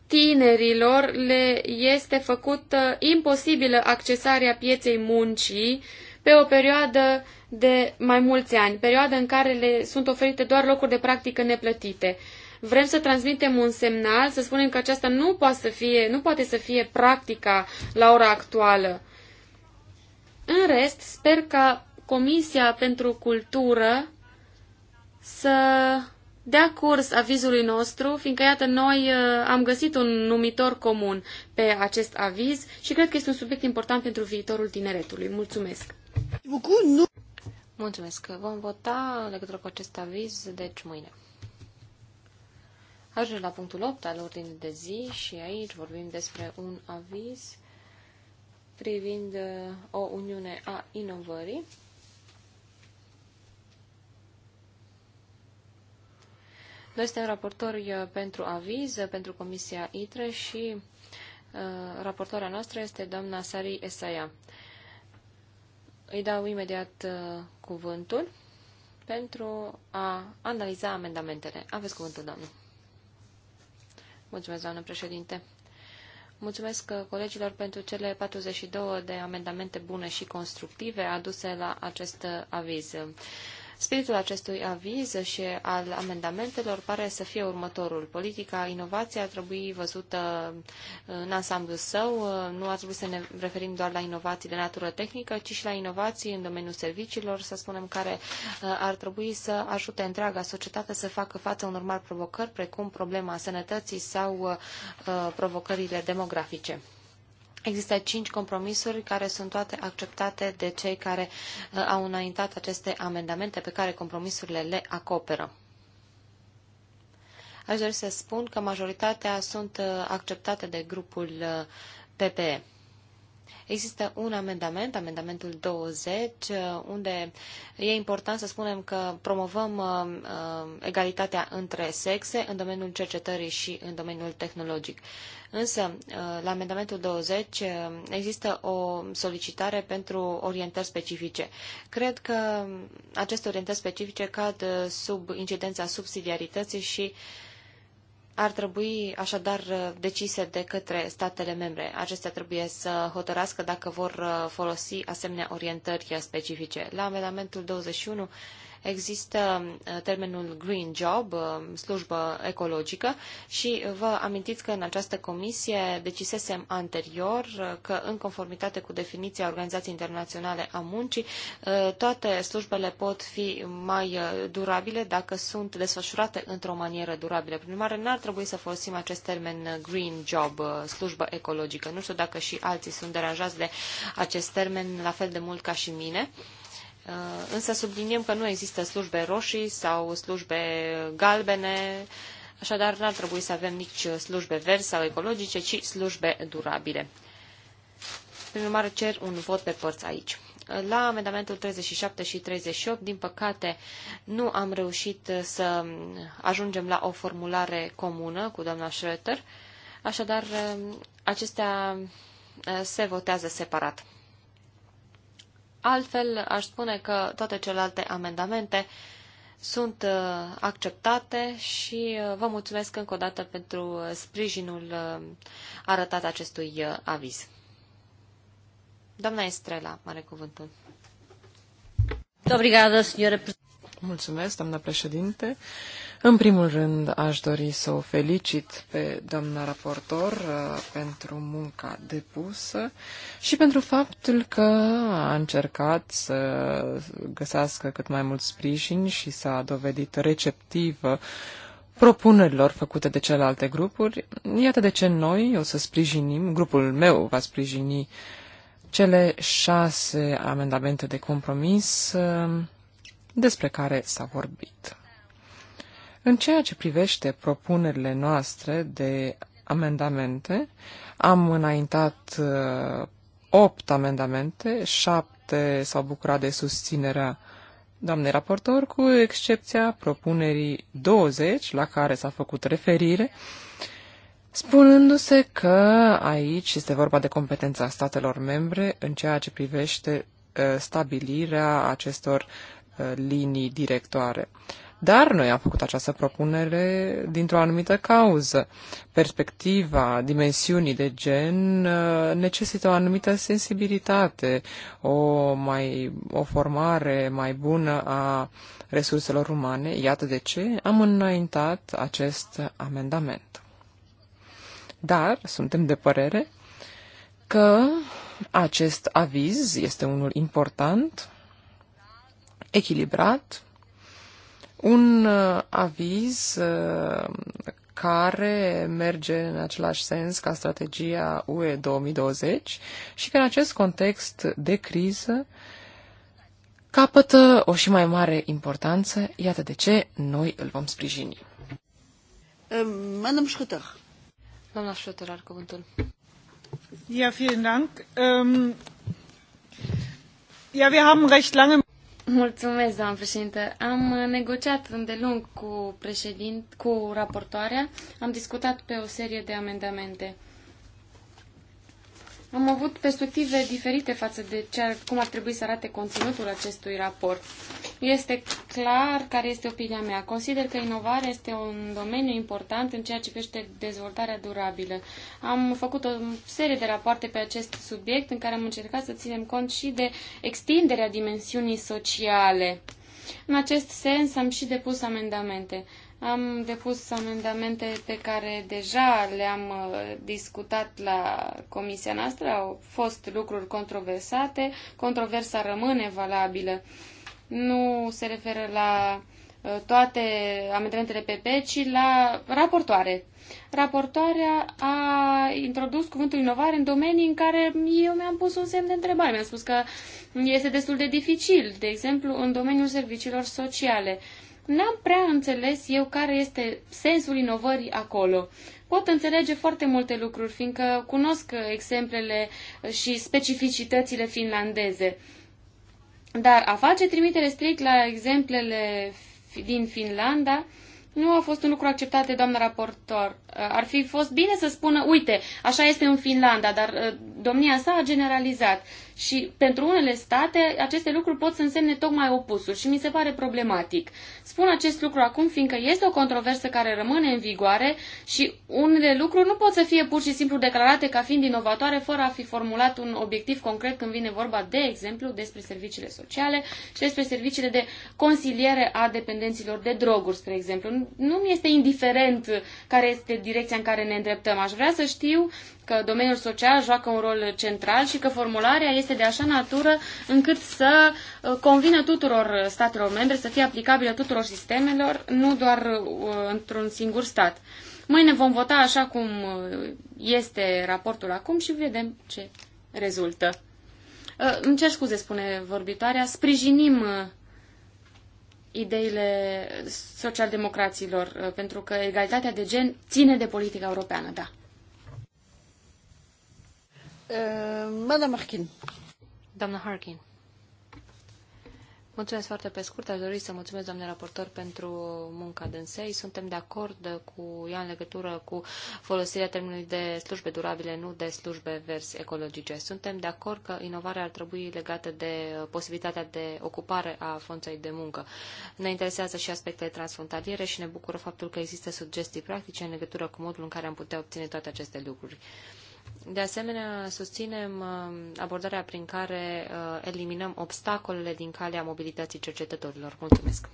tinerilor le este făcută imposibilă accesarea pieței muncii pe o perioadă de mai mulți ani, perioadă în care le sunt oferite doar locuri de practică neplătite. Vrem să transmitem un semnal, să spunem că aceasta nu poate să fie, nu poate să fie practica la ora actuală. În rest, sper ca Comisia pentru Cultură să dea curs avizului nostru, fiindcă, iată, noi uh, am găsit un numitor comun pe acest aviz și cred că este un subiect important pentru viitorul tineretului. Mulțumesc! Mulțumesc! Vom vota legătură cu acest aviz, deci mâine. Ajungem la punctul 8 al ordinii de zi și aici vorbim despre un aviz privind uh, o uniune a inovării. Noi suntem raportori uh, pentru aviz, uh, pentru Comisia ITRE și uh, raportoarea noastră este doamna Sari Esaia. Îi dau imediat cuvântul pentru a analiza amendamentele. Aveți cuvântul, doamnă. Mulțumesc, doamnă președinte. Mulțumesc colegilor pentru cele 42 de amendamente bune și constructive aduse la acest aviz. Spiritul acestui aviz și al amendamentelor pare să fie următorul. Politica inovației ar trebui văzută în ansamblu său. Nu ar trebui să ne referim doar la inovații de natură tehnică, ci și la inovații în domeniul serviciilor, să spunem, care uh, ar trebui să ajute întreaga societate să facă față unor mari provocări, precum problema sănătății sau uh, uh, provocările demografice. Există cinci compromisuri care sunt toate acceptate de cei care uh, au înaintat aceste amendamente pe care compromisurile le acoperă. Aș dori să spun că majoritatea sunt uh, acceptate de grupul uh, PPE. Există un amendament, amendamentul 20, unde e important să spunem că promovăm uh, uh, egalitatea între sexe în domeniul cercetării și în domeniul tehnologic. Însă, uh, la amendamentul 20 există o solicitare pentru orientări specifice. Cred că aceste orientări specifice cad sub incidența subsidiarității și uh, ar trebui așadar uh, decise de către statele membre. Acestea trebuie să hotărască dacă vor uh, folosi asemenea orientări specifice. La amendamentul 21 Există uh, termenul Green Job, uh, slujbă ecologică și vă amintiți că în această comisie decisesem anterior uh, că în conformitate cu definiția Organizației Internaționale a Muncii, toate slujbele pot fi mai durabile dacă sunt desfășurate într-o manieră durabilă. Prin urmare, n-ar trebui să folosim acest termen green job, slujbă ecologică. Nu știu dacă și alții sunt deranjați de acest termen la fel de mult ca și mine. Uh, Uh, însă subliniem că nu există slujbe roșii sau slujbe galbene, așadar n-ar trebui să avem nici slujbe verzi sau ecologice, ci slujbe durabile. Prin urmare, cer un vot pe părți aici. La amendamentul 37 și 38, din păcate, nu am reușit să ajungem la o formulare comună cu doamna Schroeter, așadar uh, acestea uh, se votează separat. Altfel, aș spune că toate celelalte amendamente sunt uh, acceptate și uh, vă mulțumesc încă o dată pentru uh, sprijinul arătat acestui aviz. Doamna Estrela, mare cuvântul. Mulțumesc, doamna președinte. În primul rând, aș dori să o felicit pe doamna raportor uh, pentru munca depusă și pentru faptul că a încercat să găsească cât mai mult sprijin și s-a dovedit receptivă propunerilor făcute de celelalte grupuri. Iată de ce noi o să sprijinim, grupul meu va sprijini cele șase amendamente de compromis uh, despre care s-a vorbit. În ceea ce privește propunerile noastre de amendamente, am înaintat uh, opt amendamente, șapte s-au bucurat de susținerea doamnei raportor, cu excepția propunerii 20, la care s-a făcut referire, spunându-se că aici este vorba de competența statelor membre în ceea ce privește uh, stabilirea acestor uh, linii directoare. Dar noi am făcut această propunere dintr-o anumită cauză. Perspectiva dimensiunii de gen uh, necesită o anumită sensibilitate, o, mai, o formare mai bună a resurselor umane. Iată de ce am înaintat acest amendament. Dar suntem de părere că acest aviz este unul important, echilibrat un uh, aviz uh, care merge în același sens ca strategia UE 2020 și că în acest context de criză capătă o și mai mare importanță. Iată de ce noi îl vom sprijini. Um, Madame Schröter. Doamna Schröter are cuvântul. Ja, vielen Dank. Ähm, ja, wir haben recht lange Mulțumesc, doamnă președinte. Am negociat îndelung cu, președint, cu raportoarea, am discutat pe o serie de amendamente. Am avut perspective diferite față de ce ar, cum ar trebui să arate conținutul acestui raport. Este clar care este opinia mea. Consider că inovarea este un domeniu important în ceea ce privește dezvoltarea durabilă. Am făcut o serie de rapoarte pe acest subiect în care am încercat să ținem cont și de extinderea dimensiunii sociale. În acest sens am și depus amendamente. Am depus amendamente pe care deja le-am uh, discutat la comisia noastră, au fost lucruri controversate, controversa rămâne valabilă. Nu se referă la uh, toate amendamentele PP, ci la raportoare. Raportoarea a introdus cuvântul inovare în domenii în care eu mi-am pus un semn de întrebare. Mi-am spus că este destul de dificil, de exemplu, în domeniul serviciilor sociale. Uh, n-am prea înțeles eu care este sensul inovării acolo. Pot înțelege foarte multe lucruri, fiindcă cunosc exemplele și specificitățile finlandeze. Dar a face trimitere strict la exemplele din Finlanda nu a fost un lucru acceptat de doamna raportor. Uh, ar fi fost bine să spună, uite, așa este în Finlanda, dar uh, domnia sa a generalizat. Și pentru unele state, aceste lucruri pot să însemne tocmai opusul și mi se pare problematic. Spun acest lucru acum, fiindcă este o controversă care rămâne în vigoare și unele lucruri nu pot să fie pur și simplu declarate ca fiind inovatoare fără a fi formulat un obiectiv concret când vine vorba, de exemplu, despre serviciile sociale și despre serviciile de consiliere a dependenților de droguri, spre exemplu. Nu mi este indiferent care este direcția în care ne îndreptăm. Aș vrea să știu că domeniul social joacă un rol central și că formularea este de așa natură încât să uh, convină tuturor statelor membre să fie aplicabilă tuturor sistemelor, nu doar uh, într-un singur stat. Mâine vom vota așa cum uh, este raportul acum și vedem ce rezultă. Îmi cer scuze, spune vorbitoarea, sprijinim ideile socialdemocraților, pentru că egalitatea de gen ține de politica europeană, da. Eh, Madame Harkin. Doamna Harkin. Mulțumesc foarte pe scurt. Aș dori să mulțumesc, doamne raportor, pentru munca dânsei. Suntem de acord cu ea în legătură cu folosirea termenului de slujbe durabile, nu de slujbe verzi ecologice. Suntem de acord că inovarea ar trebui legată de posibilitatea de ocupare a forței de muncă. Ne interesează și aspectele transfrontaliere și ne bucură faptul că există sugestii practice în legătură cu modul în care am putea obține toate aceste lucruri. De asemenea, susținem um, abordarea prin care uh, eliminăm obstacolele din calea mobilității cercetătorilor. Mulțumesc!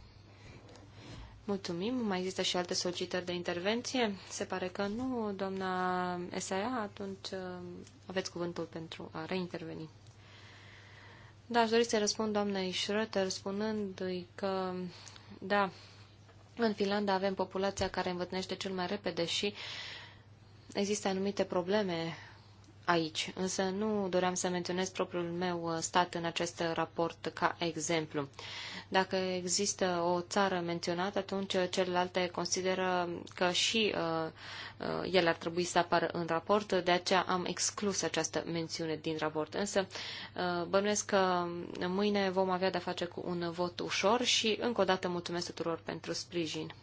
Mulțumim. Mai există și alte solicitări de intervenție? Se pare că nu, doamna Esaia, atunci uh, aveți cuvântul pentru a reinterveni. Da, aș dori să răspund doamnei Schröter spunându-i că, da, în Finlanda avem populația care învătnește cel mai repede și există anumite probleme aici, însă nu doream să menționez propriul meu uh, stat în acest raport ca exemplu. Dacă există o țară menționată, atunci uh, celelalte consideră că și uh, uh el ar trebui să apară în raport, de aceea am exclus această mențiune din raport. Însă uh, bănuiesc că mâine vom avea de-a face cu un vot ușor și încă o dată mulțumesc tuturor pentru sprijin.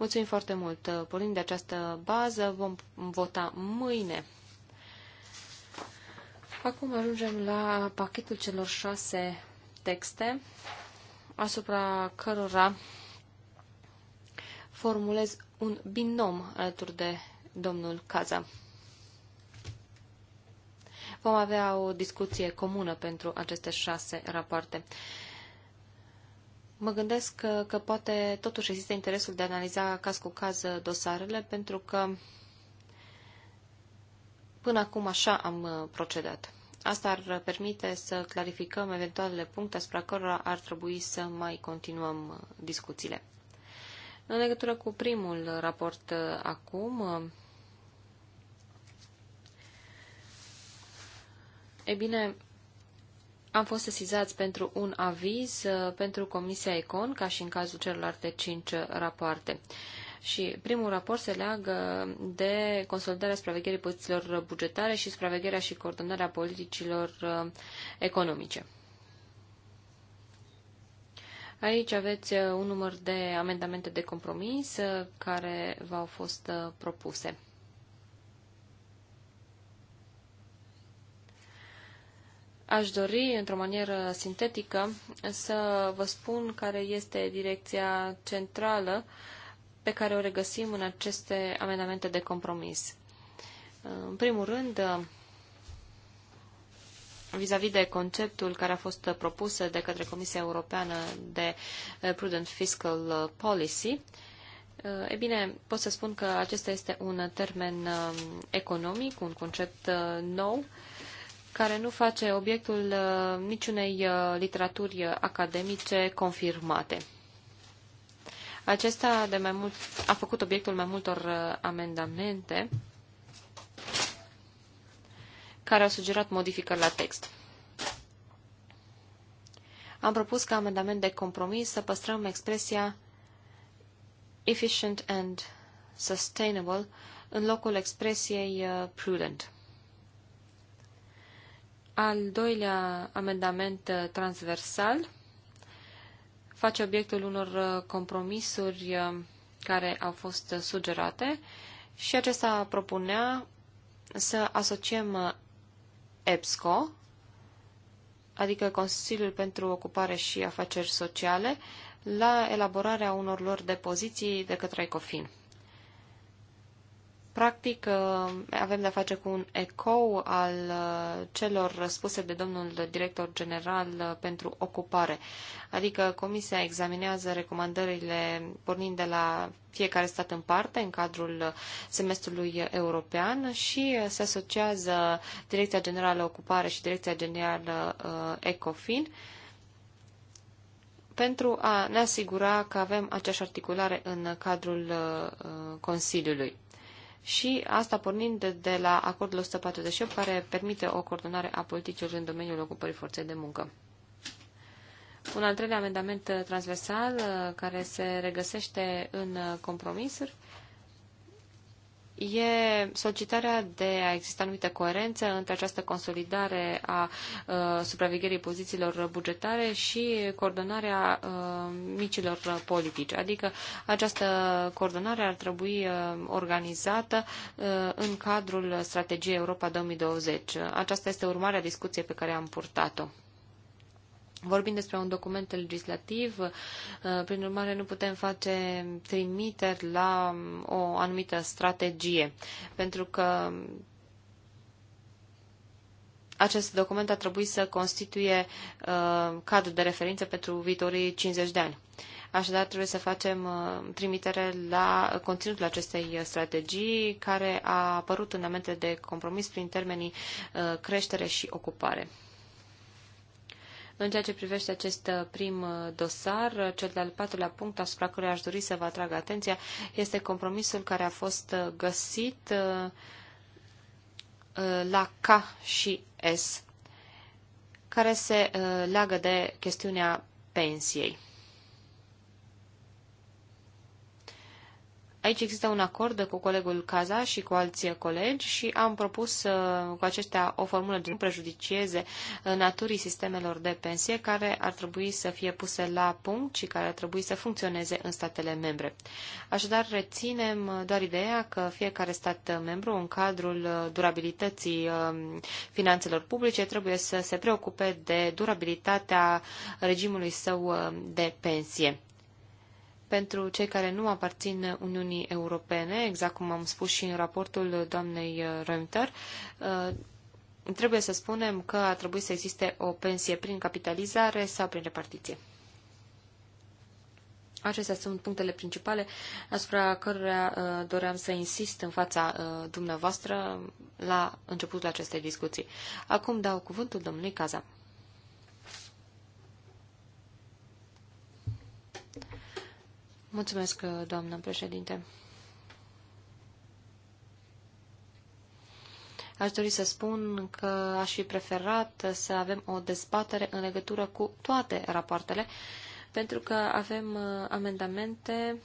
Mulțumim foarte mult. Pornind de această bază, vom vota mâine. Acum ajungem la pachetul celor șase texte, asupra cărora formulez un binom alături de domnul Caza. Vom avea o discuție comună pentru aceste șase rapoarte. Mă gândesc că, că poate totuși există interesul de a analiza caz cu caz uh, dosarele, pentru că până acum așa am uh, procedat. Asta ar uh, permite să clarificăm eventualele puncte asupra cărora ar trebui să mai continuăm discuțiile. În legătură cu primul raport acum, e bine, am fost sesizați pentru un aviz uh, pentru Comisia Econ, ca și în cazul celorlalte cinci uh, rapoarte. Și primul raport se leagă de consolidarea supravegherii pozițiilor bugetare și supravegherea și coordonarea politicilor uh, economice. Aici aveți un număr de amendamente de compromis care v-au fost propuse. Aș dori, într-o manieră sintetică, să vă spun care este direcția centrală pe care o regăsim în aceste amendamente de compromis. În primul rând, vis-a-vis -vis de conceptul care a fost propus de către Comisia Europeană de Prudent Fiscal Policy, E bine, pot să spun că acesta este un termen economic, un concept nou, care nu face obiectul uh, niciunei uh, literaturi uh, academice confirmate. Acesta de mai mult, a făcut obiectul mai multor amendamente care au sugerat modificări la text. Am propus ca amendament de compromis să păstrăm expresia efficient and sustainable în locul expresiei prudent. Al doilea amendament uh, transversal face obiectul unor uh, compromisuri uh, care au fost sugerate și acesta propunea să asociem EBSCO, adică Consiliul pentru Ocupare și Afaceri Sociale, la elaborarea unor lor de poziții de către ECOFIN. Practic, uh, avem de-a face cu un ecou al uh, celor spuse de domnul director general uh, pentru ocupare. Adică Comisia examinează recomandările pornind de la fiecare stat în parte în cadrul semestrului european și se asociază Direcția Generală Ocupare și Direcția Generală Ecofin pentru a ne asigura că avem aceeași articulare în cadrul Consiliului și asta pornind de, de la acordul 148 care permite o coordonare a politicilor în domeniul ocupării forței de muncă. Un al treilea amendament uh, transversal uh, care se regăsește în uh, compromisuri e solicitarea de a exista anumită coerență între această consolidare a uh, supravegherii pozițiilor bugetare și coordonarea uh, micilor politici. Adică această coordonare ar trebui uh, organizată uh, în cadrul strategiei Europa 2020. Aceasta este urmarea discuției pe care am purtat-o. Vorbim despre un document legislativ, uh, prin urmare nu putem face trimiteri la um, o anumită strategie, pentru că um, acest document a trebuit să constituie uh, cadrul de referință pentru viitorii 50 de ani. Așadar, trebuie să facem uh, trimitere la conținutul acestei strategii, care a apărut în amente de compromis prin termenii creștere și ocupare. În ceea ce privește acest uh, prim uh, dosar, uh, cel de-al patrulea punct asupra căruia aș dori să vă atrag atenția este compromisul care a fost găsit la K și S, care se leagă de chestiunea pensiei. Aici există un acord cu colegul Caza și cu alții colegi și am propus uh, cu acestea o formulă de nu prejudicieze uh, naturii sistemelor de pensie care ar trebui să fie puse la punct și care ar trebui să funcționeze în statele membre. Așadar, reținem uh, doar ideea că fiecare stat membru, în cadrul durabilității finanțelor publice, trebuie să se preocupe de durabilitatea regimului său de pensie pentru cei care nu aparțin Uniunii Europene, exact cum am spus și în raportul doamnei uh, Reuter, uh, trebuie să spunem că a trebuit să existe o pensie prin capitalizare sau prin repartiție. Acestea sunt punctele principale asupra cărora uh, doream să insist în fața uh, dumneavoastră la începutul acestei discuții. Acum dau cuvântul domnului Caza. Mulțumesc, doamnă președinte. Aș dori să spun că aș fi preferat să avem o dezbatere în legătură cu toate rapoartele, pentru că avem uh, amendamente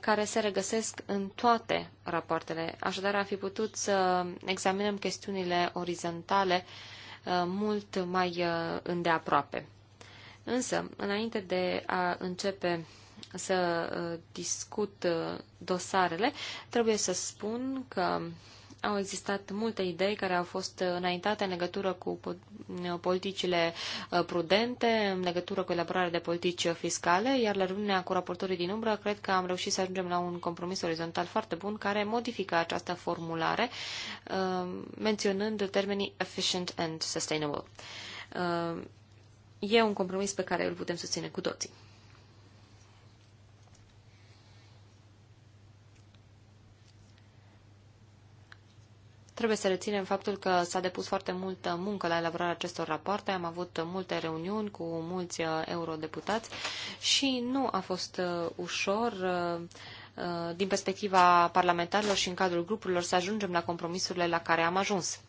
care se regăsesc în toate rapoartele. Așadar, am fi putut să examinăm chestiunile orizontale uh, mult mai uh, îndeaproape. Însă, înainte de a începe să uh, discut uh, dosarele, trebuie să spun că au existat multe idei care au fost uh, înaintate în legătură cu politicile prudente, în legătură cu elaborarea de politici fiscale, iar la reuniunea cu raportorii din umbră, cred că am reușit să ajungem la un compromis orizontal foarte bun care modifică această formulare, menționând termenii efficient and sustainable. E un compromis pe care îl putem susține cu toții. Trebuie să reținem faptul că s-a depus foarte multă muncă la elaborarea acestor rapoarte, am avut multe reuniuni cu mulți uh, eurodeputați și nu a fost uh, ușor uh, din perspectiva parlamentarilor și în cadrul grupurilor să ajungem la compromisurile la care am ajuns.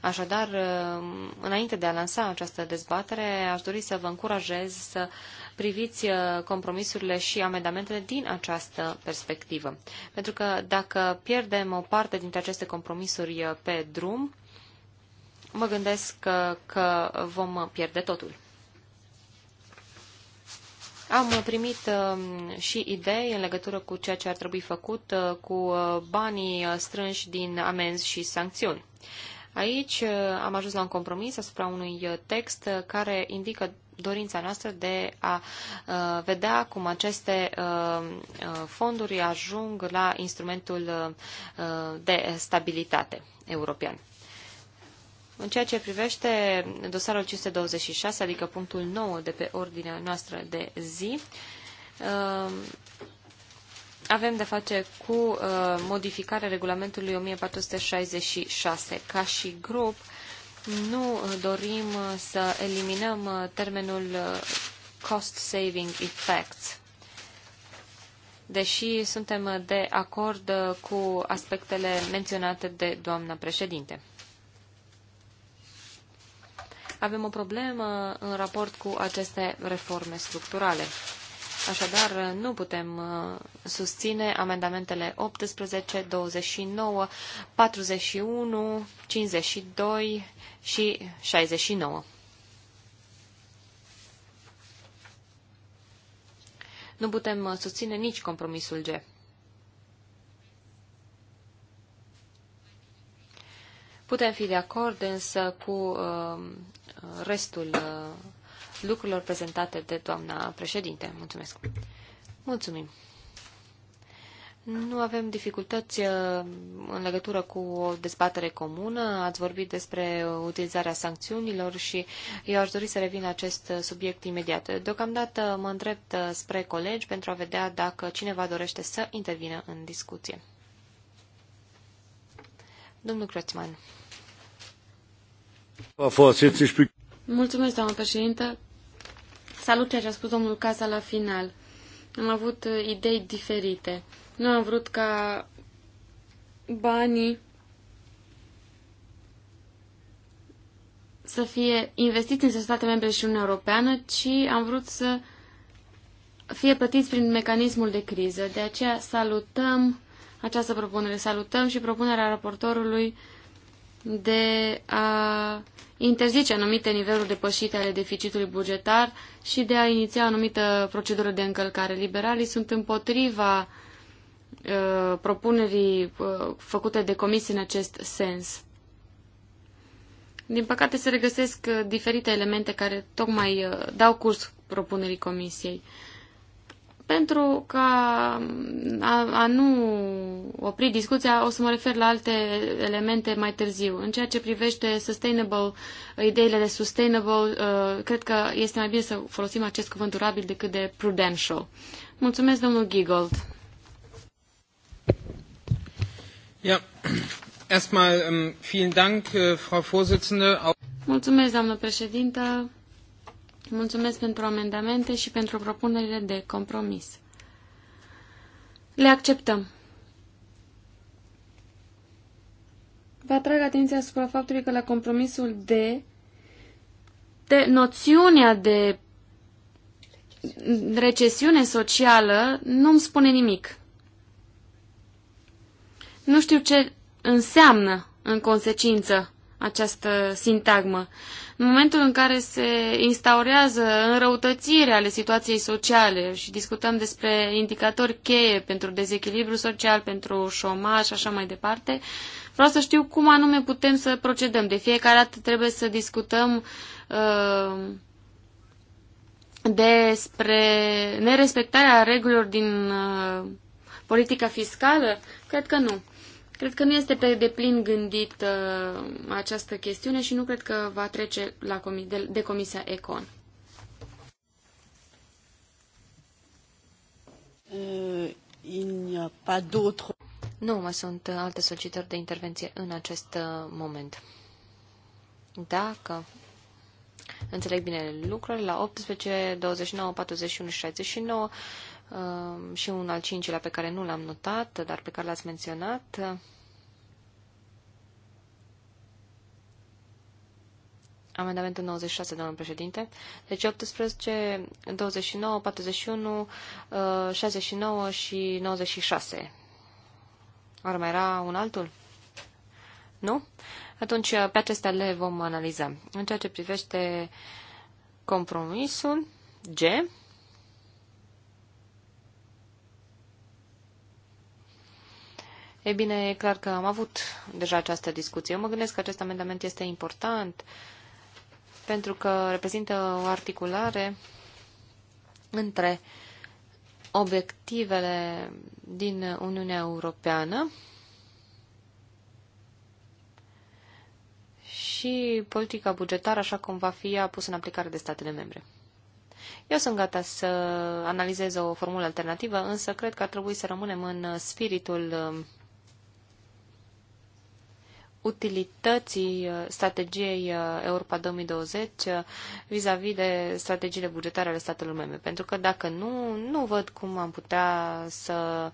Așadar, um, înainte de a lansa această dezbatere, aș dori să vă încurajez să priviți uh, compromisurile și amendamentele din această perspectivă. Pentru că dacă pierdem o parte dintre aceste compromisuri uh, pe drum, mă gândesc că, uh, că vom pierde totul. Am primit um, și idei în legătură cu ceea ce ar trebui făcut cu banii strânși din amenzi și sancțiuni. Aici uh, am ajuns la un compromis asupra unui uh, text uh, care indică dorința noastră de a vedea cum aceste fonduri ajung la instrumentul de stabilitate european. În ceea ce privește dosarul 526, adică punctul 9 de pe ordinea noastră de zi, avem de face cu uh, modificarea regulamentului 1466. Ca și grup, nu uh, dorim uh, să eliminăm uh, termenul cost saving effects. Deși suntem de acord cu aspectele menționate de doamna președinte. Avem o problemă în raport cu aceste reforme structurale. Așadar, nu putem uh, susține amendamentele 18, 29, 41, 52 și 69. Nu putem uh, susține nici compromisul G. Putem fi de acord însă cu uh, restul lucrurilor prezentate de doamna președinte. Mulțumesc. Mulțumim. Nu avem dificultăți uh, în legătură cu o dezbatere comună. Ați vorbit despre utilizarea sancțiunilor și eu aș dori să revin la acest subiect imediat. Deocamdată mă îndrept uh, spre colegi pentru a vedea dacă cineva dorește să intervină în discuție. Domnul Crățman. Mulțumesc, doamnă președinte. Salut ceea ce a spus domnul Casa la final. Am avut uh, idei diferite. Nu am vrut ca banii să fie investiți în state membre și Uniunea Europeană, ci am vrut să fie plătiți prin mecanismul de criză. De aceea salutăm această propunere, salutăm și propunerea raportorului de a interzice anumite niveluri depășite ale deficitului bugetar și de a iniția anumită procedură de încălcare. Liberalii sunt împotriva uh, propunerii uh, făcute de comisie în acest sens. Din păcate se regăsesc uh, diferite elemente care tocmai uh, dau curs propunerii comisiei. Uh, pentru ca a, a nu opri discuția, o să mă refer la alte elemente mai târziu. În ceea ce privește sustainable, uh, ideile de sustainable, uh, cred că este mai bine să folosim acest cuvânt durabil decât de prudential. Mulțumesc, domnul Giggold. Ja, erstmal ähm, vielen Dank, äh, Frau Vorsitzende. Mulțumesc, doamnă președintă. Mulțumesc pentru amendamente și pentru propunerile de compromis. Le acceptăm. Vă atrag atenția asupra faptului că la compromisul de, de noțiunea de recesiune socială nu îmi spune nimic. Nu știu ce înseamnă în consecință această sintagmă. În momentul în care se instaurează înrăutățirea ale situației sociale și discutăm despre indicatori cheie pentru dezechilibru social, pentru șomaj și așa mai departe, vreau să știu cum anume putem să procedăm. De fiecare dată trebuie să discutăm uh, despre nerespectarea regulilor din uh, politica fiscală? Cred că nu. Cred că nu este pe deplin uh, această chestiune și nu cred că va trece la comi de, de Comisia Econ. Uh, nu mai sunt alte solicitări de intervenție în acest uh, moment. Dacă înțeleg bine lucrurile, la 18, 29, 41 și 69 Um, și un al cincilea pe care nu l-am notat, dar pe care l-ați menționat. Amendamentul 96, domnul președinte. Deci 18, 29, 41, 69 și 96. Uh, Ar mai era un altul? Nu? Atunci uh, pe acestea le vom analiza. În ceea ce privește compromisul G, E bine, e clar că am avut deja această discuție. Eu mă gândesc că acest amendament este important pentru că reprezintă o articulare între obiectivele din Uniunea Europeană și politica bugetară așa cum va fi ea pusă în aplicare de statele membre. Eu sunt gata să analizez o formulă alternativă, însă cred că ar trebui să rămânem în spiritul utilității uh, strategiei uh, Europa 2020 uh, vis-a-vis -vis de strategiile bugetare ale statelor membre. Pentru că dacă nu, nu văd cum am putea să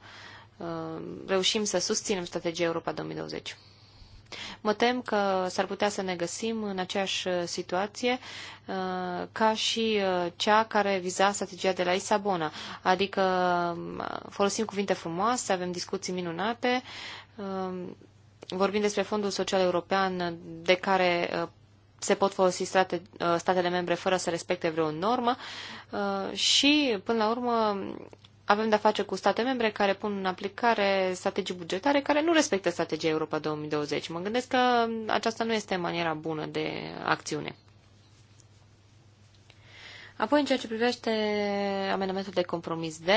reușim să susținem strategia Europa 2020. Mă tem că s-ar putea să ne găsim în aceeași situație ca și cea care viza strategia de la Lisabona. Adică folosim cuvinte frumoase, avem discuții minunate, vorbim despre Fondul Social European de care uh, se pot folosi state, uh, statele membre fără să respecte vreo normă uh, și, până la urmă, avem de-a face cu state membre care pun în aplicare strategii bugetare care nu respectă strategia Europa 2020. Mă gândesc că aceasta nu este maniera bună de acțiune. Apoi, în ceea ce privește amendamentul de compromis D,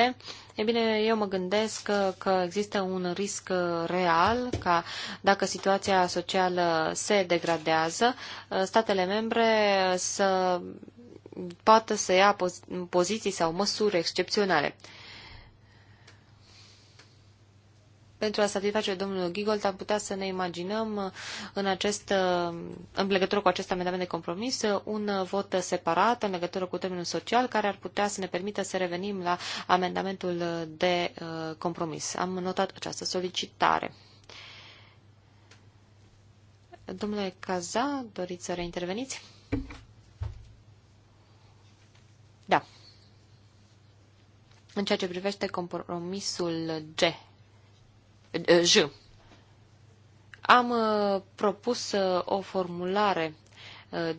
e bine, eu mă gândesc că, că există un risc real ca dacă situația socială se degradează, statele membre să poată să ia poziții sau măsuri excepționale. pentru a satisface domnul Gigold, am putea să ne imaginăm uh, în, acest, uh, în legătură cu acest amendament de compromis uh, un vot separat în legătură cu termenul social care ar putea să ne permită să revenim la amendamentul de compromis. Am notat această solicitare. Domnule Caza, doriți să reinterveniți? Da. În ceea ce privește compromisul G, Eh, J. Am eh, propus eh, o formulare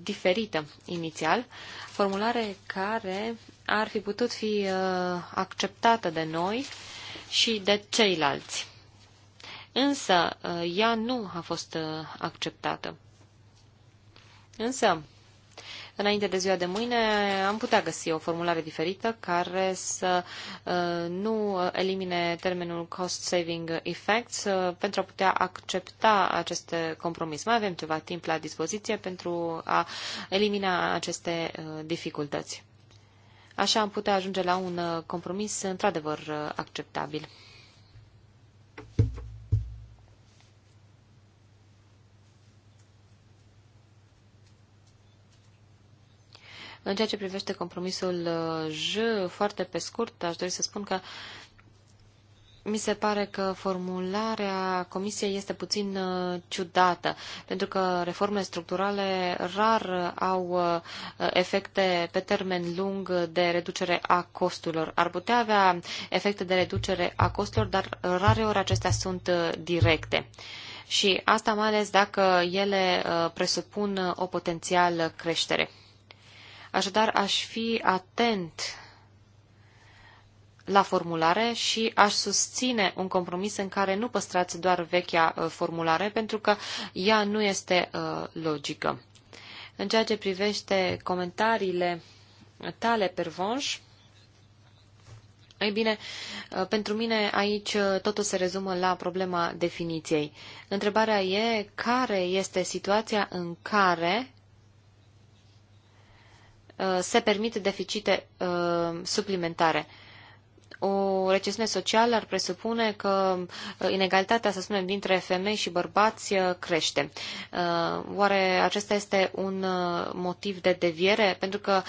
diferită inițial, formulare care ar fi putut fi acceptată de noi și de ceilalți. Însă, ea nu a fost acceptată. Însă, înainte de ziua de mâine, am putea găsi o formulare diferită care să uh, nu elimine termenul cost saving effects uh, pentru a putea accepta acest compromis. Mai avem ceva timp la dispoziție pentru a elimina aceste uh, dificultăți. Așa am putea ajunge la un compromis într-adevăr acceptabil. În ceea ce privește compromisul uh, J, foarte pe scurt, aș dori să spun că mi se pare că formularea Comisiei este puțin uh, ciudată, pentru că reformele structurale rar au uh, efecte pe termen lung de reducere a costurilor. Ar putea avea efecte de reducere a costurilor, dar rare ori acestea sunt directe. Și asta mai ales dacă ele presupun o potențială creștere. Așadar, aș fi atent la formulare și aș susține un compromis în care nu păstrați doar vechea uh, formulare, pentru că ea nu este uh, logică. În ceea ce privește comentariile tale, Pervonș, ei bine, uh, pentru mine aici totul se rezumă la problema definiției. Întrebarea e care este situația în care Uh, se permit deficite uh, suplimentare o recesiune socială ar presupune că uh, inegalitatea, să spunem, dintre femei și bărbați crește. Oare acesta este un motiv de deviere? Pentru că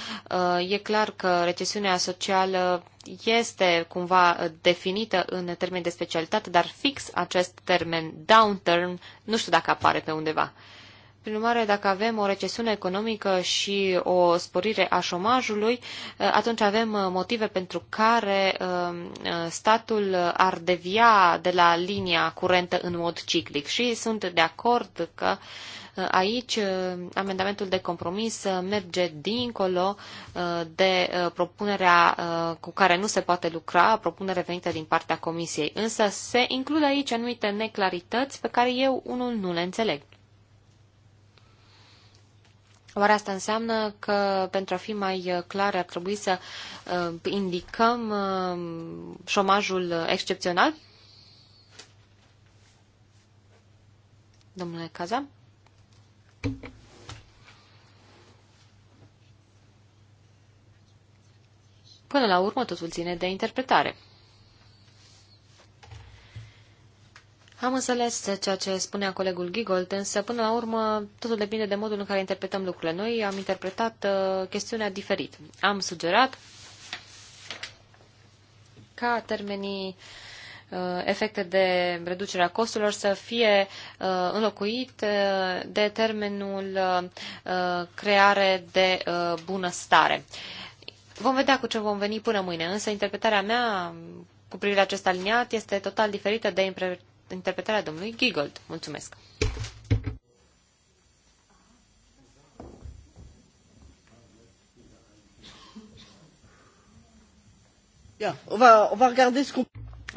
e clar că recesiunea socială este cumva definită în termeni de specialitate, dar fix acest termen downturn nu știu dacă apare pe undeva. Prin urmare, dacă avem o recesiune economică și o sporire a șomajului, eh, atunci avem eh, motive pentru care eh, statul ar devia de la linia curentă în mod ciclic. Și sunt de acord că aici amendamentul de compromis merge dincolo de propunerea cu care nu se poate lucra, propunere venită din partea Comisiei. Însă se includ aici anumite neclarități pe care eu unul nu le înțeleg. Oare asta înseamnă că, pentru a fi mai uh, clar, ar trebui să uh, indicăm uh, șomajul excepțional? Domnule Caza? Până la urmă, totul ține de interpretare. Am înțeles ceea ce spunea colegul Gigold, însă până la urmă totul depinde de modul în care interpretăm lucrurile. Noi am interpretat uh, chestiunea diferit. Am sugerat ca termenii uh, efecte de reducerea costurilor să fie uh, înlocuit uh, de termenul uh, uh, creare de uh, bunăstare. Vom vedea cu ce vom veni până mâine, însă interpretarea mea cu privire la acest aliniat este total diferită de interpretarea domnului Giggold. Mulțumesc!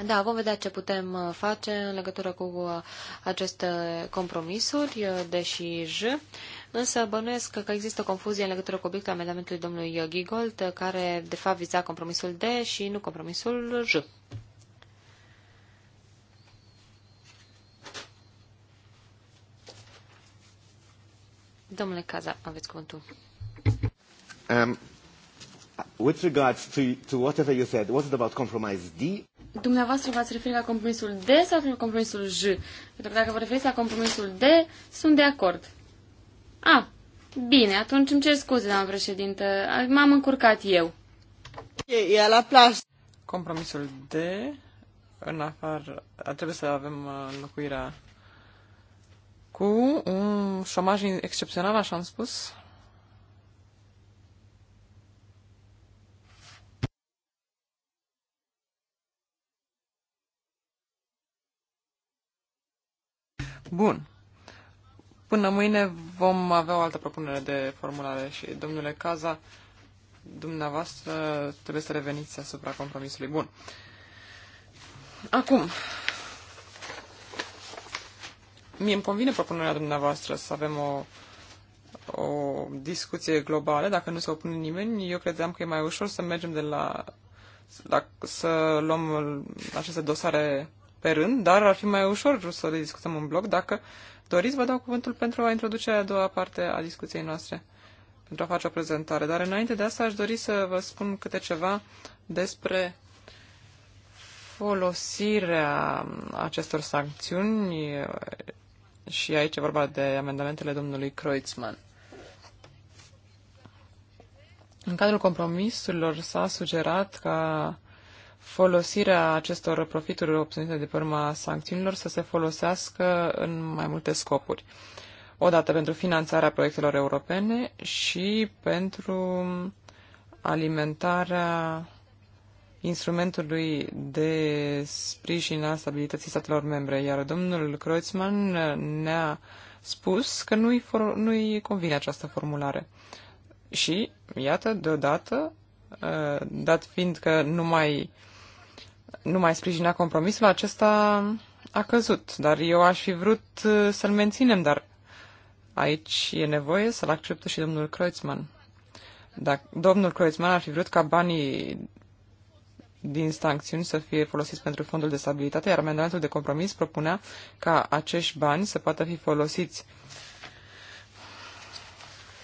Da, vom vedea ce putem uh, face în legătură cu uh, aceste compromisuri, uh, deși J. Însă bănuiesc că există confuzie în legătură cu obiectul amendamentului domnului Gigold, care de fapt viza compromisul D și nu compromisul J. Domnule Caza, aveți cuvântul. Um, with regards to, to whatever you said, was it about compromise D? Dumneavoastră v-ați referit la compromisul D sau la compromisul J? Pentru că dacă vă referiți la compromisul D, sunt de acord. A, ah, bine, atunci îmi cer scuze, doamnă președintă. M-am încurcat eu. E, e la plas. Compromisul D, în afară, trebuie să avem uh, înlocuirea cu un șomaj excepțional, așa am spus, Bun. Până mâine vom avea o altă propunere de formulare și, domnule Caza, dumneavoastră trebuie să reveniți asupra compromisului. Bun. Acum, Mie îmi convine propunerea dumneavoastră să avem o, o discuție globală. Dacă nu se opune nimeni, eu credeam că e mai ușor să mergem de la, la să luăm aceste dosare pe rând, dar ar fi mai ușor să le discutăm în bloc. Dacă doriți, vă dau cuvântul pentru a introduce a doua parte a discuției noastre, pentru a face o prezentare. Dar înainte de asta aș dori să vă spun câte ceva despre folosirea acestor sancțiuni și aici e vorba de amendamentele domnului Kreutzmann. În cadrul compromisurilor s-a sugerat ca folosirea acestor profituri obținute de pe urma sancțiunilor să se folosească în mai multe scopuri. Odată pentru finanțarea proiectelor europene și pentru alimentarea instrumentului de sprijin a stabilității statelor membre, iar domnul Kreutzmann ne-a spus că nu-i, for- nu convine această formulare. Și, iată, deodată, uh, dat fiind că nu mai, nu mai sprijina compromisul, acesta a căzut. Dar eu aș fi vrut uh, să-l menținem, dar aici e nevoie să-l accepte și domnul Kreutzmann. Dacă domnul Kreutzmann ar fi vrut ca banii din sancțiuni să fie folosiți pentru fondul de stabilitate, iar amendamentul de compromis propunea ca acești bani să poată fi folosiți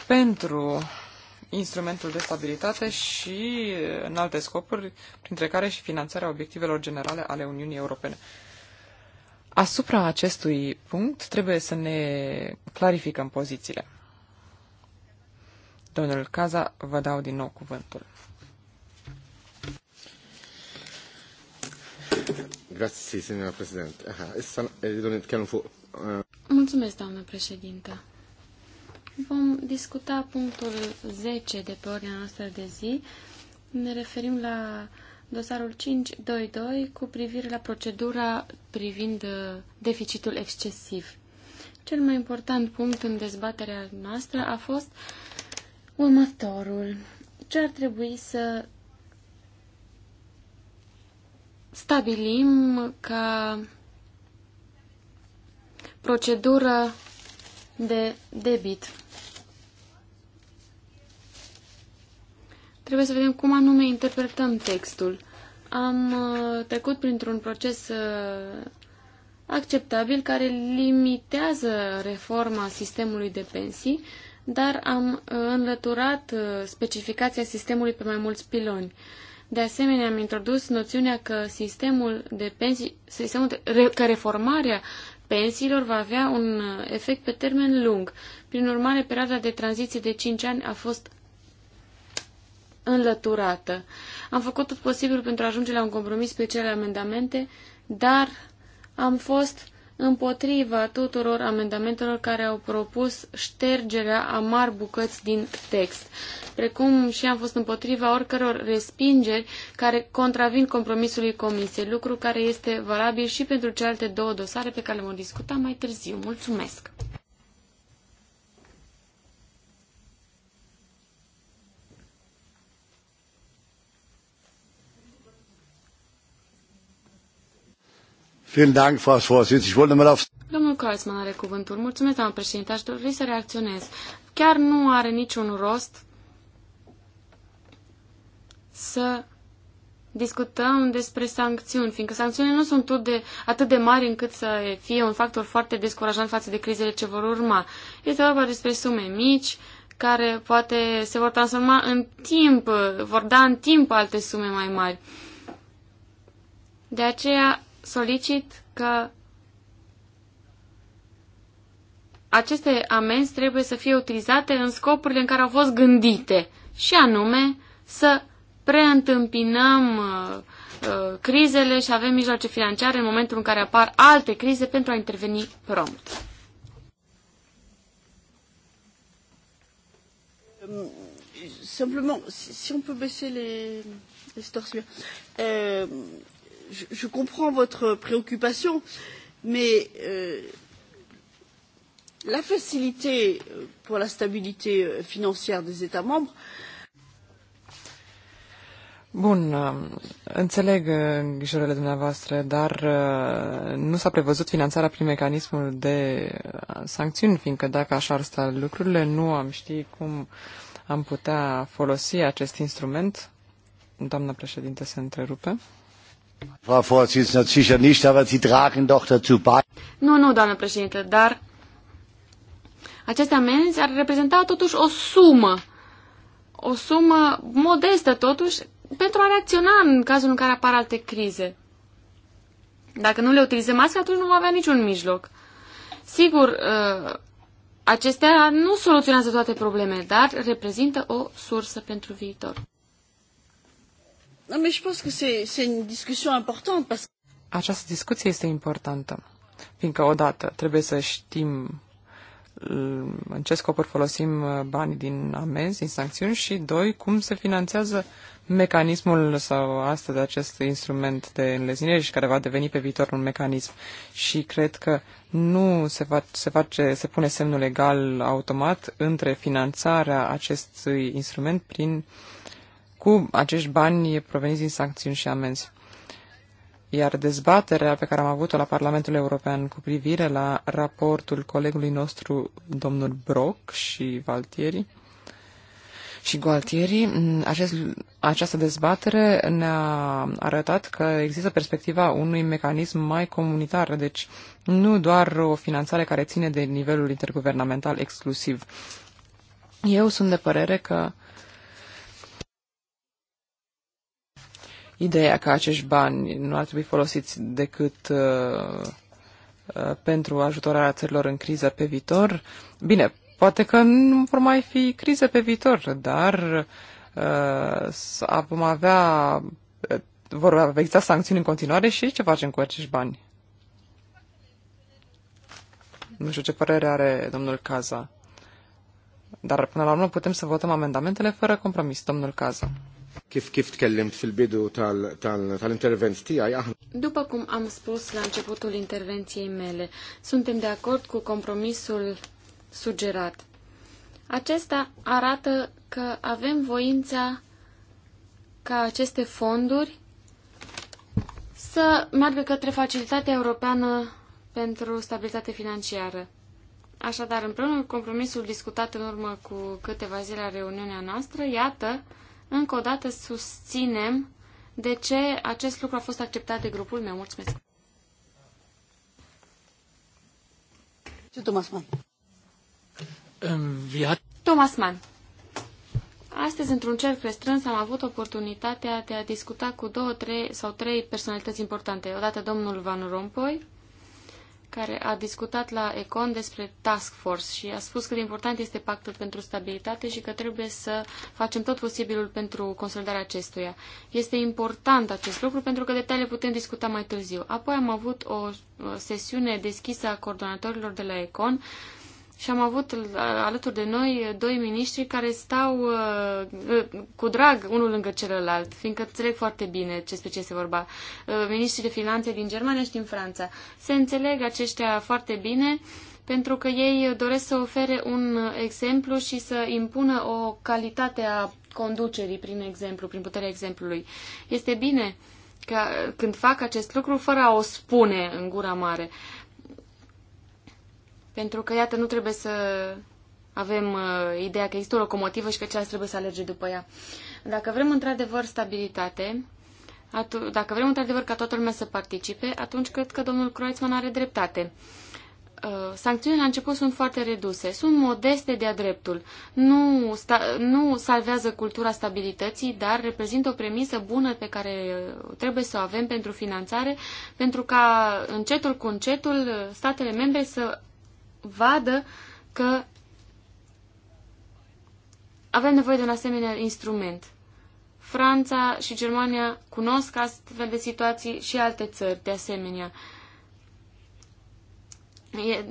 pentru instrumentul de stabilitate și în alte scopuri, printre care și finanțarea obiectivelor generale ale Uniunii Europene. Asupra acestui punct trebuie să ne clarificăm pozițiile. Domnul Caza, vă dau din nou cuvântul. Grazie, signora Presidente. Ah, eh. Mulțumesc, doamnă președintă. Vom discuta punctul 10 de pe ordinea noastră de zi. Ne referim la dosarul 522 cu privire la procedura privind uh, deficitul excesiv. Cel mai important punct în dezbaterea noastră a fost următorul. Ce ar trebui să stabilim ca procedură de debit. Trebuie să vedem cum anume interpretăm textul. Am uh, trecut printr-un proces uh, acceptabil care limitează reforma sistemului de pensii, dar am înlăturat uh, specificația sistemului pe mai mulți piloni. De asemenea, am introdus noțiunea că sistemul de pensii, sistemul de, că reformarea pensiilor va avea un efect pe termen lung. Prin urmare, perioada de tranziție de 5 ani a fost înlăturată. Am făcut tot posibilul pentru a ajunge la un compromis pe cele amendamente, dar am fost împotriva tuturor amendamentelor care au propus ștergerea a mari bucăți din text, precum și am fost împotriva oricăror respingeri care contravin compromisului comisiei, lucru care este valabil și pentru celelalte două dosare pe care le vom discuta mai târziu. Mulțumesc! Domnul Kreuzmann are cuvântul. Mulțumesc, doamnă președinte. Aș dori să reacționez. Chiar nu are niciun rost să discutăm despre sancțiuni, fiindcă sancțiunile nu sunt tot de, atât de mari încât să fie un factor foarte descurajant față de crizele ce vor urma. Este vorba despre sume mici, care poate se vor transforma în timp, vor da în timp alte sume mai mari. De aceea solicit că aceste amenzi trebuie să fie utilizate în scopurile în care au fost gândite și anume să preîntâmpinăm uh, uh, crizele și avem mijloace financiare în momentul în care apar alte crize pentru a interveni prompt. Simplement, si on peut baisser les, les torsions. Euh, je, comprends votre préoccupation mais euh, la facilité euh, pour la stabilité euh, financière des États membres Bun, um, înțeleg uh, îngrijorările dumneavoastră, dar uh, nu s-a prevăzut finanțarea prin mecanismul de uh, sancțiuni, fiindcă dacă așa ar sta lucrurile, nu am ști cum am putea folosi acest instrument. Doamna președinte se întrerupe. Nu, nu, doamnă președinte, dar aceste amenzi ar reprezenta totuși o sumă, o sumă modestă totuși, pentru a reacționa în cazul în care apar alte crize. Dacă nu le utilizăm astfel, atunci nu va avea niciun mijloc. Sigur, uh, acestea nu soluționează toate problemele, dar reprezintă o sursă pentru viitor. Această discuție este importantă, fiindcă odată trebuie să știm uh, în ce scopuri folosim uh, banii din amenzi, din sancțiuni și, doi, cum se finanțează mecanismul sau astăzi acest instrument de înlezinire și care va deveni pe viitor un mecanism. Și cred că nu se, va, se, face, se pune semnul legal automat între finanțarea acestui instrument prin uh, cu acești bani proveniți din sancțiuni și amenzi. Iar dezbaterea pe care am avut-o la Parlamentul European cu privire la raportul colegului nostru, domnul Brock și Valtieri, și Gualtieri, acest, această dezbatere ne-a arătat că există perspectiva unui mecanism mai comunitar, deci nu doar o finanțare care ține de nivelul interguvernamental exclusiv. Eu sunt de părere că ideea că acești bani nu ar trebui folosiți decât uh, uh, pentru ajutorarea țărilor în criză pe viitor. Bine, poate că nu vor mai fi crize pe viitor, dar uh, vom avea, uh, vor exista sancțiuni în continuare și ce facem cu acești bani? Nu știu ce părere are domnul Caza. Dar până la urmă putem să votăm amendamentele fără compromis, domnul Caza. Kif kif tkellimt fil-bidu tal-intervent tiegħi aħna. După cum am spus la începutul intervenției mele, suntem de acord cu compromisul sugerat. Acesta arată că avem voința ca aceste fonduri să meargă către Facilitatea Europeană pentru Stabilitate Financiară. Așadar, împreună cu compromisul discutat în urmă cu câteva zile la reuniunea noastră, iată încă o dată susținem de ce acest lucru a fost acceptat de grupul meu. Mulțumesc! Thomas Mann. Thomas Mann. Astăzi, într-un cerc restrâns, am avut oportunitatea de a discuta cu două trei, sau trei personalități importante. Odată domnul Van Rompuy, care a discutat la Econ despre Task Force și a spus cât de important este pactul pentru stabilitate și că trebuie să facem tot posibilul pentru consolidarea acestuia. Este important acest lucru pentru că detaliile putem discuta mai târziu. Apoi am avut o sesiune deschisă a coordonatorilor de la Econ și am avut alături de noi doi miniștri care stau uh, uh, cu drag unul lângă celălalt, fiindcă înțeleg foarte bine despre ce se vorba. Uh, miniștrii de finanțe din Germania și din Franța. Se înțeleg aceștia foarte bine pentru că ei doresc să ofere un exemplu și să impună o calitate a conducerii prin exemplu, prin puterea exemplului. Este bine că, când fac acest lucru fără a o spune în gura mare. Uh, pentru că, iată, nu trebuie să avem uh, ideea că există o locomotivă și că ceas trebuie să alerge după ea. Dacă vrem într-adevăr stabilitate, dacă vrem într-adevăr ca toată lumea să participe, atunci cred că domnul Croițman are dreptate. Uh, sancțiunile la început sunt foarte reduse, sunt modeste de-a dreptul, nu, nu salvează cultura stabilității, dar reprezintă o premisă bună pe care uh, trebuie să o avem pentru finanțare, pentru ca încetul cu încetul uh, statele membre să vadă că avem nevoie de un asemenea instrument. Franța și Germania cunosc astfel de situații și alte țări, de asemenea.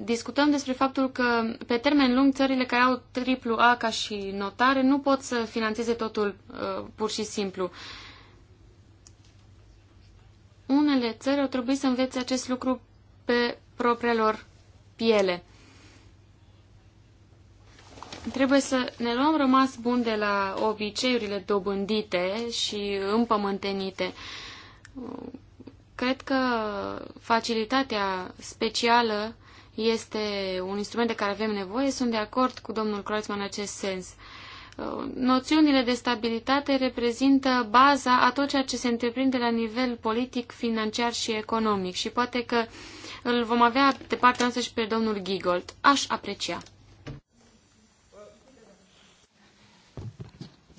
discutăm despre faptul că, pe termen lung, țările care au triplu A ca și notare nu pot să financeze totul uh, pur și simplu. Unele țări au trebuit să învețe acest lucru pe propria lor piele. Trebuie să ne luăm rămas bun de la obiceiurile dobândite și împământenite. Cred că facilitatea specială este un instrument de care avem nevoie. Sunt de acord cu domnul Kreuzmann în acest sens. Noțiunile de stabilitate reprezintă baza a tot ceea ce se întreprinde la nivel politic, financiar și economic și poate că îl vom avea de partea noastră și pe domnul Gigold. Aș aprecia.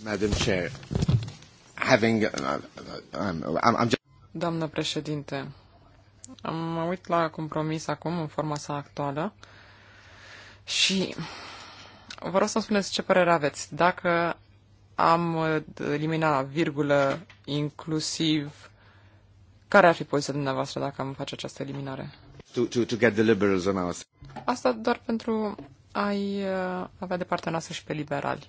Madam Chair, having, uh, uh, um, I'm just... Doamnă președinte, am uit la compromis acum în forma sa actuală și vă rog să-mi spuneți ce părere aveți. Dacă am uh, eliminat virgulă inclusiv, care ar fi poziția dumneavoastră dacă am face această eliminare? To, to, to get the liberals on our... Asta doar pentru a-i avea de partea noastră și pe liberali.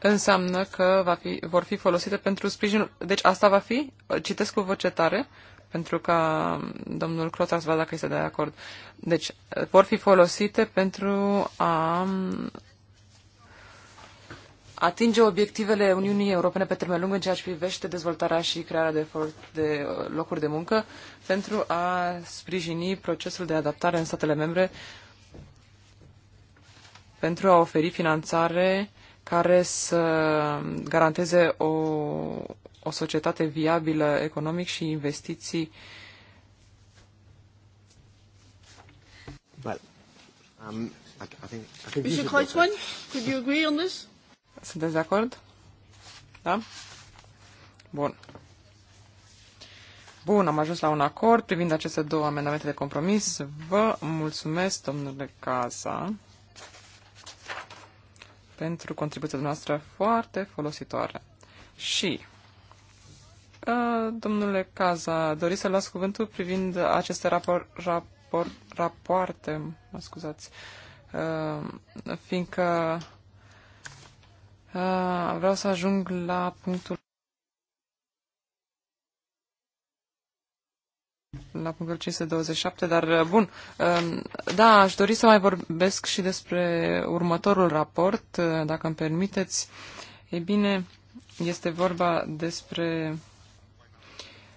înseamnă că va fi, vor fi folosite pentru sprijinul... Deci asta va fi, citesc cu voce tare, pentru ca domnul Croța să vadă dacă este de acord. Deci, vor fi folosite pentru a atinge obiectivele Uniunii Europene pe termen lung în ceea ce privește dezvoltarea și crearea de, de locuri de muncă pentru a sprijini procesul de adaptare în statele membre pentru a oferi finanțare care să garanteze o, o societate viabilă economic și investiții. Well, um, I, I think, I think Mr. could you agree on this? Sunteți de acord? Da? Bun. Bun, am ajuns la un acord privind aceste două amendamente de compromis. Vă mulțumesc, domnule Casa pentru contribuția noastră foarte folositoare. Și, uh, domnule Caza, doriți să las cuvântul privind aceste rapor, rapor, rapoarte, mă scuzați, uh, fiindcă uh, vreau să ajung la punctul la punctul 527, dar uh, bun. Um, da, aș dori să mai vorbesc și despre următorul raport, uh, dacă îmi permiteți. Ei bine, este vorba despre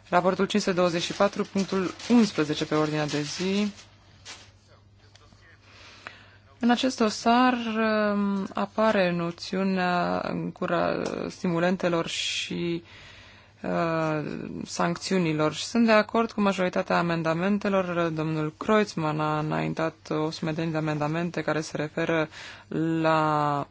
raportul 524, punctul 11 pe ordinea de zi. În acest dosar um, apare noțiunea cura stimulentelor și uh, Uh, sancțiunilor și sunt de acord cu majoritatea amendamentelor. Domnul Kreutzmann a înaintat o sumedenie de amendamente care se referă la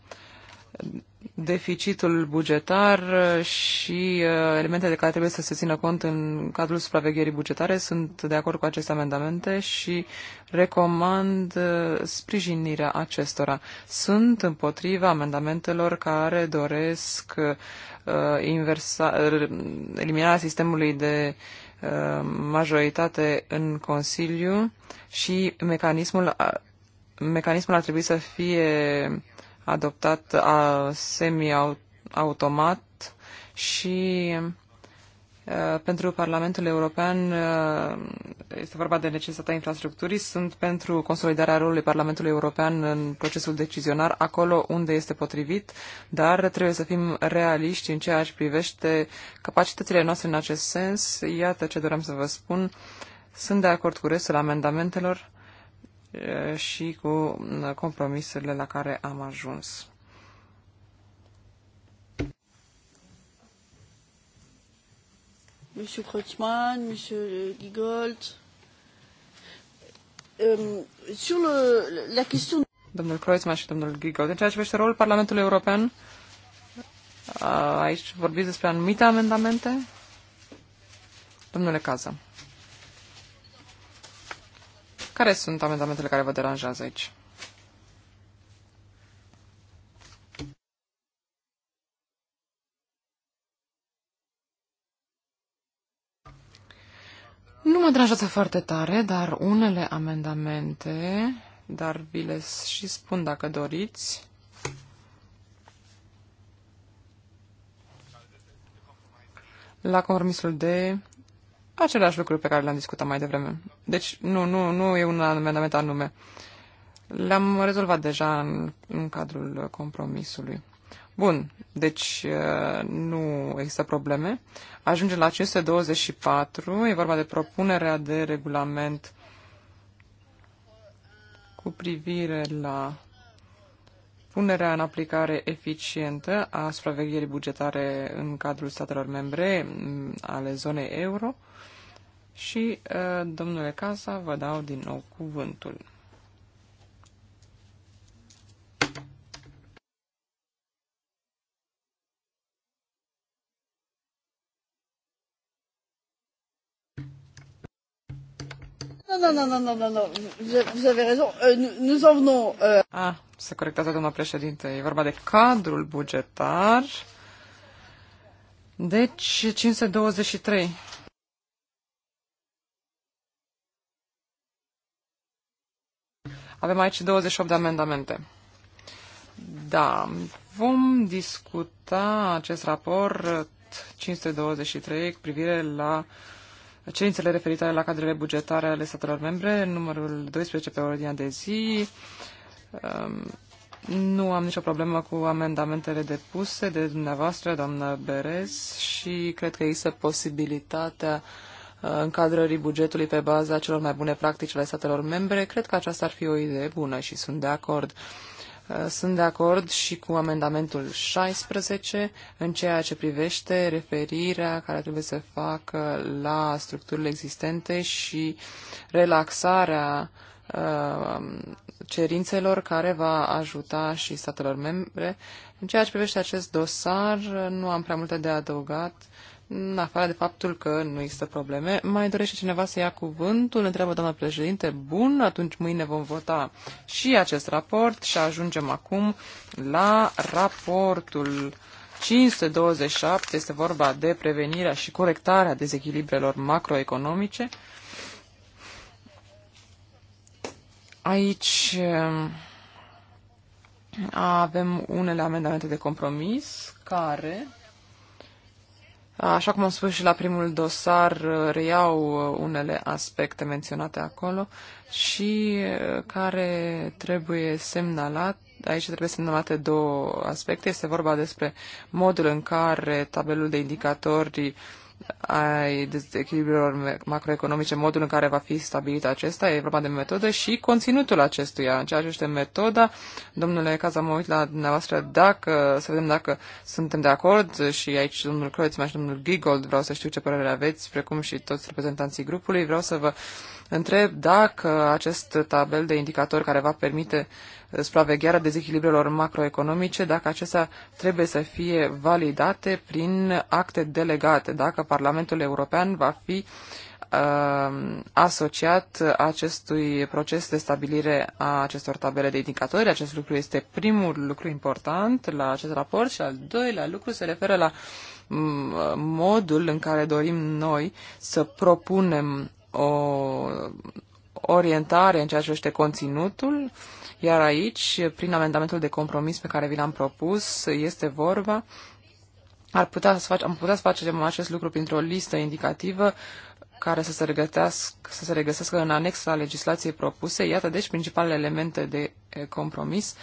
deficitul bugetar și uh, elemente de care trebuie să se țină cont în cadrul supravegherii bugetare. Sunt de acord cu aceste amendamente și recomand uh, sprijinirea acestora. Sunt împotriva amendamentelor care doresc Uh, inversa, uh, eliminarea sistemului de uh, majoritate în Consiliu și mecanismul, mecanismul ar trebui să fie adoptat semi-automat și Uh, pentru Parlamentul European uh, este vorba de necesitatea infrastructurii. Sunt pentru consolidarea rolului Parlamentului European în procesul decizionar, acolo unde este potrivit, dar trebuie să fim realiști în ceea ce privește capacitățile noastre în acest sens. Iată ce doream să vă spun. Sunt de acord cu restul amendamentelor uh, și cu compromisurile la care am ajuns. Monsieur Kreutzmann, Monsieur Gigold. Euh, sur le, la question... Domnul Kreutzmann și domnul Gigold, în ceea ce privește rolul Parlamentului European, aici vorbiți despre anumite amendamente. Domnule Cază. Care sunt amendamentele care vă deranjează aici? Nu mă deranjează foarte tare, dar unele amendamente, dar vi le și spun dacă doriți. La compromisul de același lucru pe care l-am discutat mai devreme. Deci, nu, nu, nu e un amendament anume. Le-am rezolvat deja în, în cadrul compromisului. Bun, deci uh, nu există probleme. Ajungem la 524, e vorba de propunerea de regulament cu privire la punerea în aplicare eficientă a supravegherii bugetare în cadrul statelor membre mm, ale zonei euro. Și, uh, domnule Casa, vă dau din nou cuvântul. Non, non, non, non, non, non, vous avez raison. Euh, nous en venons... Ah, euh. se corectează doamna președinte. E vorba de cadrul bugetar. Deci, 523. Avem aici 28 de amendamente. Da, vom discuta acest raport 523 cu privire la cerințele referitoare la cadrele bugetare ale statelor membre, numărul 12 pe ordinea de zi. Um, nu am nicio problemă cu amendamentele depuse de dumneavoastră, doamnă Berez, și cred că există posibilitatea uh, încadrării bugetului pe baza celor mai bune practici ale statelor membre. Cred că aceasta ar fi o idee bună și sunt de acord. Uh, sunt de acord și cu amendamentul 16 în ceea ce privește referirea care trebuie să facă la structurile existente și relaxarea uh, cerințelor care va ajuta și statelor membre. În ceea ce privește acest dosar, nu am prea multe de adăugat în afară de faptul că nu există probleme, mai dorește cineva să ia cuvântul? Întreabă doamna președinte. Bun, atunci mâine vom vota și acest raport și ajungem acum la raportul 527. Este vorba de prevenirea și corectarea dezechilibrelor macroeconomice. Aici eh, avem unele amendamente de compromis care Așa cum am spus și la primul dosar, reiau uh, unele aspecte menționate acolo și uh, care trebuie semnalat. Aici trebuie semnalate două aspecte. Este vorba despre modul în care tabelul de indicatori uh, ai dezechilibrilor macroeconomice, modul în care va fi stabilit acesta, e vorba de metodă și conținutul acestuia. În ceea ce este metoda, domnule Caza, mă uit la dumneavoastră dacă, să vedem dacă suntem de acord și aici domnul mai și domnul Gigold, vreau să știu ce părere aveți, precum și toți reprezentanții grupului, vreau să vă uh, întreb dacă acest tabel de indicatori care va permite uh, supravegherea dezechilibrelor macroeconomice, dacă acestea trebuie să fie validate prin acte delegate, dacă Parlamentul European va fi uh, asociat acestui proces de stabilire a acestor tabele de indicatori. Acest lucru este primul lucru important la acest raport și al doilea lucru se referă la mm, modul în care dorim noi să propunem o orientare în ceea ce este conținutul, iar aici, prin amendamentul de compromis pe care vi l-am propus, este vorba, ar putea să fac, am putea să facem acest lucru printr-o listă indicativă care să se, să se regăsească în anexa legislației propuse. Iată, deci, principalele elemente de compromis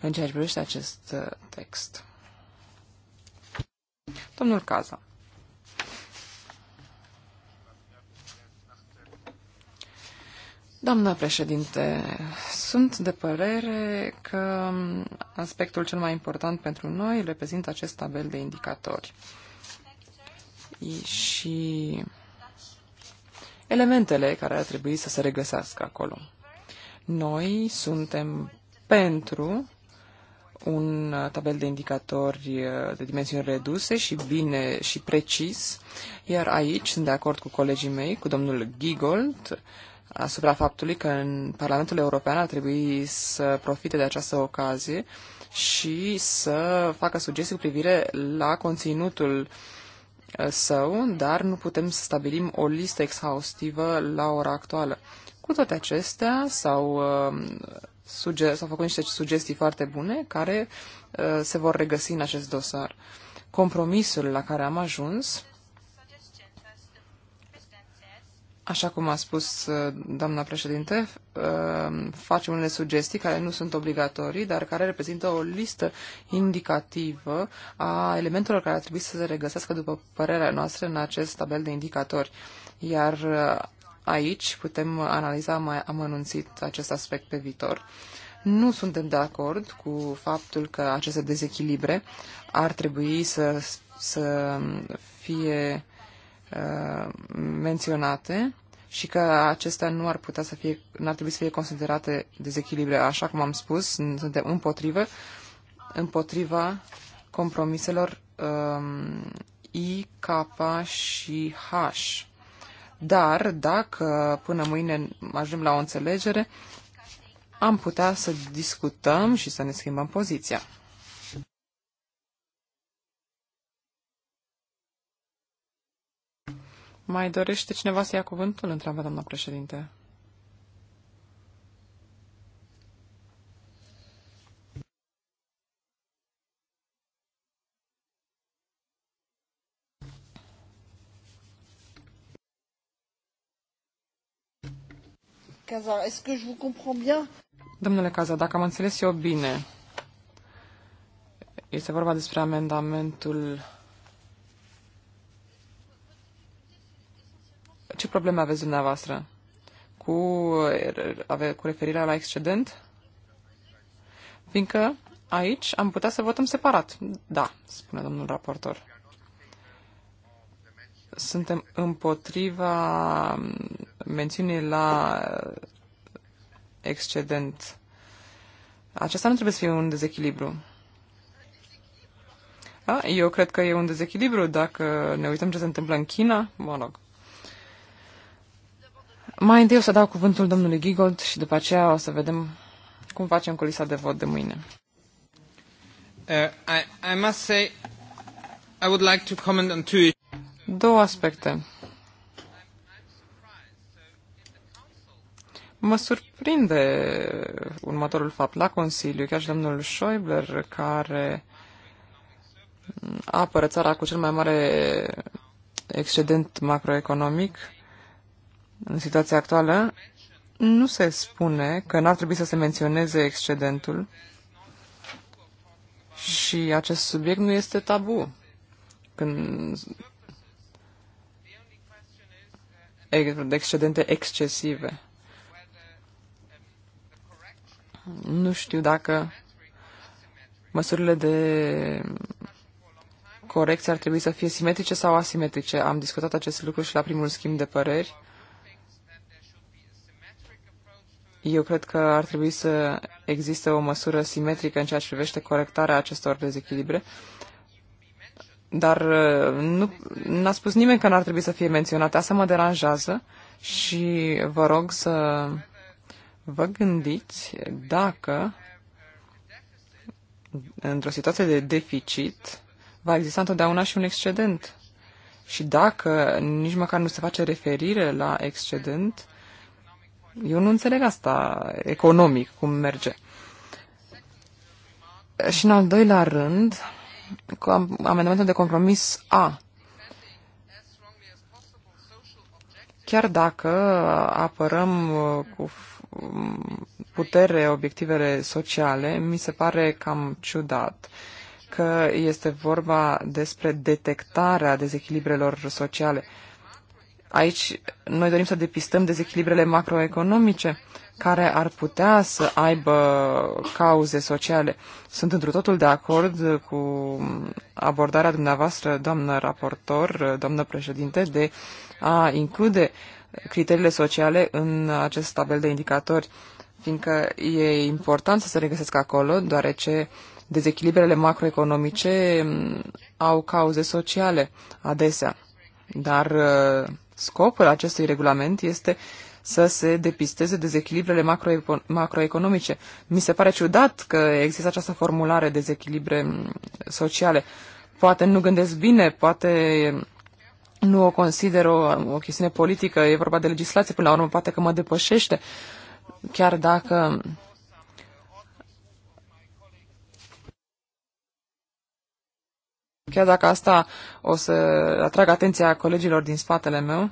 în ceea ce privește acest text. Domnul Caza. Doamna președinte, sunt de părere că aspectul cel mai important pentru noi reprezintă acest tabel de indicatori și elementele care ar trebui să se regăsească acolo. Noi suntem pentru un tabel de indicatori de dimensiuni reduse și bine și precis, iar aici sunt de acord cu colegii mei, cu domnul Gigold, asupra faptului că în Parlamentul European ar trebui să profite de această ocazie și să facă sugestii cu privire la conținutul uh, său, dar nu putem să stabilim o listă exhaustivă la ora actuală. Cu toate acestea, s-au, uh, suge- s-au făcut niște sugestii foarte bune care uh, se vor regăsi în acest dosar. Compromisul la care am ajuns Așa cum a spus uh, doamna președinte, uh, facem unele sugestii care nu sunt obligatorii, dar care reprezintă o listă indicativă a elementelor care ar trebui să se regăsească, după părerea noastră, în acest tabel de indicatori. Iar uh, aici putem analiza mai amănunțit acest aspect pe viitor. Nu suntem de acord cu faptul că aceste dezechilibre ar trebui să, să fie Uh, menționate și că acestea nu ar putea să fie, nu ar trebui să fie considerate dezechilibre. Așa cum am spus, suntem împotrivă, împotriva compromiselor um, I, K și H. Dar dacă până mâine ajungem la o înțelegere, am putea să discutăm și să ne schimbăm poziția. Mai dorește cineva să ia cuvântul? Întreabă doamna președinte. Cazar, est-ce que je vous comprends bien? Domnule Caza, dacă am înțeles eu bine, este vorba despre amendamentul ce probleme aveți dumneavoastră? Cu, ave, cu referirea la excedent? Fiindcă aici am putea să votăm separat. Da, spune domnul raportor. Suntem împotriva mențiunii la excedent. Acesta nu trebuie să fie un dezechilibru. A, eu cred că e un dezechilibru dacă ne uităm ce se întâmplă în China, mă rog, mai întâi o să dau cuvântul domnului Gigold și după aceea o să vedem cum facem cu lista de vot de mâine. Uh, I, I must say, I would like to comment on two Două aspecte. Mă surprinde următorul fapt la Consiliu, chiar și domnul Schäuble, care apără țara cu cel mai mare excedent macroeconomic, în situația actuală, nu se spune că n-ar trebui să se menționeze excedentul și acest subiect nu este tabu. Când excedente excesive. Nu știu dacă măsurile de corecție ar trebui să fie simetrice sau asimetrice. Am discutat acest lucru și la primul schimb de păreri Eu cred că ar trebui să existe o măsură simetrică în ceea ce privește corectarea acestor dezechilibre, dar uh, nu n-a spus nimeni că n-ar trebui să fie menționate. Asta mă deranjează și vă rog să vă gândiți dacă într-o situație de deficit va exista întotdeauna și un excedent. Și dacă nici măcar nu se face referire la excedent, eu nu înțeleg asta economic, cum merge. Și în al doilea rând, cu amendamentul de compromis A. Chiar dacă apărăm uh, cu um, putere obiectivele sociale, mi se pare cam ciudat că este vorba despre detectarea dezechilibrelor sociale. Uh, Aici noi dorim să depistăm dezechilibrele macroeconomice care ar putea să aibă cauze sociale. Sunt întru totul de acord cu abordarea dumneavoastră, doamnă raportor, doamnă președinte, de a include criteriile sociale în acest tabel de indicatori, fiindcă e important să se regăsesc acolo, deoarece dezechilibrele macroeconomice mm, au cauze sociale adesea. Dar uh, Scopul acestui regulament este să se depisteze dezechilibrele macroecon macroeconomice. Mi se pare ciudat că există această formulare dezechilibre sociale. Poate nu gândesc bine, poate nu o consider o, o chestiune politică, e vorba de legislație până la urmă, poate că mă depășește, chiar dacă Chiar dacă asta o să atrag atenția colegilor din spatele meu,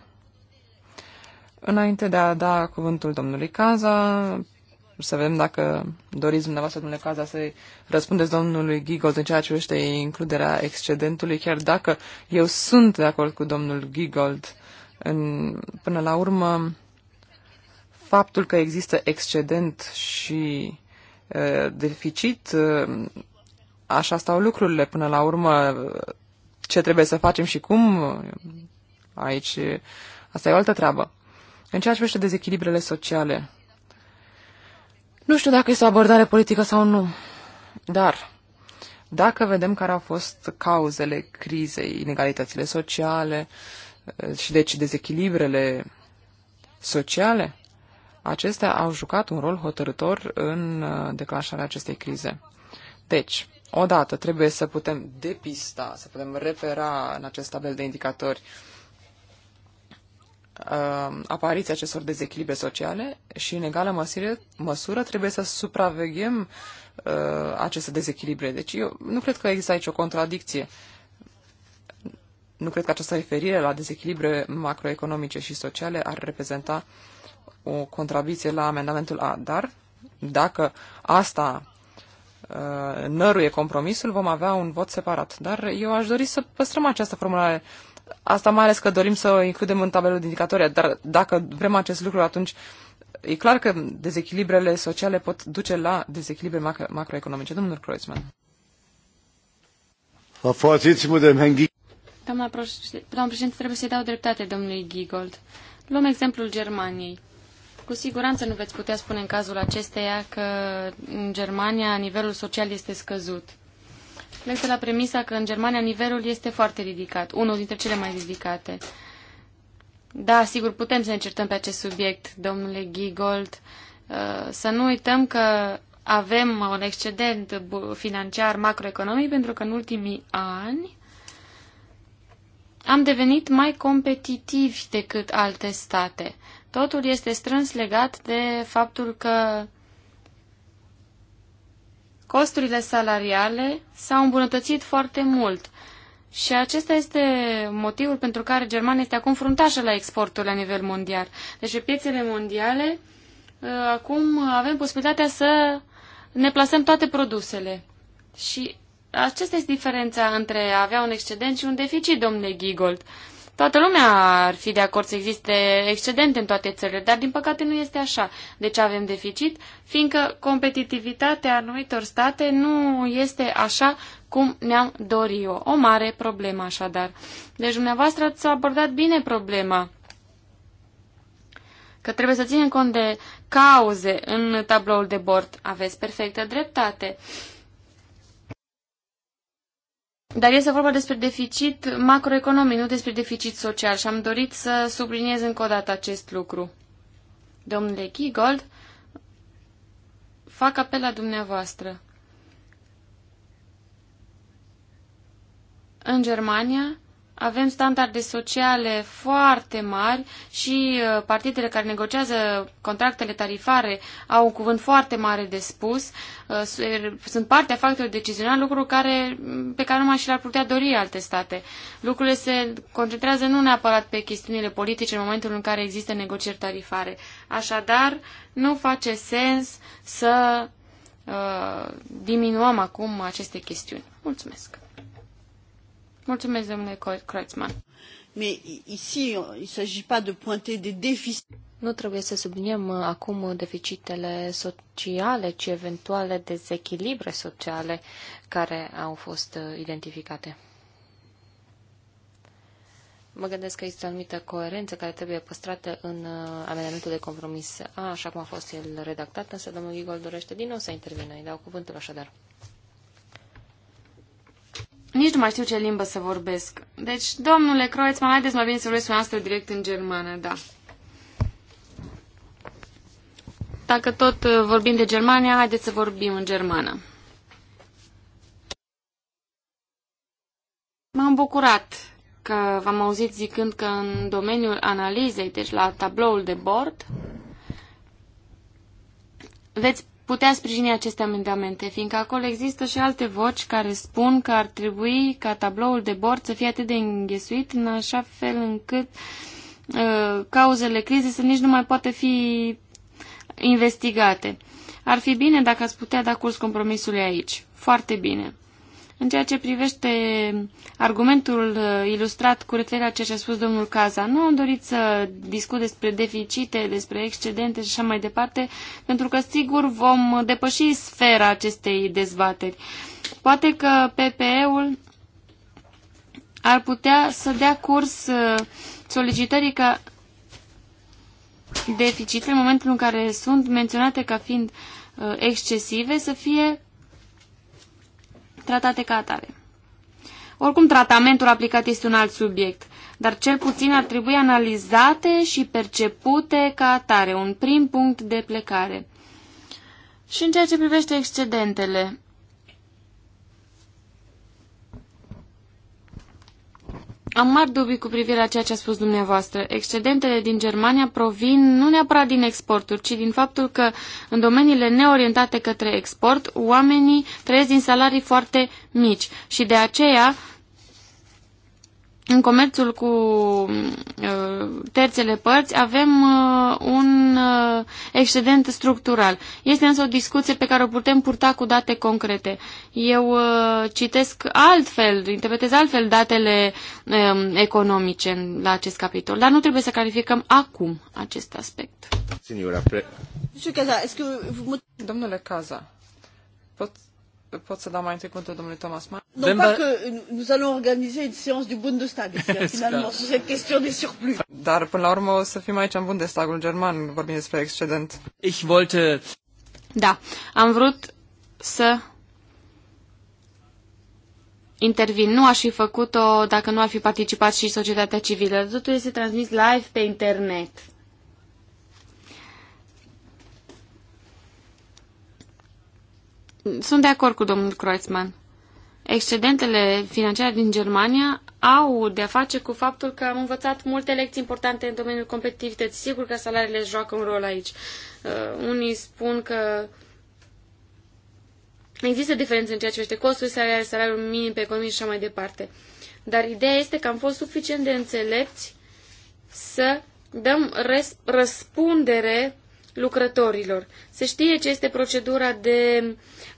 înainte de a da cuvântul domnului Caza, să vedem dacă doriți dumneavoastră, domnule Caza, să răspundeți domnului Gigold în ceea ce este includerea excedentului, chiar dacă eu sunt de acord cu domnul Gigold în, până la urmă, faptul că există excedent și uh, deficit uh, așa stau lucrurile până la urmă. Ce trebuie să facem și cum, aici, asta e o altă treabă. În ceea ce privește dezechilibrele sociale, nu știu dacă este o abordare politică sau nu, dar dacă vedem care au fost cauzele crizei, inegalitățile sociale eh, și deci dezechilibrele sociale, acestea au jucat un rol hotărător în eh, declanșarea acestei crize. Deci, Odată trebuie să putem depista, să putem repera în acest tabel de indicatori uh, apariția acestor dezechilibre sociale și, în egală măsire, măsură trebuie să supraveghem uh, aceste dezechilibre. Deci eu nu cred că există aici o contradicție. Nu cred că această referire la dezechilibre macroeconomice și sociale ar reprezenta o contradicție la amendamentul A, dar dacă asta Uh, năruie compromisul, vom avea un vot separat. Dar eu aș dori să păstrăm această formulare. Asta mai ales că dorim să o includem în tabelul de indicatori, dar dacă vrem acest lucru, atunci e clar că dezechilibrele sociale pot duce la dezechilibre macro- macroeconomice. Domnul Kreuzmann. Doamna președinte, trebuie să-i dau dreptate domnului Giegold. Luăm exemplul Germaniei cu siguranță nu veți putea spune în cazul acesteia că în Germania nivelul social este scăzut. Plec de la premisa că în Germania nivelul este foarte ridicat, unul dintre cele mai ridicate. Da, sigur, putem să ne certăm pe acest subiect, domnule Gigold. Uh, să nu uităm că avem un excedent financiar macroeconomic pentru că în ultimii ani am devenit mai competitivi decât alte state. Totul este strâns legat de faptul că costurile salariale s-au îmbunătățit foarte mult. Și acesta este motivul pentru care Germania este acum fruntașă la exportul la nivel mondial. Deci pe piețele mondiale ă, acum avem posibilitatea să ne plasăm toate produsele. Și aceasta este diferența între a avea un excedent și un deficit, domnule Gigold. Toată lumea ar fi de acord să existe excedente în toate țările, dar din păcate nu este așa. De ce avem deficit? Fiindcă competitivitatea anumitor state nu este așa cum ne-am dorit eu. O mare problemă așadar. Deci dumneavoastră ați abordat bine problema. Că trebuie să ținem cont de cauze în tabloul de bord. Aveți perfectă dreptate. Uh, dar este vorba despre deficit macroeconomic, nu despre deficit social și am dorit să subliniez încă o dată acest lucru. Domnule Gigold, fac apel la dumneavoastră. În Germania avem standarde sociale foarte mari și uh, partidele care negociază contractele tarifare au un cuvânt foarte mare de spus. Uh, er, sunt partea factorului decizional, lucru care, mm, pe care numai și l-ar putea dori alte state. Lucrurile se concentrează nu neapărat pe chestiunile politice în momentul în care există negocieri tarifare. Așadar, nu face sens să uh, diminuăm acum aceste chestiuni. Mulțumesc! Mulțumesc, domnule Kreutzmann. Mais ici, il s'agit pas de pointer des déficits. Nu trebuie să subliniem uh, acum uh, deficitele sociale, ci eventuale dezechilibre sociale care au fost uh, identificate. Mă gândesc că există o anumită coerență care trebuie păstrată în amendamentul de compromis A, așa cum a fost el redactat, însă domnul Igor dorește din nou să intervină. Îi dau cuvântul așadar. Nici nu mai știu ce limbă să vorbesc. Deci, domnule Croeț, mai haideți mai bine să vorbeți noastră direct în germană, da. Dacă tot uh, vorbim de Germania, haideți să vorbim în germană. M-am bucurat că v-am auzit zicând că în domeniul analizei, deci la tabloul de bord, veți putea sprijini aceste amendamente, fiindcă acolo există și alte voci care spun că ar trebui ca tabloul de bord să fie atât de înghesuit în așa fel încât uh, cauzele crizei să nici nu mai poată fi investigate. Ar fi bine dacă ați putea da curs compromisului aici. Foarte bine. În ceea ce privește argumentul uh, ilustrat cu referire la ceea ce a spus domnul Caza, nu am dorit să discut despre deficite, despre excedente și așa mai departe, pentru că sigur vom depăși sfera acestei dezbateri. Poate că PPE-ul ar putea să dea curs uh, solicitării ca deficite în momentul în care sunt menționate ca fiind uh, excesive, să fie tratate ca atare. Oricum, tratamentul aplicat este un alt subiect, dar cel puțin ar trebui analizate și percepute ca atare, un prim punct de plecare. Și în ceea ce privește excedentele, Am mari dubii cu privire la ceea ce a spus dumneavoastră. Excedentele din Germania provin nu neapărat din exporturi, ci din faptul că în domeniile neorientate către export, oamenii trăiesc din salarii foarte mici și de aceea în comerțul cu uh, terțele părți avem uh, un uh, excedent structural. Este însă o discuție pe care o putem purta cu date concrete. Eu citesc altfel, interpretez altfel datele um, economice la acest capitol, dar nu trebuie să calificăm acum acest aspect. Signora, pre... Domnule Caza, pot pot să dau mai întâi cuvântul domnului Thomas Mann. Non Demba... pas que nous allons organiser une séance du Bundestag, <laughs> finalement, sur cette question des surplus. Dar până la urmă o să fim aici în Bundestagul german, vorbim despre excedent. Ich wollte... Da, am vrut să intervin. Nu aș fi făcut-o dacă nu ar fi participat și societatea civilă. Totul este transmis live pe internet. Sunt de acord cu domnul Kreuzmann. Excedentele financiare din Germania au de-a face cu faptul că am învățat multe lecții importante în domeniul competitivității. Sigur că salariile joacă un rol aici. Uh, unii spun că există diferențe în ceea ce este costul salariale, salariul minim pe economie și așa mai departe. Dar ideea este că am fost suficient de înțelepți să dăm răspundere lucrătorilor. Se știe ce este procedura de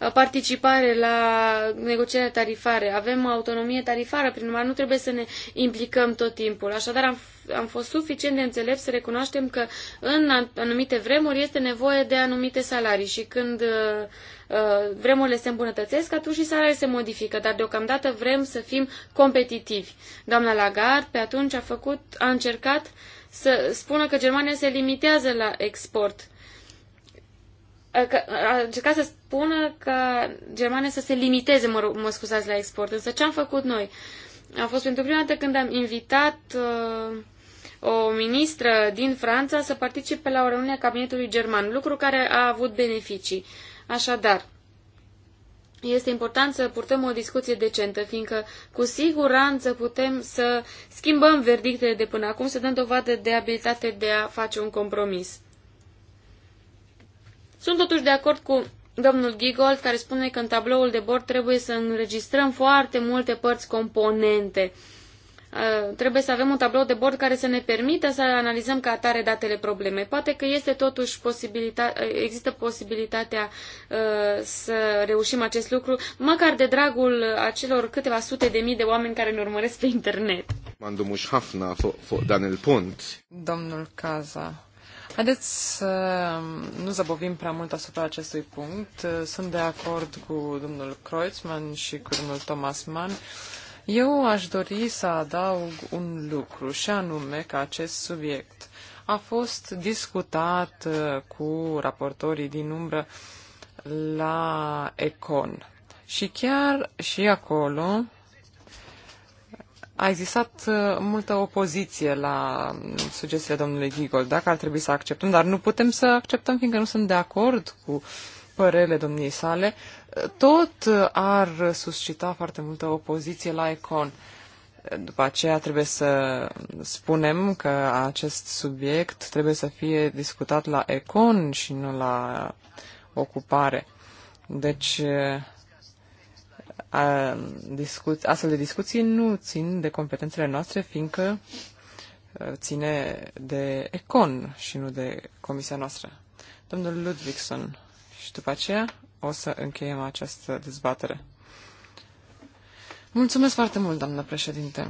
uh, participare la negocierea tarifare. Avem autonomie tarifară, prin urmare nu trebuie să ne implicăm tot timpul. Așadar am, am fost suficient de înțelept să recunoaștem că în anumite vremuri este nevoie de anumite salarii și când uh, uh, vremurile se îmbunătățesc, atunci și salariile se modifică, dar deocamdată vrem să fim competitivi. Doamna Lagarde pe atunci a făcut, a încercat să spună că Germania se limitează la export. a încercat să spună că Germania să se limiteze, mă, mă scuzați, la export. Însă ce am făcut noi? Am fost pentru prima dată când am invitat uh, o ministră din Franța să participe la o reuniune a cabinetului german, lucru care a avut beneficii. Așadar, este important să purtăm o discuție decentă, fiindcă cu siguranță putem să schimbăm verdictele de până acum, să dăm dovadă de abilitate de a face un compromis. Sunt totuși de acord cu domnul Gigold, care spune că în tabloul de bord trebuie să înregistrăm foarte multe părți componente. Uh, trebuie să avem un tablou de bord care să ne permită să analizăm ca atare datele probleme. Poate că este totuși posibilita uh, există posibilitatea uh, să reușim acest lucru, măcar de dragul acelor câteva sute de mii de oameni care ne urmăresc pe internet. Domnul Caza, Haideți să nu zăbovim prea mult asupra acestui punct. Sunt de acord cu domnul Kreutzmann și cu domnul Thomas Mann eu aș dori să adaug un lucru, și anume că acest subiect a fost discutat uh, cu raportorii din umbră la Econ. Și chiar și acolo a existat uh, multă opoziție la mm, sugestia domnului Gigol, dacă ar trebui să acceptăm, dar nu putem să acceptăm, fiindcă nu sunt de acord cu părerile domniei sale, tot ar suscita foarte multă opoziție la Econ. După aceea trebuie să spunem că acest subiect trebuie să fie discutat la Econ și nu la ocupare. Deci, a, discu- astfel de discuții nu țin de competențele noastre, fiindcă ține de Econ și nu de comisia noastră. Domnul Ludvigson și după aceea o să încheiem această dezbatere. Mulțumesc foarte mult, doamnă președinte.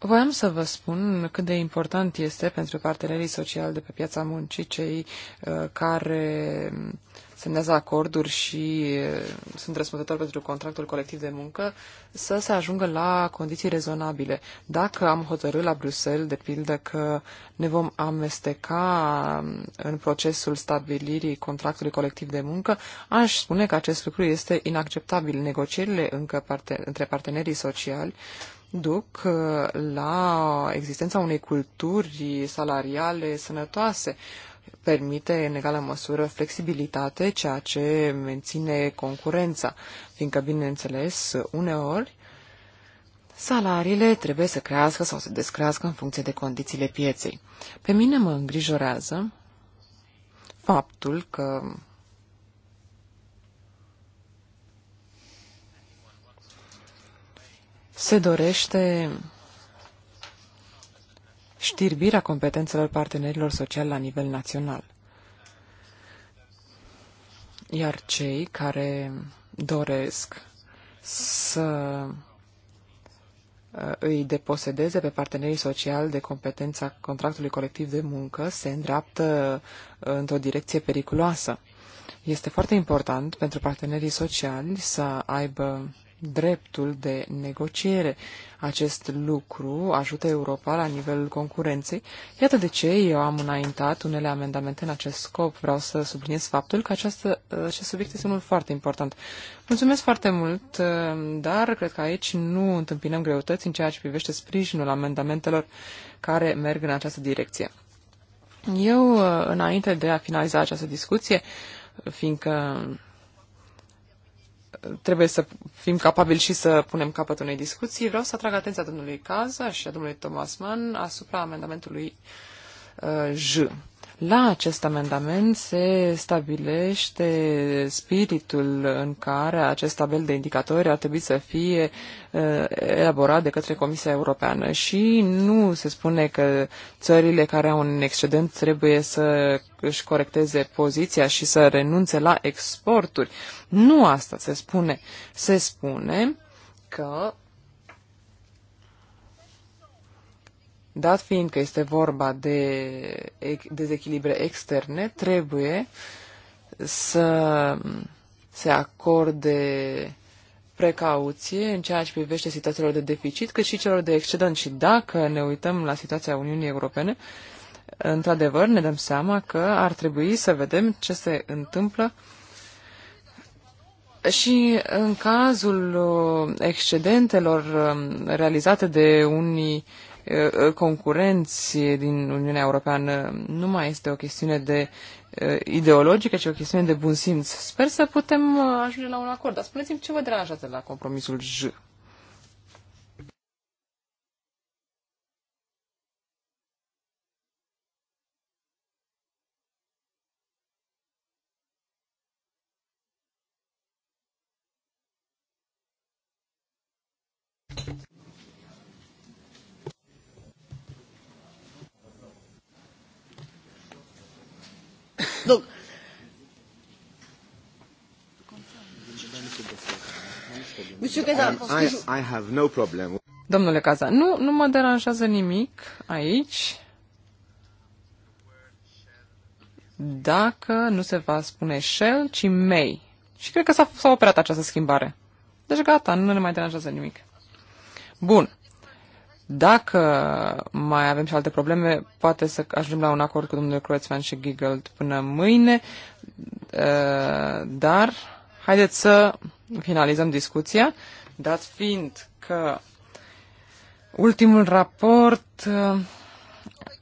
Voiam să vă spun cât de important este pentru partenerii sociali de pe piața muncii, cei uh, care uh, semnează acorduri și uh, sunt răspunzători pentru contractul colectiv de muncă, să se ajungă la condiții rezonabile. Dacă am hotărât la Bruxelles, de pildă, că ne vom amesteca um, în procesul stabilirii contractului colectiv de muncă, aș spune că acest lucru este inacceptabil. Negocierile încă parte, între partenerii sociali duc uh, la existența unei culturi salariale sănătoase permite în egală măsură flexibilitate, ceea ce menține concurența, fiindcă, bineînțeles, uneori salariile trebuie să crească sau să descrească în funcție de condițiile pieței. Pe mine mă îngrijorează faptul că se dorește știrbirea competențelor partenerilor sociali la nivel național. Iar cei care doresc să uh, îi deposedeze pe partenerii sociali de competența contractului colectiv de muncă se îndreaptă uh, într-o direcție periculoasă. Este foarte important pentru partenerii sociali să aibă dreptul de negociere. Acest lucru ajută Europa la nivelul concurenței. Iată de ce eu am înaintat unele amendamente în acest scop. Vreau să subliniez faptul că această, acest subiect este unul foarte important. Mulțumesc foarte mult, dar cred că aici nu întâmpinăm greutăți în ceea ce privește sprijinul amendamentelor care merg în această direcție. Eu, înainte de a finaliza această discuție, fiindcă trebuie să fim capabili și să punem capăt unei discuții. Vreau să atrag atenția domnului Caza și a domnului Thomas Mann asupra amendamentului uh, J. La acest amendament se stabilește spiritul în care acest tabel de indicatori ar trebui să fie uh, elaborat de către Comisia Europeană și nu se spune că țările care au un excedent trebuie să își corecteze poziția și să renunțe la exporturi. Nu asta se spune. Se spune că Dat fiind că este vorba de dezechilibre externe, trebuie să se acorde precauție în ceea ce privește situațiilor de deficit, cât și celor de excedent. Și dacă ne uităm la situația Uniunii Europene, într-adevăr ne dăm seama că ar trebui să vedem ce se întâmplă și în cazul uh, excedentelor um, realizate de unii Eh, eh, concurenți din Uniunea Europeană nu mai este o chestiune de eh, ideologică, ci o chestiune de bun simț. Sper să putem ajunge la un acord. Dar spuneți-mi ce vă deranjează la compromisul J. I, I have no problem. Domnule Caza, nu, nu mă deranjează nimic aici dacă nu se va spune Shell, ci May. Și cred că s-a, s-a operat această schimbare. Deci gata, nu ne mai deranjează nimic. Bun. Dacă mai avem și alte probleme, poate să ajungem la un acord cu domnul Croețman și Giggle până mâine, eh, dar haideți să finalizăm discuția Dat fiind că ultimul raport, uh,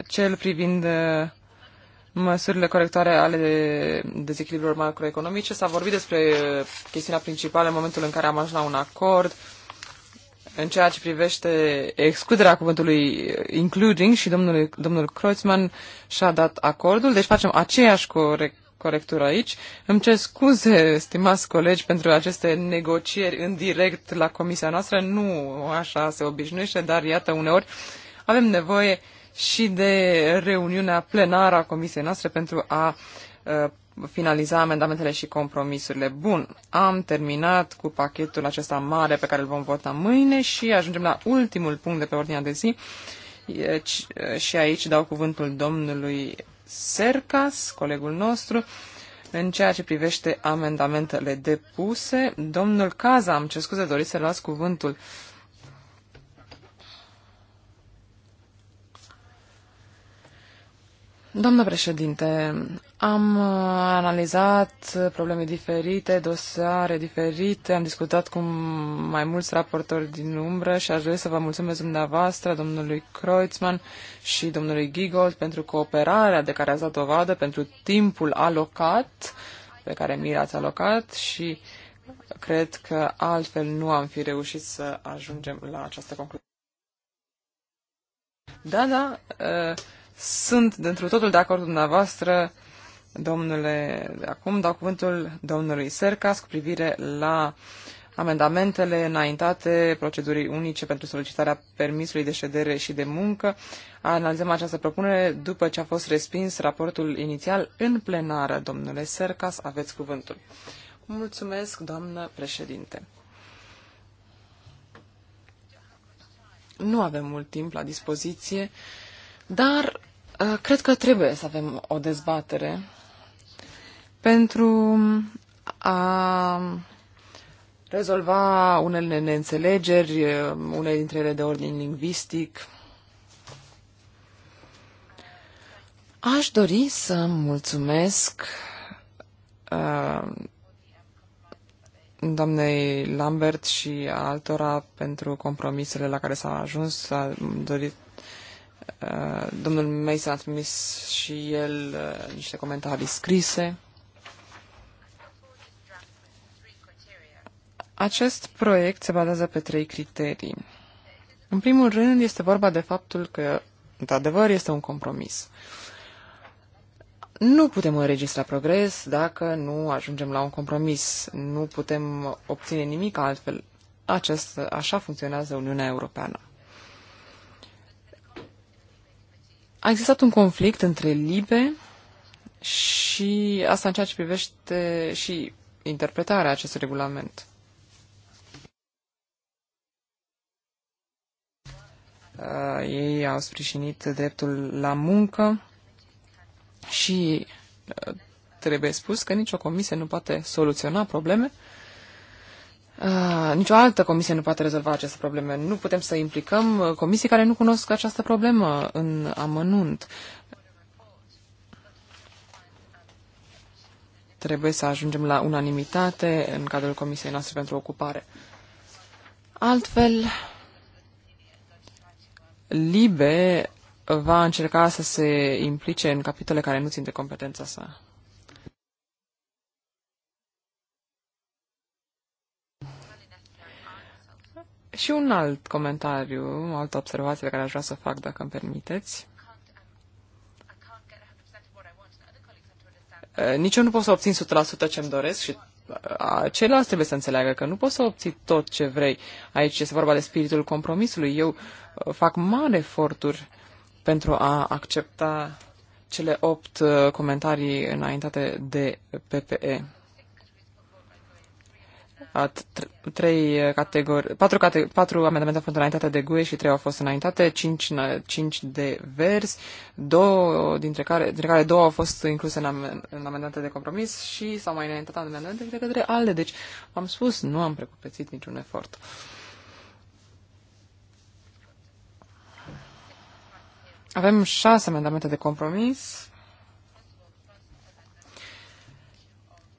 cel privind uh, măsurile corectoare ale dezechilibrilor macroeconomice, s-a vorbit despre uh, chestiunea principală în momentul în care am ajuns la un acord în ceea ce privește excluderea cuvântului including și domnul, domnul Kreuzmann și-a dat acordul, deci facem aceeași corect corectură aici. Îmi cer scuze, stimați colegi, pentru aceste negocieri în direct la comisia noastră. Nu așa se obișnuiește, dar iată, uneori avem nevoie și de reuniunea plenară a comisiei noastre pentru a uh, finaliza amendamentele și compromisurile. Bun, am terminat cu pachetul acesta mare pe care îl vom vota mâine și ajungem la ultimul punct de pe ordinea de zi. Uh, și aici dau cuvântul domnului Sercas, colegul nostru, în ceea ce privește amendamentele depuse. Domnul Caza, am cer scuze, doriți să luați cuvântul. Doamnă președinte, am uh, analizat probleme diferite, dosare diferite, am discutat cu mai mulți raportori din umbră și aș dori să vă mulțumesc dumneavoastră, domnului Kreutzmann și domnului Gigold pentru cooperarea de care ați dat dovadă, pentru timpul alocat pe care mi l-ați alocat și cred că altfel nu am fi reușit să ajungem la această concluzie. Da, da, uh, sunt dintr totul de acord cu dumneavoastră, domnule, acum dau cuvântul domnului Sercas cu privire la amendamentele înaintate procedurii unice pentru solicitarea permisului de ședere și de muncă. Analizăm această propunere după ce a fost respins raportul inițial în plenară. Domnule Sercas, aveți cuvântul. Mulțumesc, doamnă președinte. Nu avem mult timp la dispoziție. Uh, dar uh, cred că trebuie să avem o dezbatere pentru a rezolva unele neînțelegeri, uh, unele dintre ele de ordin lingvistic. Aș dori să mulțumesc uh, doamnei Lambert și altora pentru compromisele la care s-a ajuns. A dorit Uh, domnul Mason a trimis și el uh, niște comentarii scrise. Acest proiect se bazează pe trei criterii. În primul rând, este vorba de faptul că, într-adevăr, este un compromis. Nu putem înregistra progres dacă nu ajungem la un compromis. Nu putem obține nimic altfel. Acest, așa funcționează Uniunea Europeană. A existat un conflict între Libe și asta în ceea ce privește și interpretarea acestui regulament. Uh, ei au sprijinit dreptul la muncă și uh, trebuie spus că nicio comisie nu poate soluționa probleme uh, nici ah, nicio altă comisie nu poate rezolva aceste probleme. Nu putem să implicăm uh, comisii care nu cunosc această problemă în amănunt. Trebuie să ajungem la unanimitate în cadrul Comisiei noastre pentru ocupare. Altfel, Libe va încerca să se implice în capitole care nu țin de competența sa. Și un alt comentariu, o altă observație pe care aș vrea să o fac, dacă îmi permiteți. Nici eu nu pot să obțin 100% ce-mi doresc și ceilalți trebuie să înțeleagă că nu poți să obții tot ce vrei. Aici este vorba de spiritul compromisului. Eu fac mari eforturi pentru a accepta cele opt comentarii înaintate de PPE trei categorii, patru, cate, patru amendamente au fost înaintate de GUE și trei au fost înaintate, cinci, cinci de vers, două dintre care, dintre care două au fost incluse în, în amendamente de compromis și s-au mai înaintat amendamente de către ALDE. Deci, am spus, nu am precupețit niciun efort. Avem șase amendamente de compromis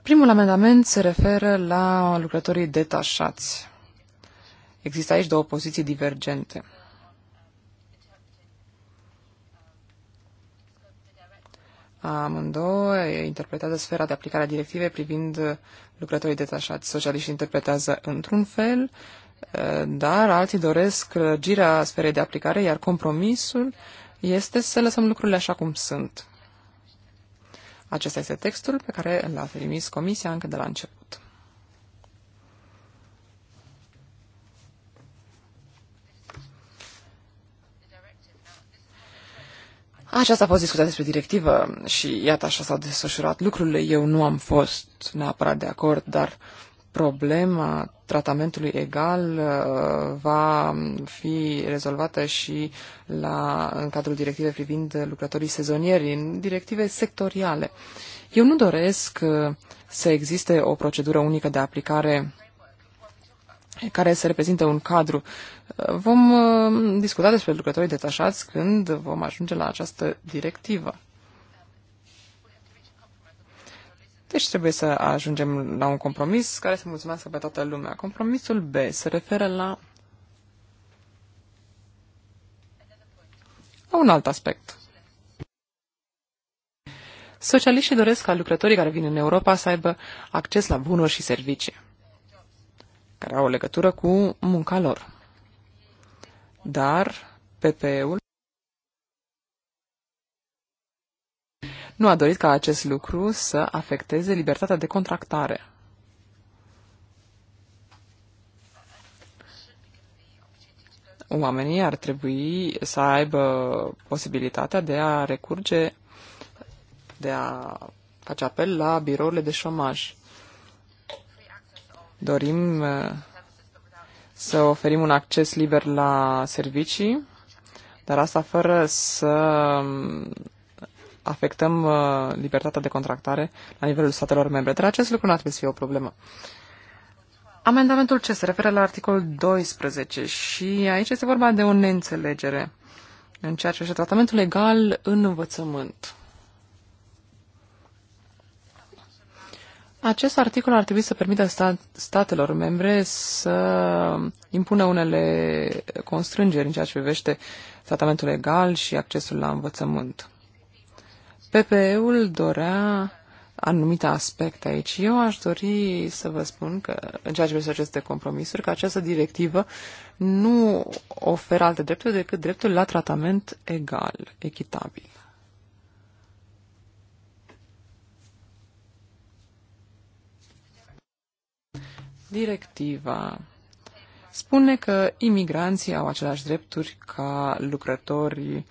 Primul amendament se referă la lucrătorii detașați. Există aici două poziții divergente. Amândouă interpretează sfera de aplicare a directivei privind lucrătorii detașați. Socialiștii interpretează într-un fel, dar alții doresc răgirea sferei de aplicare, iar compromisul este să lăsăm lucrurile așa cum sunt. Acesta este textul pe care l-a trimis Comisia încă de la început. Aceasta a fost discutată despre directivă și iată așa s-au desfășurat lucrurile. Eu nu am fost neapărat de acord, dar problema tratamentului egal uh, va fi rezolvată și la, în cadrul directivei privind lucrătorii sezonieri, în directive sectoriale. Eu nu doresc uh, să existe o procedură unică de aplicare care să reprezinte un cadru. Vom uh, discuta despre lucrătorii detașați când vom ajunge la această directivă. Deci trebuie să ajungem la un compromis care să mulțumească pe toată lumea. Compromisul B se referă la, la un alt aspect. Socialiștii doresc ca lucrătorii care vin în Europa să aibă acces la bunuri și servicii, care au o legătură cu munca lor. Dar PPE-ul nu a dorit ca acest lucru să afecteze libertatea de contractare. Oamenii ar trebui să aibă posibilitatea de a recurge, de a face apel la birourile de șomaj. Dorim uh, să oferim un acces liber la servicii, dar asta fără să um, afectăm uh, libertatea de contractare la nivelul statelor membre. Dar acest lucru nu ar trebui să fie o problemă. Amendamentul ce se referă la articolul 12 și aici este vorba de o neînțelegere în ceea ce este tratamentul legal în învățământ. Acest articol ar trebui să permită stat, statelor membre să impună unele constrângeri în ceea ce privește tratamentul legal și accesul la învățământ. PPE-ul dorea anumite aspecte aici. Eu aș dori să vă spun că, în ceea ce privește aceste compromisuri, că această directivă nu oferă alte drepturi decât dreptul la tratament egal, echitabil. Directiva spune că imigranții au aceleași drepturi ca lucrătorii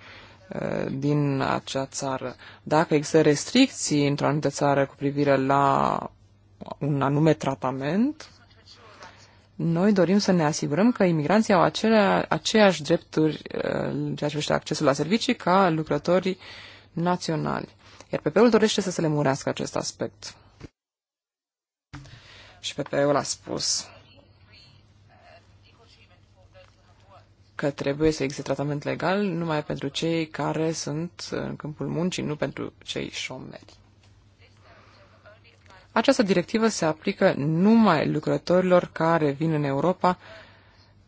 Uh, din acea țară. Dacă există restricții într-o anumită țară cu privire la un anume tratament, noi dorim să ne asigurăm că imigranții au acelea, aceeași drepturi uh, în ceea ce privește accesul la servicii ca lucrătorii naționali. Iar PP-ul dorește să se lemurească acest aspect. Și PP-ul a spus că trebuie să existe tratament legal numai pentru cei care sunt în câmpul muncii, nu pentru cei șomeri. Această directivă se aplică numai lucrătorilor care vin în Europa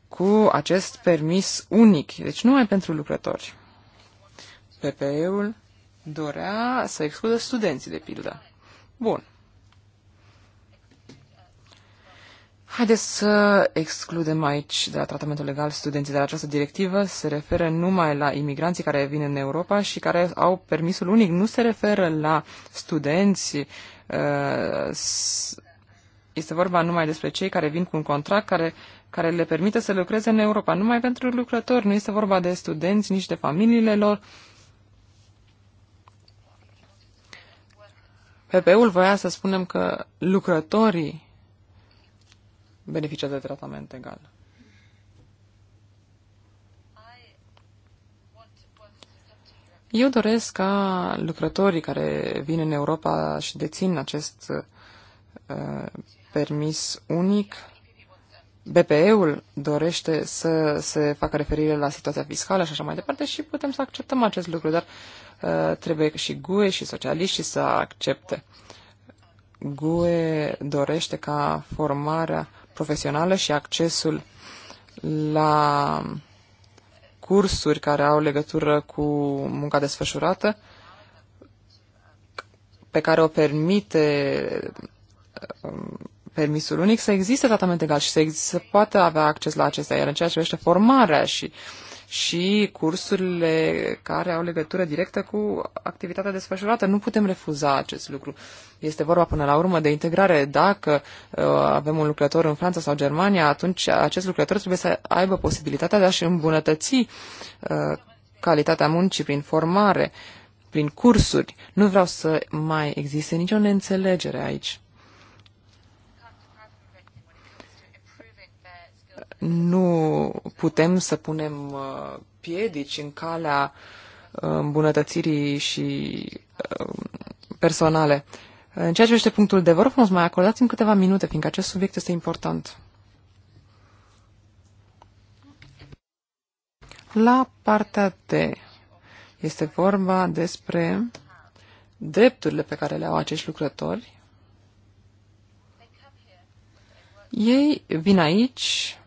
cu acest permis unic, deci numai pentru lucrători. PPE-ul dorea să excludă studenții, de pildă. Bun, Haideți să excludem aici de la tratamentul legal studenții, la această directivă se referă numai la imigranții care vin în Europa și care au permisul unic, nu se referă la studenți. Uh, este vorba numai despre cei care vin cu un contract care, care le permite să lucreze în Europa, numai pentru lucrători. Nu este vorba de studenți, nici de familiile lor. ppu ul voia să spunem că lucrătorii beneficia de tratament egal. Eu doresc ca lucrătorii care vin în Europa și dețin acest uh, permis unic, BPE-ul dorește să se facă referire la situația fiscală și așa mai departe și putem să acceptăm acest lucru, dar uh, trebuie și GUE și socialiștii să accepte. GUE dorește ca formarea profesională și accesul la cursuri care au legătură cu munca desfășurată, pe care o permite um, permisul unic, să existe tratament egal și să, existe, să poată avea acces la acestea. Iar în ceea ce privește formarea și uh, și cursurile care au legătură directă cu activitatea desfășurată. Nu putem refuza acest lucru. Este vorba până la urmă de integrare. Dacă uh, avem un lucrător în Franța sau Germania, atunci acest lucrător trebuie să aibă posibilitatea de a-și îmbunătăți uh, calitatea muncii prin formare, prin cursuri. Nu vreau să mai existe nicio neînțelegere aici. Nu putem să punem uh, piedici în calea uh, îmbunătățirii și uh, personale. În ceea ce este punctul de vă frumos, mai acordați în câteva minute, fiindcă acest subiect este important. La partea de este vorba despre drepturile pe care le au acești lucrători. Ei vin aici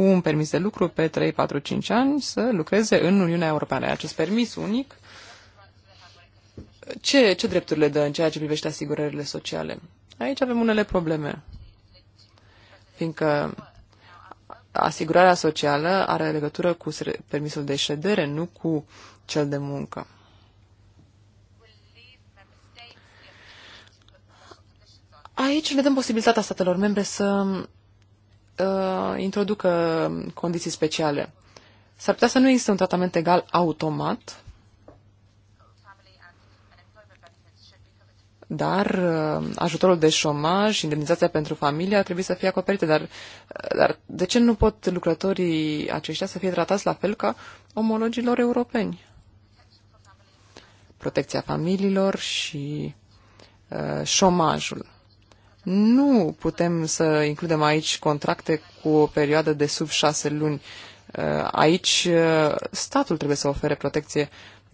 cu un permis de lucru pe 3, 4, 5 ani să lucreze în Uniunea Europeană. Acest permis unic, ce, ce drepturile dă în ceea ce privește asigurările sociale? Aici avem unele probleme, fiindcă asigurarea socială are legătură cu permisul de ședere, nu cu cel de muncă. Aici le dăm posibilitatea statelor membre să uh, introducă condiții speciale. S-ar putea să nu există un tratament egal automat, dar uh, ajutorul de șomaj, indemnizația pentru familie ar trebui să fie acoperite. Dar, uh, dar de ce nu pot lucrătorii aceștia să fie tratați la fel ca omologilor europeni? Protecția familiilor și uh, șomajul. Nu putem să includem aici contracte cu o perioadă de sub șase luni. Uh, aici uh, statul trebuie să ofere protecție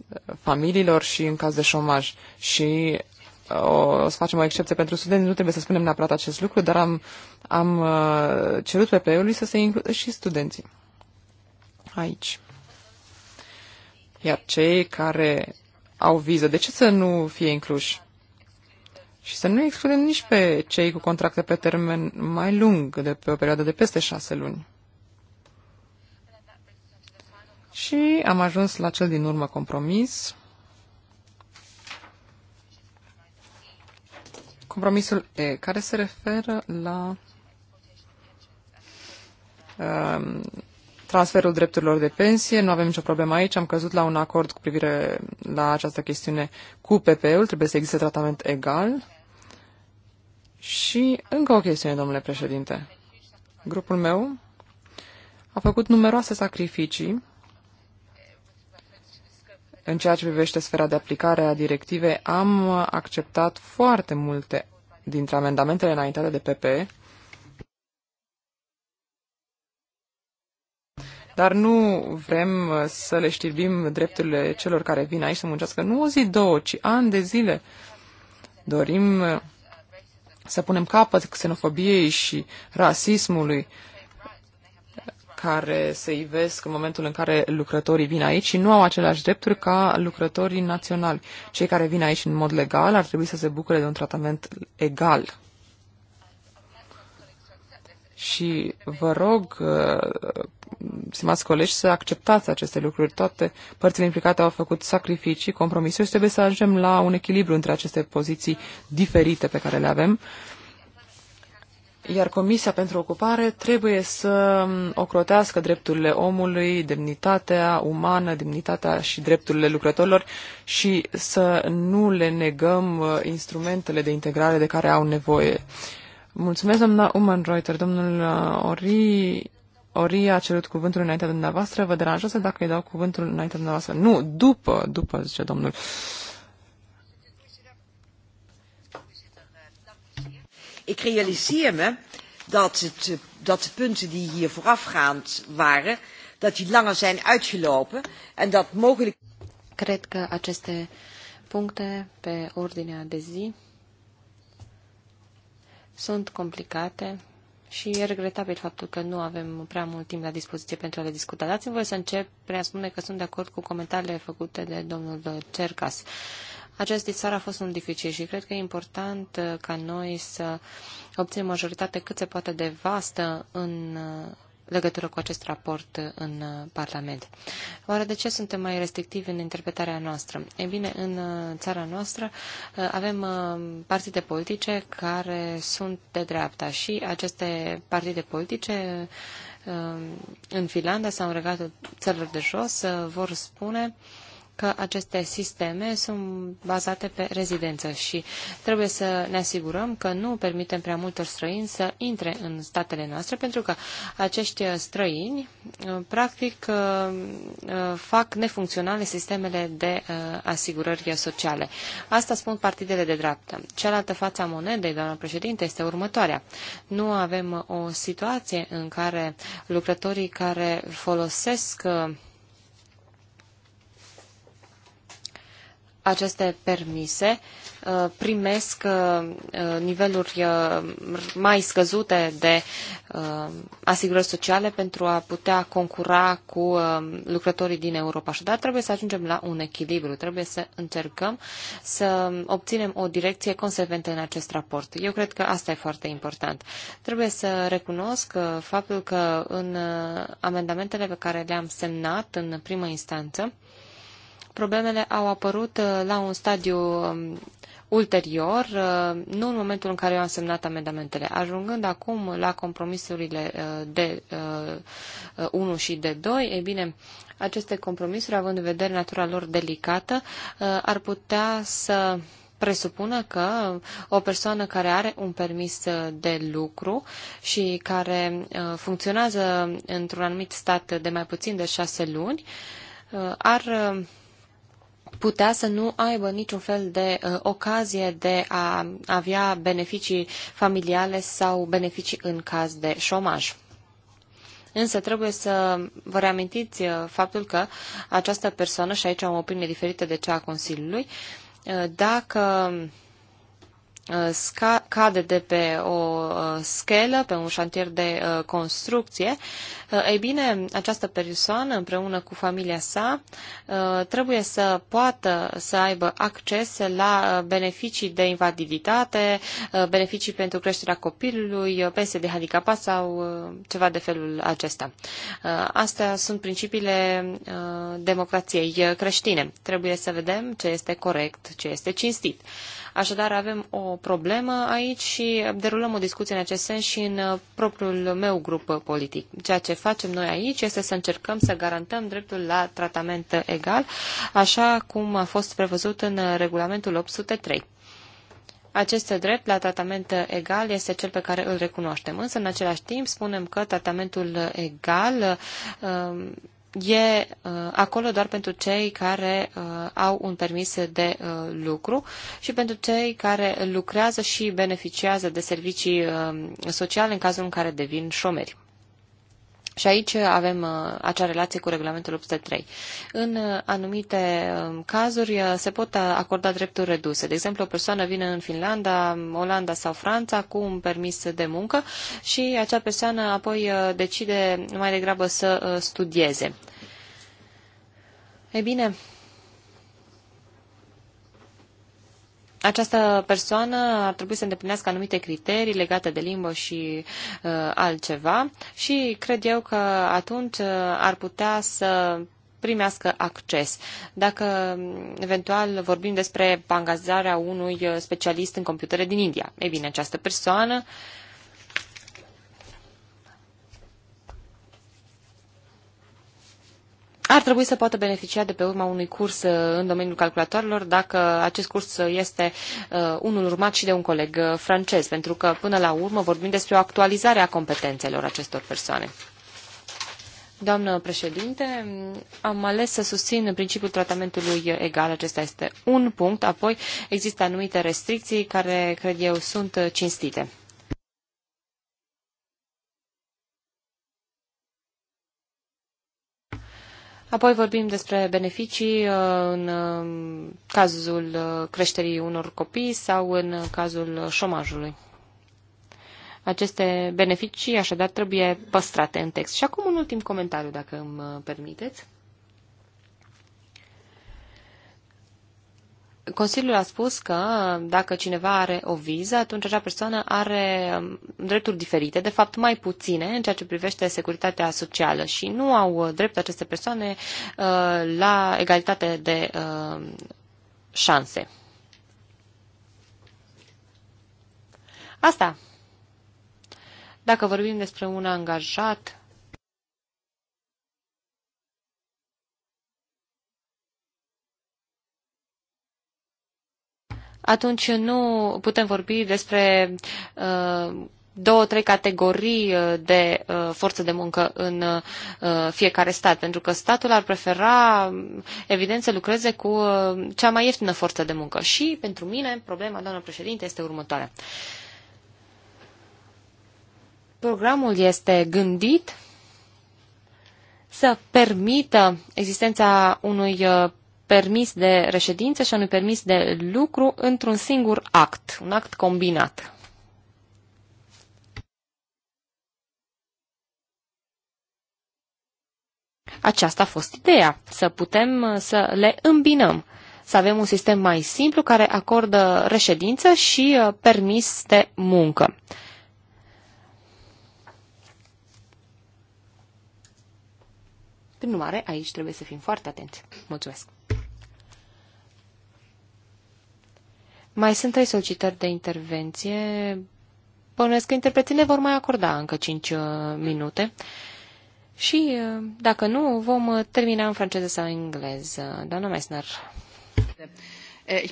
uh, familiilor și în caz de șomaj. Și o să facem o excepție pentru studenți, nu trebuie să spunem neapărat acest lucru, dar am, am cerut pe ului să se includă și studenții aici. Iar cei care au viză, de ce să nu fie incluși? și să nu excludem nici pe cei cu contracte pe termen mai lung, de pe o perioadă de peste șase luni. Și am ajuns la cel din urmă compromis. Compromisul E, care se referă la um, transferul drepturilor de pensie. Nu avem nicio problemă aici. Am căzut la un acord cu privire la această chestiune cu PP-ul. Trebuie să existe tratament egal. Și încă o chestiune, domnule președinte. Grupul meu a făcut numeroase sacrificii în ceea ce privește sfera de aplicare a directivei. Am acceptat foarte multe dintre amendamentele înaintate de PP, dar nu vrem să le știrbim drepturile celor care vin aici să muncească nu o zi, două, ci ani de zile. Dorim să punem capăt xenofobiei și rasismului care se ivesc în momentul în care lucrătorii vin aici și nu au aceleași drepturi ca lucrătorii naționali. Cei care vin aici în mod legal ar trebui să se bucure de un tratament egal. Și vă rog, uh, stimați colegi, să acceptați aceste lucruri. Toate părțile implicate au făcut sacrificii, compromisuri și trebuie să ajungem la un echilibru între aceste poziții diferite pe care le avem. Iar Comisia pentru Ocupare trebuie să ocrotească drepturile omului, demnitatea umană, demnitatea și drepturile lucrătorilor și să nu le negăm uh, instrumentele de integrare de care au nevoie Mulțumesc, doamna Uman Reuter. Domnul uh, Ori, Ori a cerut cuvântul înaintea dumneavoastră. Vă deranjează dacă îi dau cuvântul înaintea dumneavoastră? Nu, după, după, zice domnul. Ik realiseer me dat, het, eh, dat de punten die hier voorafgaand waren, dat die langer zijn uitgelopen en dat mogelijk... Cred că aceste puncte pe ordinea de zi sunt complicate și e regretabil faptul că nu avem prea mult timp la dispoziție pentru a le discuta. Dați-mi voi să încep prin a spune că sunt de acord cu comentariile făcute de domnul Cercas. Acest disar a fost un dificil și cred că e important uh, ca noi să obținem majoritate cât se poate de vastă în uh, legătură cu acest raport în uh, Parlament. Oare de ce suntem mai restrictivi în interpretarea noastră? E bine, în uh, țara noastră uh, avem partide politice care sunt de dreapta și aceste partide politice în Finlanda sau în regatul țărilor de jos vor spune că aceste sisteme sunt bazate pe rezidență și trebuie să ne asigurăm că nu permitem prea multor străini să intre în statele noastre, pentru că acești străini, uh, practic, uh, uh, fac nefuncționale sistemele de asigurări sociale. Asta spun partidele de dreapta. Cealaltă a monedei, doamna președinte, este următoarea. Nu avem o situație în care lucrătorii care folosesc aceste permise uh, primesc uh, uh, niveluri mai scăzute de asigurări sociale pentru a putea concura cu lucrătorii din Europa. Și dar trebuie să ajungem la un echilibru, trebuie să încercăm să obținem o direcție consecventă în acest raport. Eu cred că asta e foarte important. Trebuie să recunosc faptul că în amendamentele pe care le-am semnat în primă instanță, problemele au apărut uh, la un stadiu um, ulterior, uh, nu în momentul în care eu am semnat amendamentele. Ajungând acum la compromisurile uh, de 1 și de 2, e bine, aceste compromisuri, având în vedere natura lor delicată, ar putea să presupună că o persoană care are un permis de lucru și care funcționează într-un anumit stat de mai puțin de șase luni ar putea să nu aibă niciun fel de uh, ocazie de a avea beneficii familiale sau beneficii în caz de șomaj. Însă trebuie să vă reamintiți uh, faptul că această persoană, și aici am o opinie diferită de cea a Consiliului, uh, dacă uh, Uh, cade de pe o uh, schelă, pe un șantier de uh, construcție, ei bine, această persoană împreună cu familia sa trebuie să poată să aibă acces la beneficii de invaliditate, beneficii pentru creșterea copilului, pensie de handicapat sau ceva de felul acesta. Astea sunt principiile democrației creștine. Trebuie să vedem ce este corect, ce este cinstit. Așadar, avem o problemă aici și derulăm o discuție în acest sens și în uh, propriul meu grup politic. Ceea ce facem noi aici este să încercăm să garantăm dreptul la tratament egal, așa cum a fost prevăzut în regulamentul 803. Acest drept la tratament egal este cel pe care îl recunoaștem, însă în același timp spunem că tratamentul egal uh, e uh, acolo doar pentru cei care uh, au un permis de uh, lucru și pentru cei care lucrează și beneficiază de servicii sociale în cazul în care devin șomeri. Și aici avem uh, acea relație cu regulamentul 803. În uh, anumite um, cazuri uh, se pot acorda drepturi reduse. De exemplu, o persoană vine în Finlanda, Olanda sau Franța cu un permis de muncă și acea persoană apoi decide mai degrabă să studieze. Ei bine, Această persoană ar trebui să îndeplinească anumite criterii legate de limbă și uh, altceva și cred eu că atunci uh, ar putea să primească acces. Dacă mm, eventual vorbim despre angajarea unui uh, specialist în computere din India, e bine, această persoană uh, ar trebui să poată beneficia de pe urma unui curs uh, în domeniul calculatoarelor dacă acest curs uh, este uh, unul urmat și de un coleg francez, pentru că până la urmă vorbim despre o actualizare a competențelor acestor persoane. Doamnă președinte, am ales să susțin principiul tratamentului egal, acesta este un punct, apoi există anumite restricții care, cred eu, sunt cinstite. Apoi vorbim despre beneficii uh, în uh, cazul uh, creșterii unor copii sau în cazul șomajului. Aceste beneficii așadar trebuie păstrate în text. Și acum un ultim comentariu, dacă îmi permiteți. Consiliul a spus că dacă cineva are o viză, atunci acea persoană are um, drepturi diferite, de fapt mai puține, în ceea ce privește securitatea socială și nu au uh, drept aceste persoane uh, la egalitate de uh, șanse. Asta. Dacă vorbim despre un angajat atunci nu putem vorbi despre uh, două, trei categorii uh, de uh, forță de muncă în fiecare stat, pentru că statul ar prefera, evident, să lucreze cu cea mai ieftină forță de muncă. Și, pentru mine, problema, doamnă președinte, este următoarea. Programul este gândit să permită existența unui permis de reședință și unui permis de lucru într-un singur act, un act combinat. Aceasta a fost ideea, să putem uh, să le îmbinăm, să avem un sistem mai simplu care acordă reședință și uh, permis de muncă. Prin urmare, aici trebuie să fim foarte atenți. Mulțumesc! Mai sunt trei solicitări de intervenție. Bănuiesc că interpreții ne vor mai acorda încă 5 uh, minute. Și uh, dacă nu, vom uh, termina în franceză sau engleză. Doamna Meissner. Eh,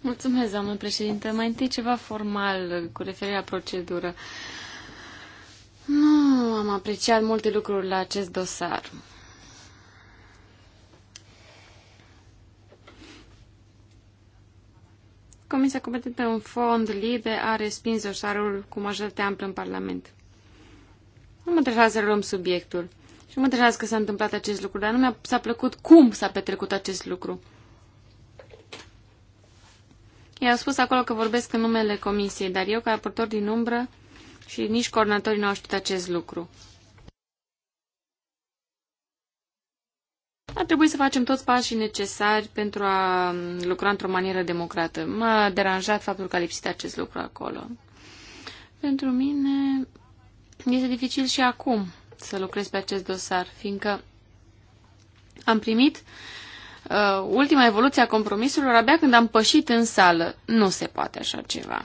Mulțumesc, doamnă președinte. Mai întâi ceva formal cu referire la procedură. Nu am apreciat multe lucruri la acest dosar. Comisia competentă în fond, LIDE, a respins dosarul cu majoritate amplă în Parlament. Nu mă interesează să luăm subiectul. Și mă interesează că s-a întâmplat acest lucru, dar nu mi-a s-a plăcut cum s-a petrecut acest lucru. Ei au spus acolo că vorbesc în numele comisiei, dar eu, ca raportor din umbră, și nici coordonatorii nu au știut acest lucru. ar trebui să facem toți pașii necesari pentru a lucra într-o manieră democrată. M-a deranjat faptul că a lipsit acest lucru acolo. Pentru mine este dificil și acum să lucrez pe acest dosar, fiindcă am primit uh, ultima evoluție a compromisurilor abia când am pășit în sală. Nu se poate așa ceva.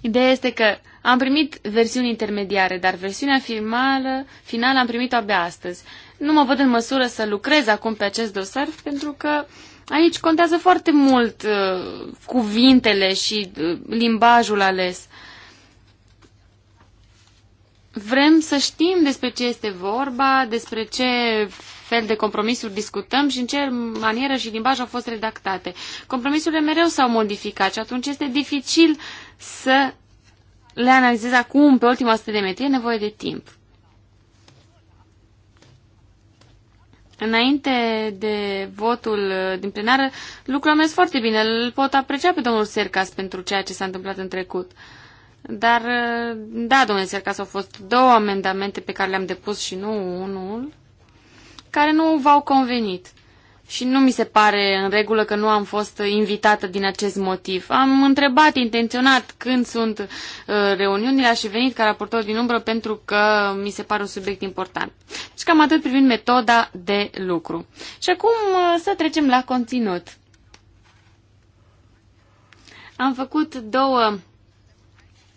Ideea este că am primit versiuni intermediare, dar versiunea finală, finală am primit-o abia astăzi. Nu mă văd în măsură să lucrez acum pe acest dosar pentru că aici contează foarte mult uh, cuvintele și uh, limbajul ales. Vrem să știm despre ce este vorba, despre ce fel de compromisuri discutăm și în ce manieră și limbaj au fost redactate. Compromisurile mereu s-au modificat și atunci este dificil uh, să le analizez acum, pe ultima 100 de metri, e nevoie de timp. Înainte de votul uh, din plenară, lucrul a mers foarte bine. Îl pot aprecia pe domnul Sercas pentru ceea ce s-a întâmplat în trecut. Dar, uh, da, domnule Sercas, au fost două amendamente pe care le-am depus și nu unul, care nu v-au convenit și nu mi se pare în regulă că nu am fost invitată din acest motiv. Am întrebat intenționat când sunt uh, reuniunile și venit ca raportor din umbră pentru că mi se pare un subiect important. Deci cam atât privind metoda de lucru. Și acum uh, să trecem la conținut. Am făcut două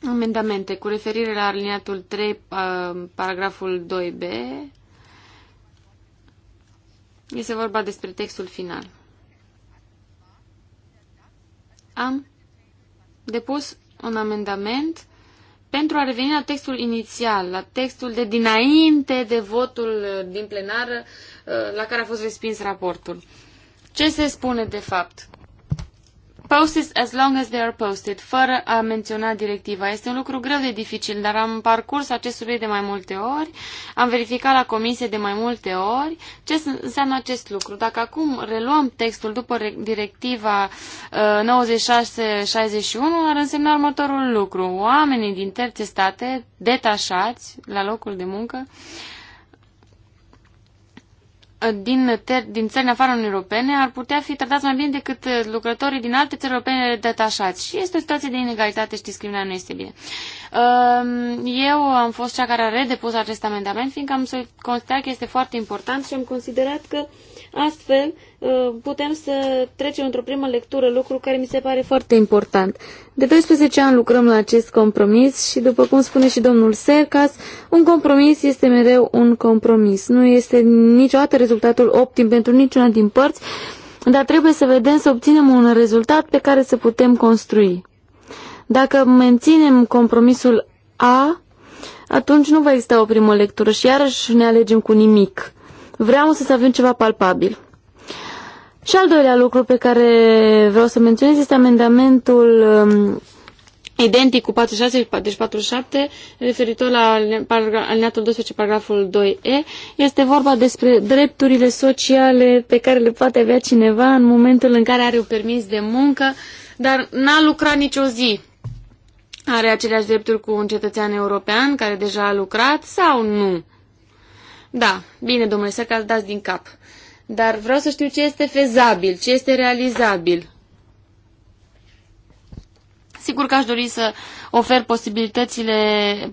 amendamente cu referire la aliniatul 3, uh, paragraful 2b, este vorba despre textul final. Am depus un amendament pentru a reveni la textul inițial, la textul de dinainte de votul uh, din plenară uh, la care a fost respins raportul. Ce se spune de fapt? Posted as long as they are posted, fără a menționa directiva. Este un lucru greu de dificil, dar am parcurs acest subiect de mai multe ori, am verificat la comisie de mai multe ori ce înseamnă acest lucru. Dacă acum reluăm textul după directiva uh, 96-61, ar însemna următorul lucru. Oamenii din terțe state, detașați la locul de muncă, uh, din, ter, din țări în afara Uniunii Europene ar putea fi tratați mai bine decât uh, lucrătorii din alte țări europene detașați. Și este o situație de inegalitate și discriminare, nu este bine. Um, eu am fost cea care a redepus acest amendament, fiindcă am considerat că este foarte important și am considerat că uh, Astfel, uh, putem să trecem într-o primă lectură, lucru care mi se pare foarte important. De 12 ani lucrăm la acest compromis și, după cum spune și domnul Sercas, un compromis este mereu un compromis. Nu este niciodată rezultatul optim pentru niciuna din părți, dar trebuie să vedem să obținem un rezultat pe care să putem construi. Dacă menținem compromisul A, atunci nu va exista o primă lectură și iarăși ne alegem cu nimic. Vreau să avem ceva palpabil. Și al doilea lucru pe care vreau să menționez este amendamentul um, identic cu 46, deci 47, referitor la alineatul 12, paragraful 2e, este vorba despre drepturile sociale pe care le poate avea cineva în momentul în care are un permis de muncă, dar n-a lucrat nicio zi. Are aceleași drepturi cu un cetățean european care deja a lucrat sau nu? Da, bine, domnule, să că dați din cap. Dar vreau să știu ce este fezabil, ce este realizabil. Sigur că aș dori să ofer posibilitățile,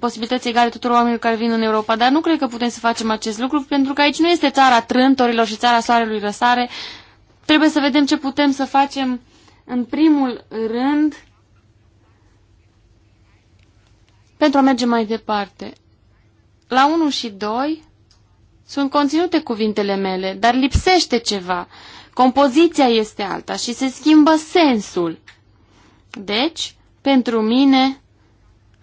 posibilități egale tuturor oamenilor care vin în Europa, dar nu cred că putem să facem acest lucru, pentru că aici nu este țara trântorilor și țara soarelui răsare. Trebuie să vedem ce putem să facem în primul rând pentru a merge mai departe. La 1 și 2 sunt conținute cuvintele mele, dar lipsește ceva. Compoziția este alta și se schimbă sensul. Deci, pentru mine,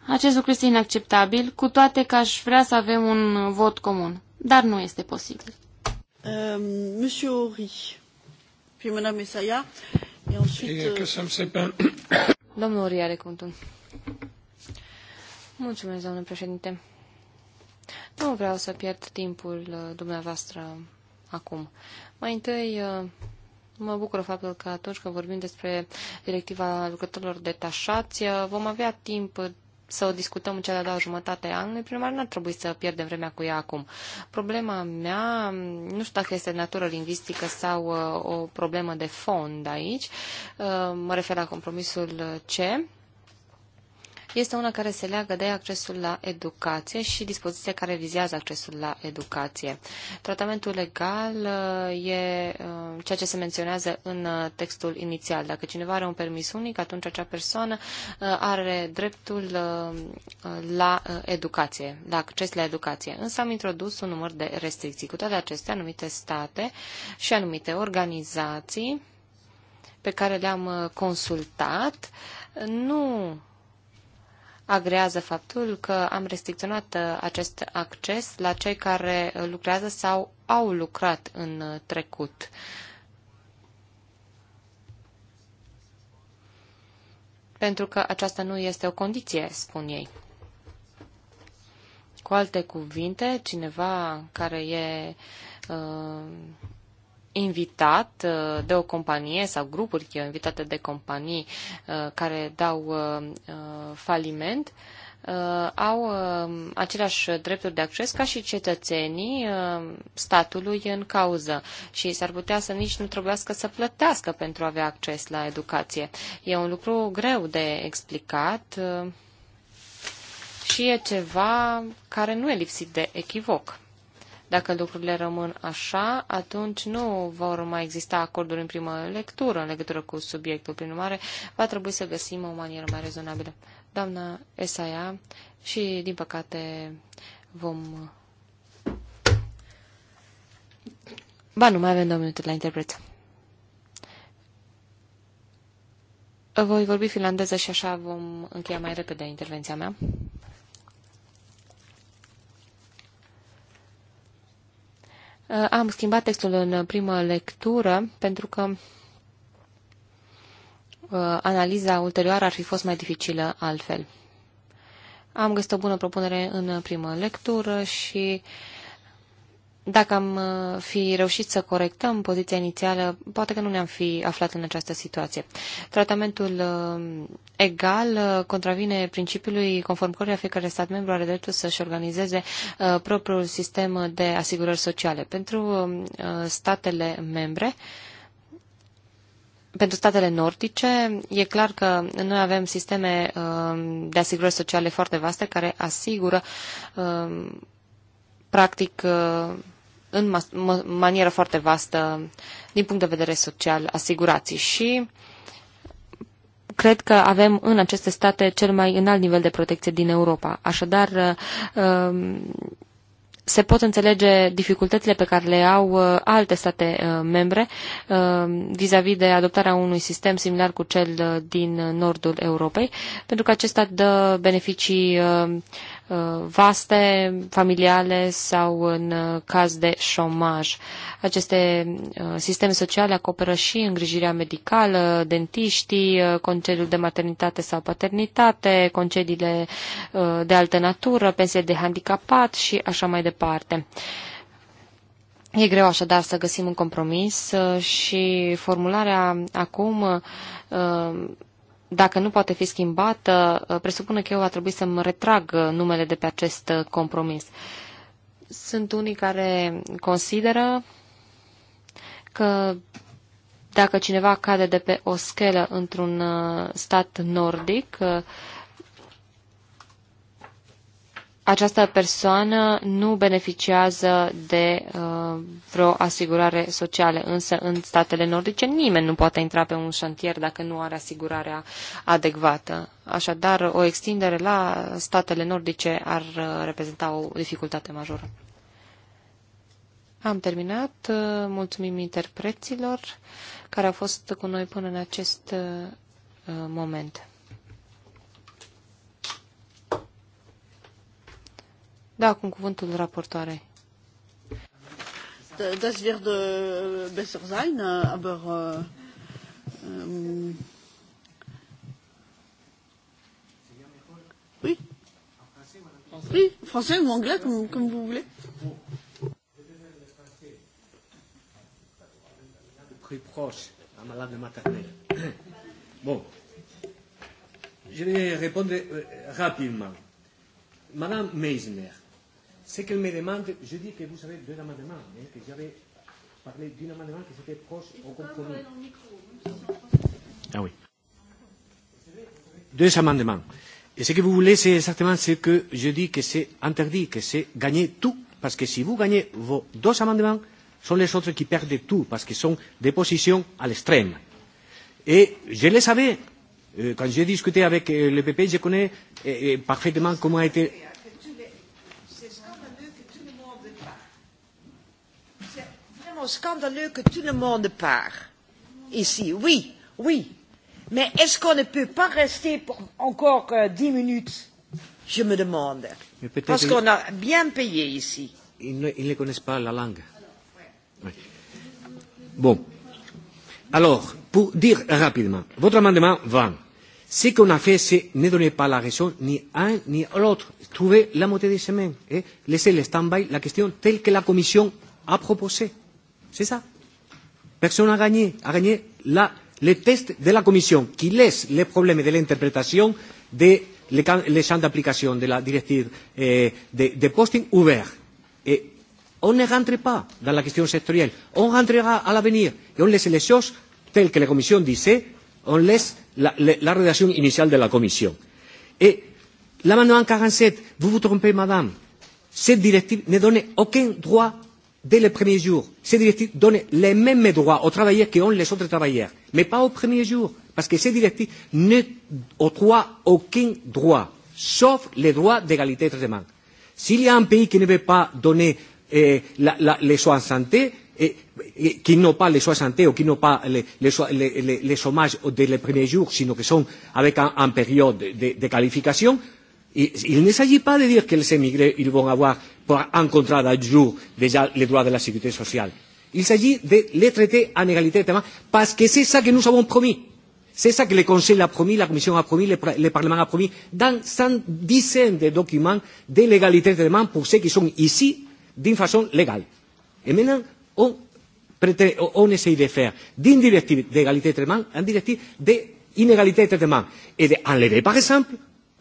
acest lucru este inacceptabil, cu toate că aș vrea să avem un vot comun. Dar nu este posibil. Euh, Monsieur Ori, puis Madame Essaya, et ensuite... Eh, euh, Domnul Ori are cuvântul. Mulțumesc, domnule președinte. Nu vreau să pierd timpul uh, dumneavoastră acum. Mai întâi, uh, mă bucură faptul că atunci când vorbim despre directiva lucrătorilor detașați, uh, vom avea timp să o discutăm în cea de-a doua jumătate a anului, primar, n-ar trebui să pierdem vremea cu ea acum. Problema mea, mm, nu știu dacă este de natură lingvistică sau o problemă de fond aici, mă refer la compromisul C, este una care se leagă de accesul la educație și dispoziția care vizează accesul la educație. Tratamentul legal uh, e uh, ceea ce se menționează în uh, textul inițial. Dacă cineva are un permis unic, atunci acea persoană are dreptul la educație, la acces la educație. Însă am introdus un număr de restricții. Cu toate acestea, anumite state și anumite organizații pe care le-am consultat nu agrează faptul că am restricționat uh, acest acces la cei care uh, lucrează sau au lucrat în uh, trecut. Pentru că aceasta nu este o condiție, spun ei. Cu alte cuvinte, cineva care e uh, invitat uh, de o companie sau grupuri uh, invitate de companii uh, care dau faliment au aceleași drepturi de acces ca și cetățenii statului în cauză și s-ar putea să nici nu trebuiască să plătească pentru a avea acces la educație. E un lucru greu de explicat și e ceva care nu e lipsit de echivoc. Dacă lucrurile rămân așa, atunci nu vor mai exista acorduri în primă lectură în legătură cu subiectul. Prin urmare, va trebui să găsim o manieră mai rezonabilă. Doamna Esaia, și din păcate vom... Ba, nu mai avem două minute la interpret. Voi vorbi finlandeză și așa vom încheia mai repede intervenția mea. Uh, am schimbat textul în primă lectură pentru că uh, analiza ulterioară ar fi fost mai dificilă altfel. Am găsit o bună propunere în primă lectură și uh, dacă am uh, fi reușit să corectăm poziția inițială, poate că nu ne-am fi aflat în această situație. Tratamentul uh, egal uh, contravine principiului conform căruia fiecare stat membru are dreptul să-și organizeze propriul sistem de asigurări sociale. Pentru statele membre, pentru statele nordice, e clar că noi avem sisteme de asigurări sociale foarte vaste care asigură practic în manieră foarte vastă din punct de vedere social asigurații și cred că avem în aceste state cel mai înalt nivel de protecție din Europa. Așadar, uh, um, se pot înțelege dificultățile pe care le au uh, alte state uh, membre vis-a-vis -vis de adoptarea unui sistem similar cu cel din nordul Europei, pentru că acesta dă beneficii Uh, vaste, familiale sau în uh, caz de șomaj. Aceste uh, sisteme sociale acoperă și îngrijirea medicală, dentiștii, concediul de maternitate sau paternitate, concediile de altă natură, pensie de handicapat și așa mai departe. E greu așadar să găsim un compromis și formularea acum dacă nu poate fi schimbată, uh, presupune că eu a trebui să-mi retrag uh, numele de pe acest uh, compromis. Sunt unii care consideră că dacă cineva cade de pe o schelă într-un stat nordic, această persoană nu beneficiază de uh, vreo asigurare socială, însă în statele nordice nimeni nu poate intra pe un șantier dacă nu are asigurarea adecvată. Așadar, o extindere la statele nordice ar uh, reprezenta o dificultate majoră. Am terminat. Uh, mulțumim interpreților care au fost cu noi până în acest uh, moment. Da, acum cuvântul raportoare. Da, das wird äh, besser sein, äh, aber äh, ähm, oui. Oui, français ou anglais, comme, comme vous voulez. Très proche, un malade de maternelle. Bon, je vais répondre euh, rapidement. Madame Meisner, ce qu'elle me demande, je dis que vous avez deux amendements, hein, que j'avais ¿eh? parlé d'un amendement qui c'était proche au compromis. Ah oui. Deux amendements. Et ce que vous voulez, c'est exactement ce que je dis que c'est interdit, que c'est gagner tout. Parce que si vous gagnez vos deux amendements, sont les autres qui perdent tout, parce qu'ils sont des positions à l'extrême. Et je le savais, euh, quand j'ai discuté avec euh, le PP, je connais euh, parfaitement comment a été au scandaleux que tout le monde part ici. Oui, oui. Mais est-ce qu'on ne peut pas rester pour encore dix minutes Je me demande. Parce qu'on a bien payé ici. Ils ne, ils ne connaissent pas la langue. Oui. Bon. Alors, pour dire rapidement, votre amendement va. Ce qu'on a fait, c'est ne donner pas la raison ni à un ni à l'autre. Trouver la moitié des semaines. Eh? Laisser le stand-by la question telle que la Commission a proposée. C'est ça. Personne n'a gagné, a gagné la, les tests de la Commission qui laissent les problèmes de l'interprétation des les, les champs d'application de la directive euh, de, de posting ouverts. Et on ne rentre pas dans la question sectorielle. On rentrera à l'avenir et on laisse les choses telles que la Commission disait, on laisse la, la, la rédaction initiale de la Commission. Et l'amendement 47, vous vous trompez, madame, cette directive ne donne aucun droit dès le premier jour, Ces directives donnent les mêmes droits aux travailleurs qu'ont les autres travailleurs, mais pas au premier jour, parce que ces directives ne octroient aucun droit, sauf les droits d'égalité de traitement. S'il y a un pays qui ne veut pas donner eh, la, la, les soins en santé, et, eh, et, eh, qui n'ont pas les soins santé ou qui n'ont pas les, les, les, les, les chômages dès les premiers jours, sinon que sont avec un, un période de, de qualification, il ne s'agit pas de dire que les émigrés ils vont avoir pour un contrat d'un jour déjà les droits de la sécurité sociale. Il s'agit de les traiter en égalité de termes parce que c'est ça que nous avons promis. C'est ça que le Conseil a promis, la Commission a promis, le, le Parlement a promis, dans cent dizaines de documents de l'égalité de traitement pour ceux qui sont ici d'une façon légale. Et maintenant, on, prête, on essaye de faire d'une directive d'égalité de traitement une directive d'inégalité de traitement et d'enlever, par exemple,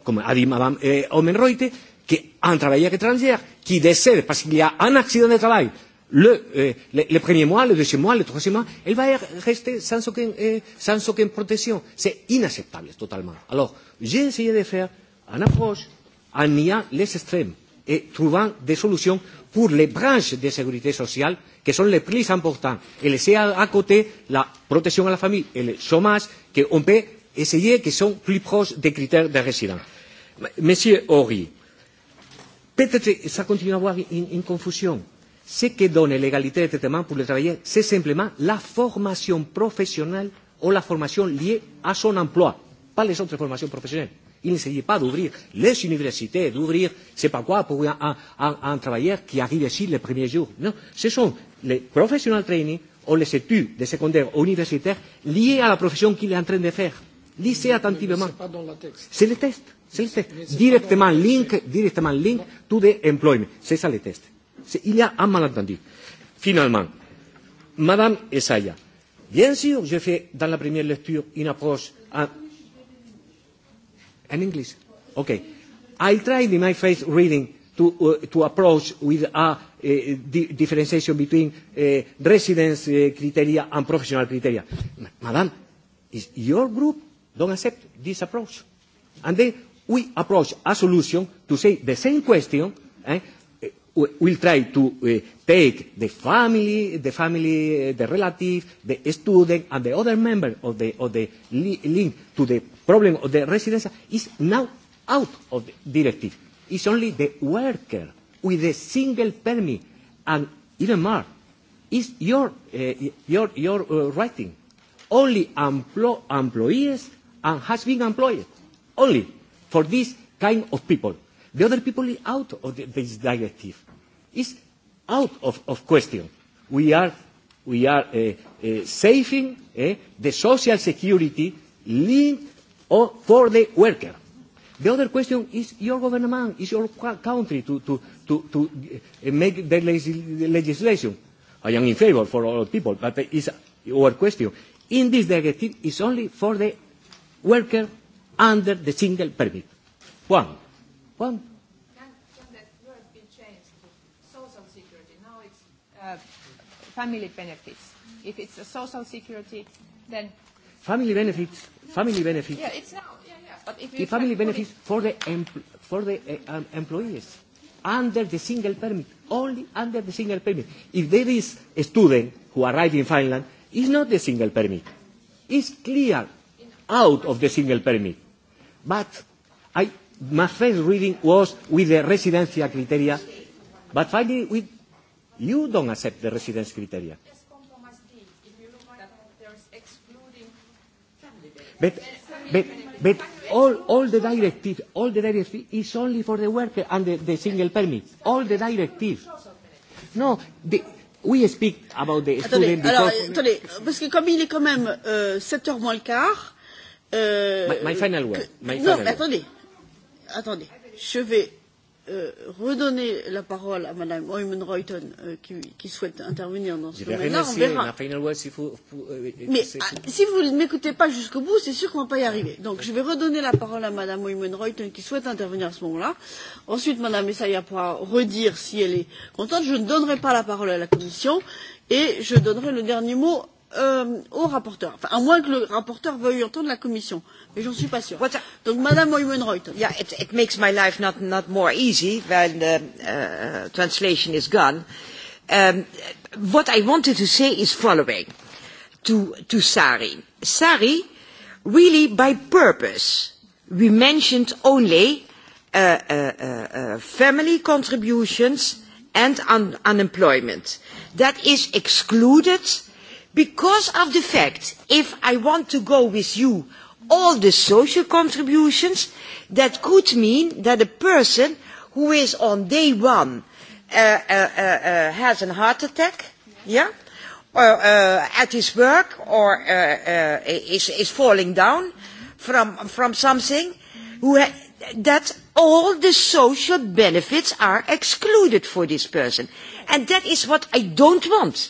comme a dit eh, Reuter, que han qu'un travailleur étranger qui décède parce qu'il y a un accident de travail le, eh, le, le premier mois, le deuxième mois, le troisième mois, elle va rester sans aucune, euh, sans aucune protection. C'est inacceptable totalement. Alors, j'ai essayé de faire un approche en niant les extrêmes et trouvant des solutions pour les branches de sécurité sociale qui sont les plus importantes et laisser à, à côté la protection à la famille et le chômage qu'on peut essayer qui sont plus proches des critères de résidence. Monsieur Horry, peut-être ça continue à avoir une, une confusion. Ce que donne l'égalité de traitement pour les travailleurs, c'est simplement la formation professionnelle ou la formation liée à son emploi, pas les autres formations professionnelles. Il ne s'agit pas d'ouvrir les universités, d'ouvrir, c'est pas quoi, pour un, un, un, un travailleur qui arrive ici le premier jour. Non, ce sont les professional training ou les études de secondaire ou universitaires liées à la profession qu'il est en train de faire lycée attentivement. Se le test. Se le test. Directement link, directement link tu the employment. Se sa le test. Il y a un Final Finalement, Madame Esaya, bien sûr, je fais dans la première lecture une approche à... en anglais. OK. I tried in my first reading to, uh, to approach with a uh, di differentiation between uh, residence uh, criteria and professional criteria. Madame, is your group don't accept this approach. And then we approach a solution to say the same question, eh, we'll try to uh, take the family, the family, uh, the relative, the student, and the other member of the, of the li link to the problem of the residence is now out of the directive. It's only the worker with a single permit, and even more, it's your, uh, your, your uh, writing. Only employees and has been employed only for this kind of people. The other people are out of the, this directive. It's out of, of question. We are, we are uh, uh, saving uh, the social security linked or for the worker. The other question is your government, is your country to, to, to, to uh, make the legislation. I am in favor for all people, but it's our question. In this directive, it's only for the Worker under the single permit. One. One. Can, that changed to social security? Now it's uh, family benefits. If it's a social security, then... Family benefits. Family benefits. Yeah, it's now. Yeah, yeah. But if the family benefits it, for the, empl for the uh, um, employees under the single permit, only under the single permit. If there is a student who arrives in Finland, it's not the single permit. It's clear out of the single permit. But I, my first reading was with the residencia criteria, but finally we, you don't accept the residence criteria. But, but, but all, all the directive, all the directive is only for the worker and the, the single permit. All the directive. No, the, we speak about the attendez, student because... Alors, attendez, parce que comme il est quand même euh, 7h moins le quart, Euh, my, my final word. My non, final mais attendez. Word. Attendez. Je vais euh, redonner la parole à Madame Oymen-Royton euh, qui, qui souhaite intervenir dans ce domaine-là. On final Word, si vous, vous, euh, mais ah, si vous ne m'écoutez pas jusqu'au bout, c'est sûr qu'on ne va pas y arriver. Donc je vais redonner la parole à Madame Oymen-Royton qui souhaite intervenir à ce moment-là. Ensuite, Madame Essaya pourra redire si elle est contente. Je ne donnerai pas la parole à la Commission et je donnerai le dernier mot euh, au rapporteur, enfin, à moins que le rapporteur veuille entendre la Commission, mais j'en suis pas sûre. What's Donc, Madame Oymenreuth. Yeah, it, it makes my life not, not more easy when the uh, translation is gone. Um, what I wanted to say is following to, to Sari. Sari, really by purpose, we mentioned only uh, uh, uh, uh family contributions and un unemployment. That is excluded uh, because of the fact if I want to go with you all the social contributions, that could mean that a person who is on day one uh, uh, uh, uh has a heart attack, yeah, or, uh, at his work, or uh, is, is falling down from from something, who ha- that all the social benefits are excluded for this person, and that is what I don't want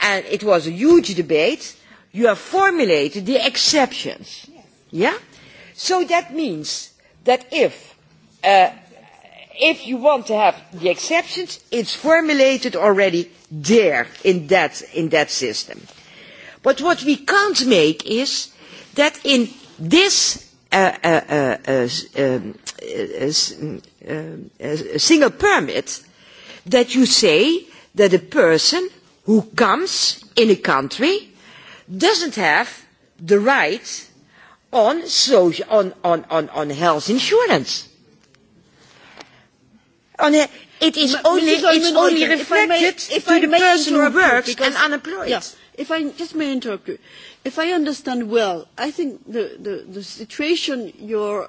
and it was a huge debate you have formulated the exceptions yeah so that means that if uh, if you want to have the exceptions it's formulated already there in that in that system but what we can't make is that in this single permit that you say that a person who comes in a country doesn't have the right on, social, on, on, on, on health insurance. On a, it is but only, it's only reflected may, if to I the person who works and unemployed. Yeah, if I just may interrupt you, if I understand well, I think the, the, the situation you're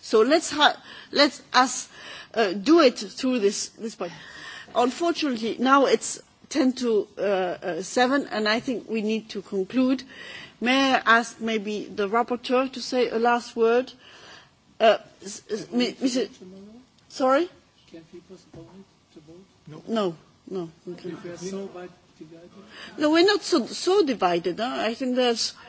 So let's, ha let us uh, do it through this, this point. Unfortunately, now it's 10 to uh, uh, 7, and I think we need to conclude. May I ask maybe the rapporteur to say a last word? Uh, Mr. Sorry? Can postpone it to vote? No. No. No, okay. we are so divided. no we're not so, so divided. Huh? I think there's... Uh,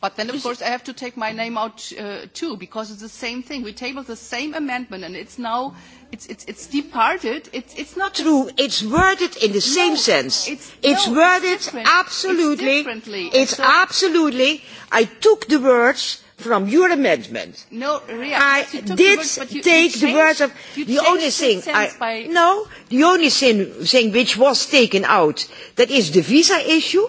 But then, of course, I have to take my name out uh, too, because it's the same thing. We tabled the same amendment, and it's now it's it's, it's departed. It's it's not true. It's worded in the no, same sense. It's, it's no, worded it's absolutely. It's, differently. it's so, absolutely. I took the words from your amendment. No, Ria, I did the words, you, take you the words of the only thing. I, by... No, the only thing, thing which was taken out that is the visa issue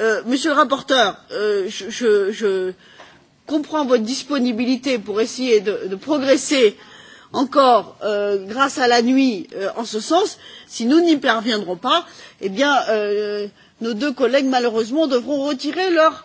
Euh, monsieur le rapporteur euh, je, je, je comprends votre disponibilité pour essayer de, de progresser encore euh, grâce à la nuit euh, en ce sens. si nous n'y parviendrons pas eh bien euh, nos deux collègues malheureusement devront retirer leur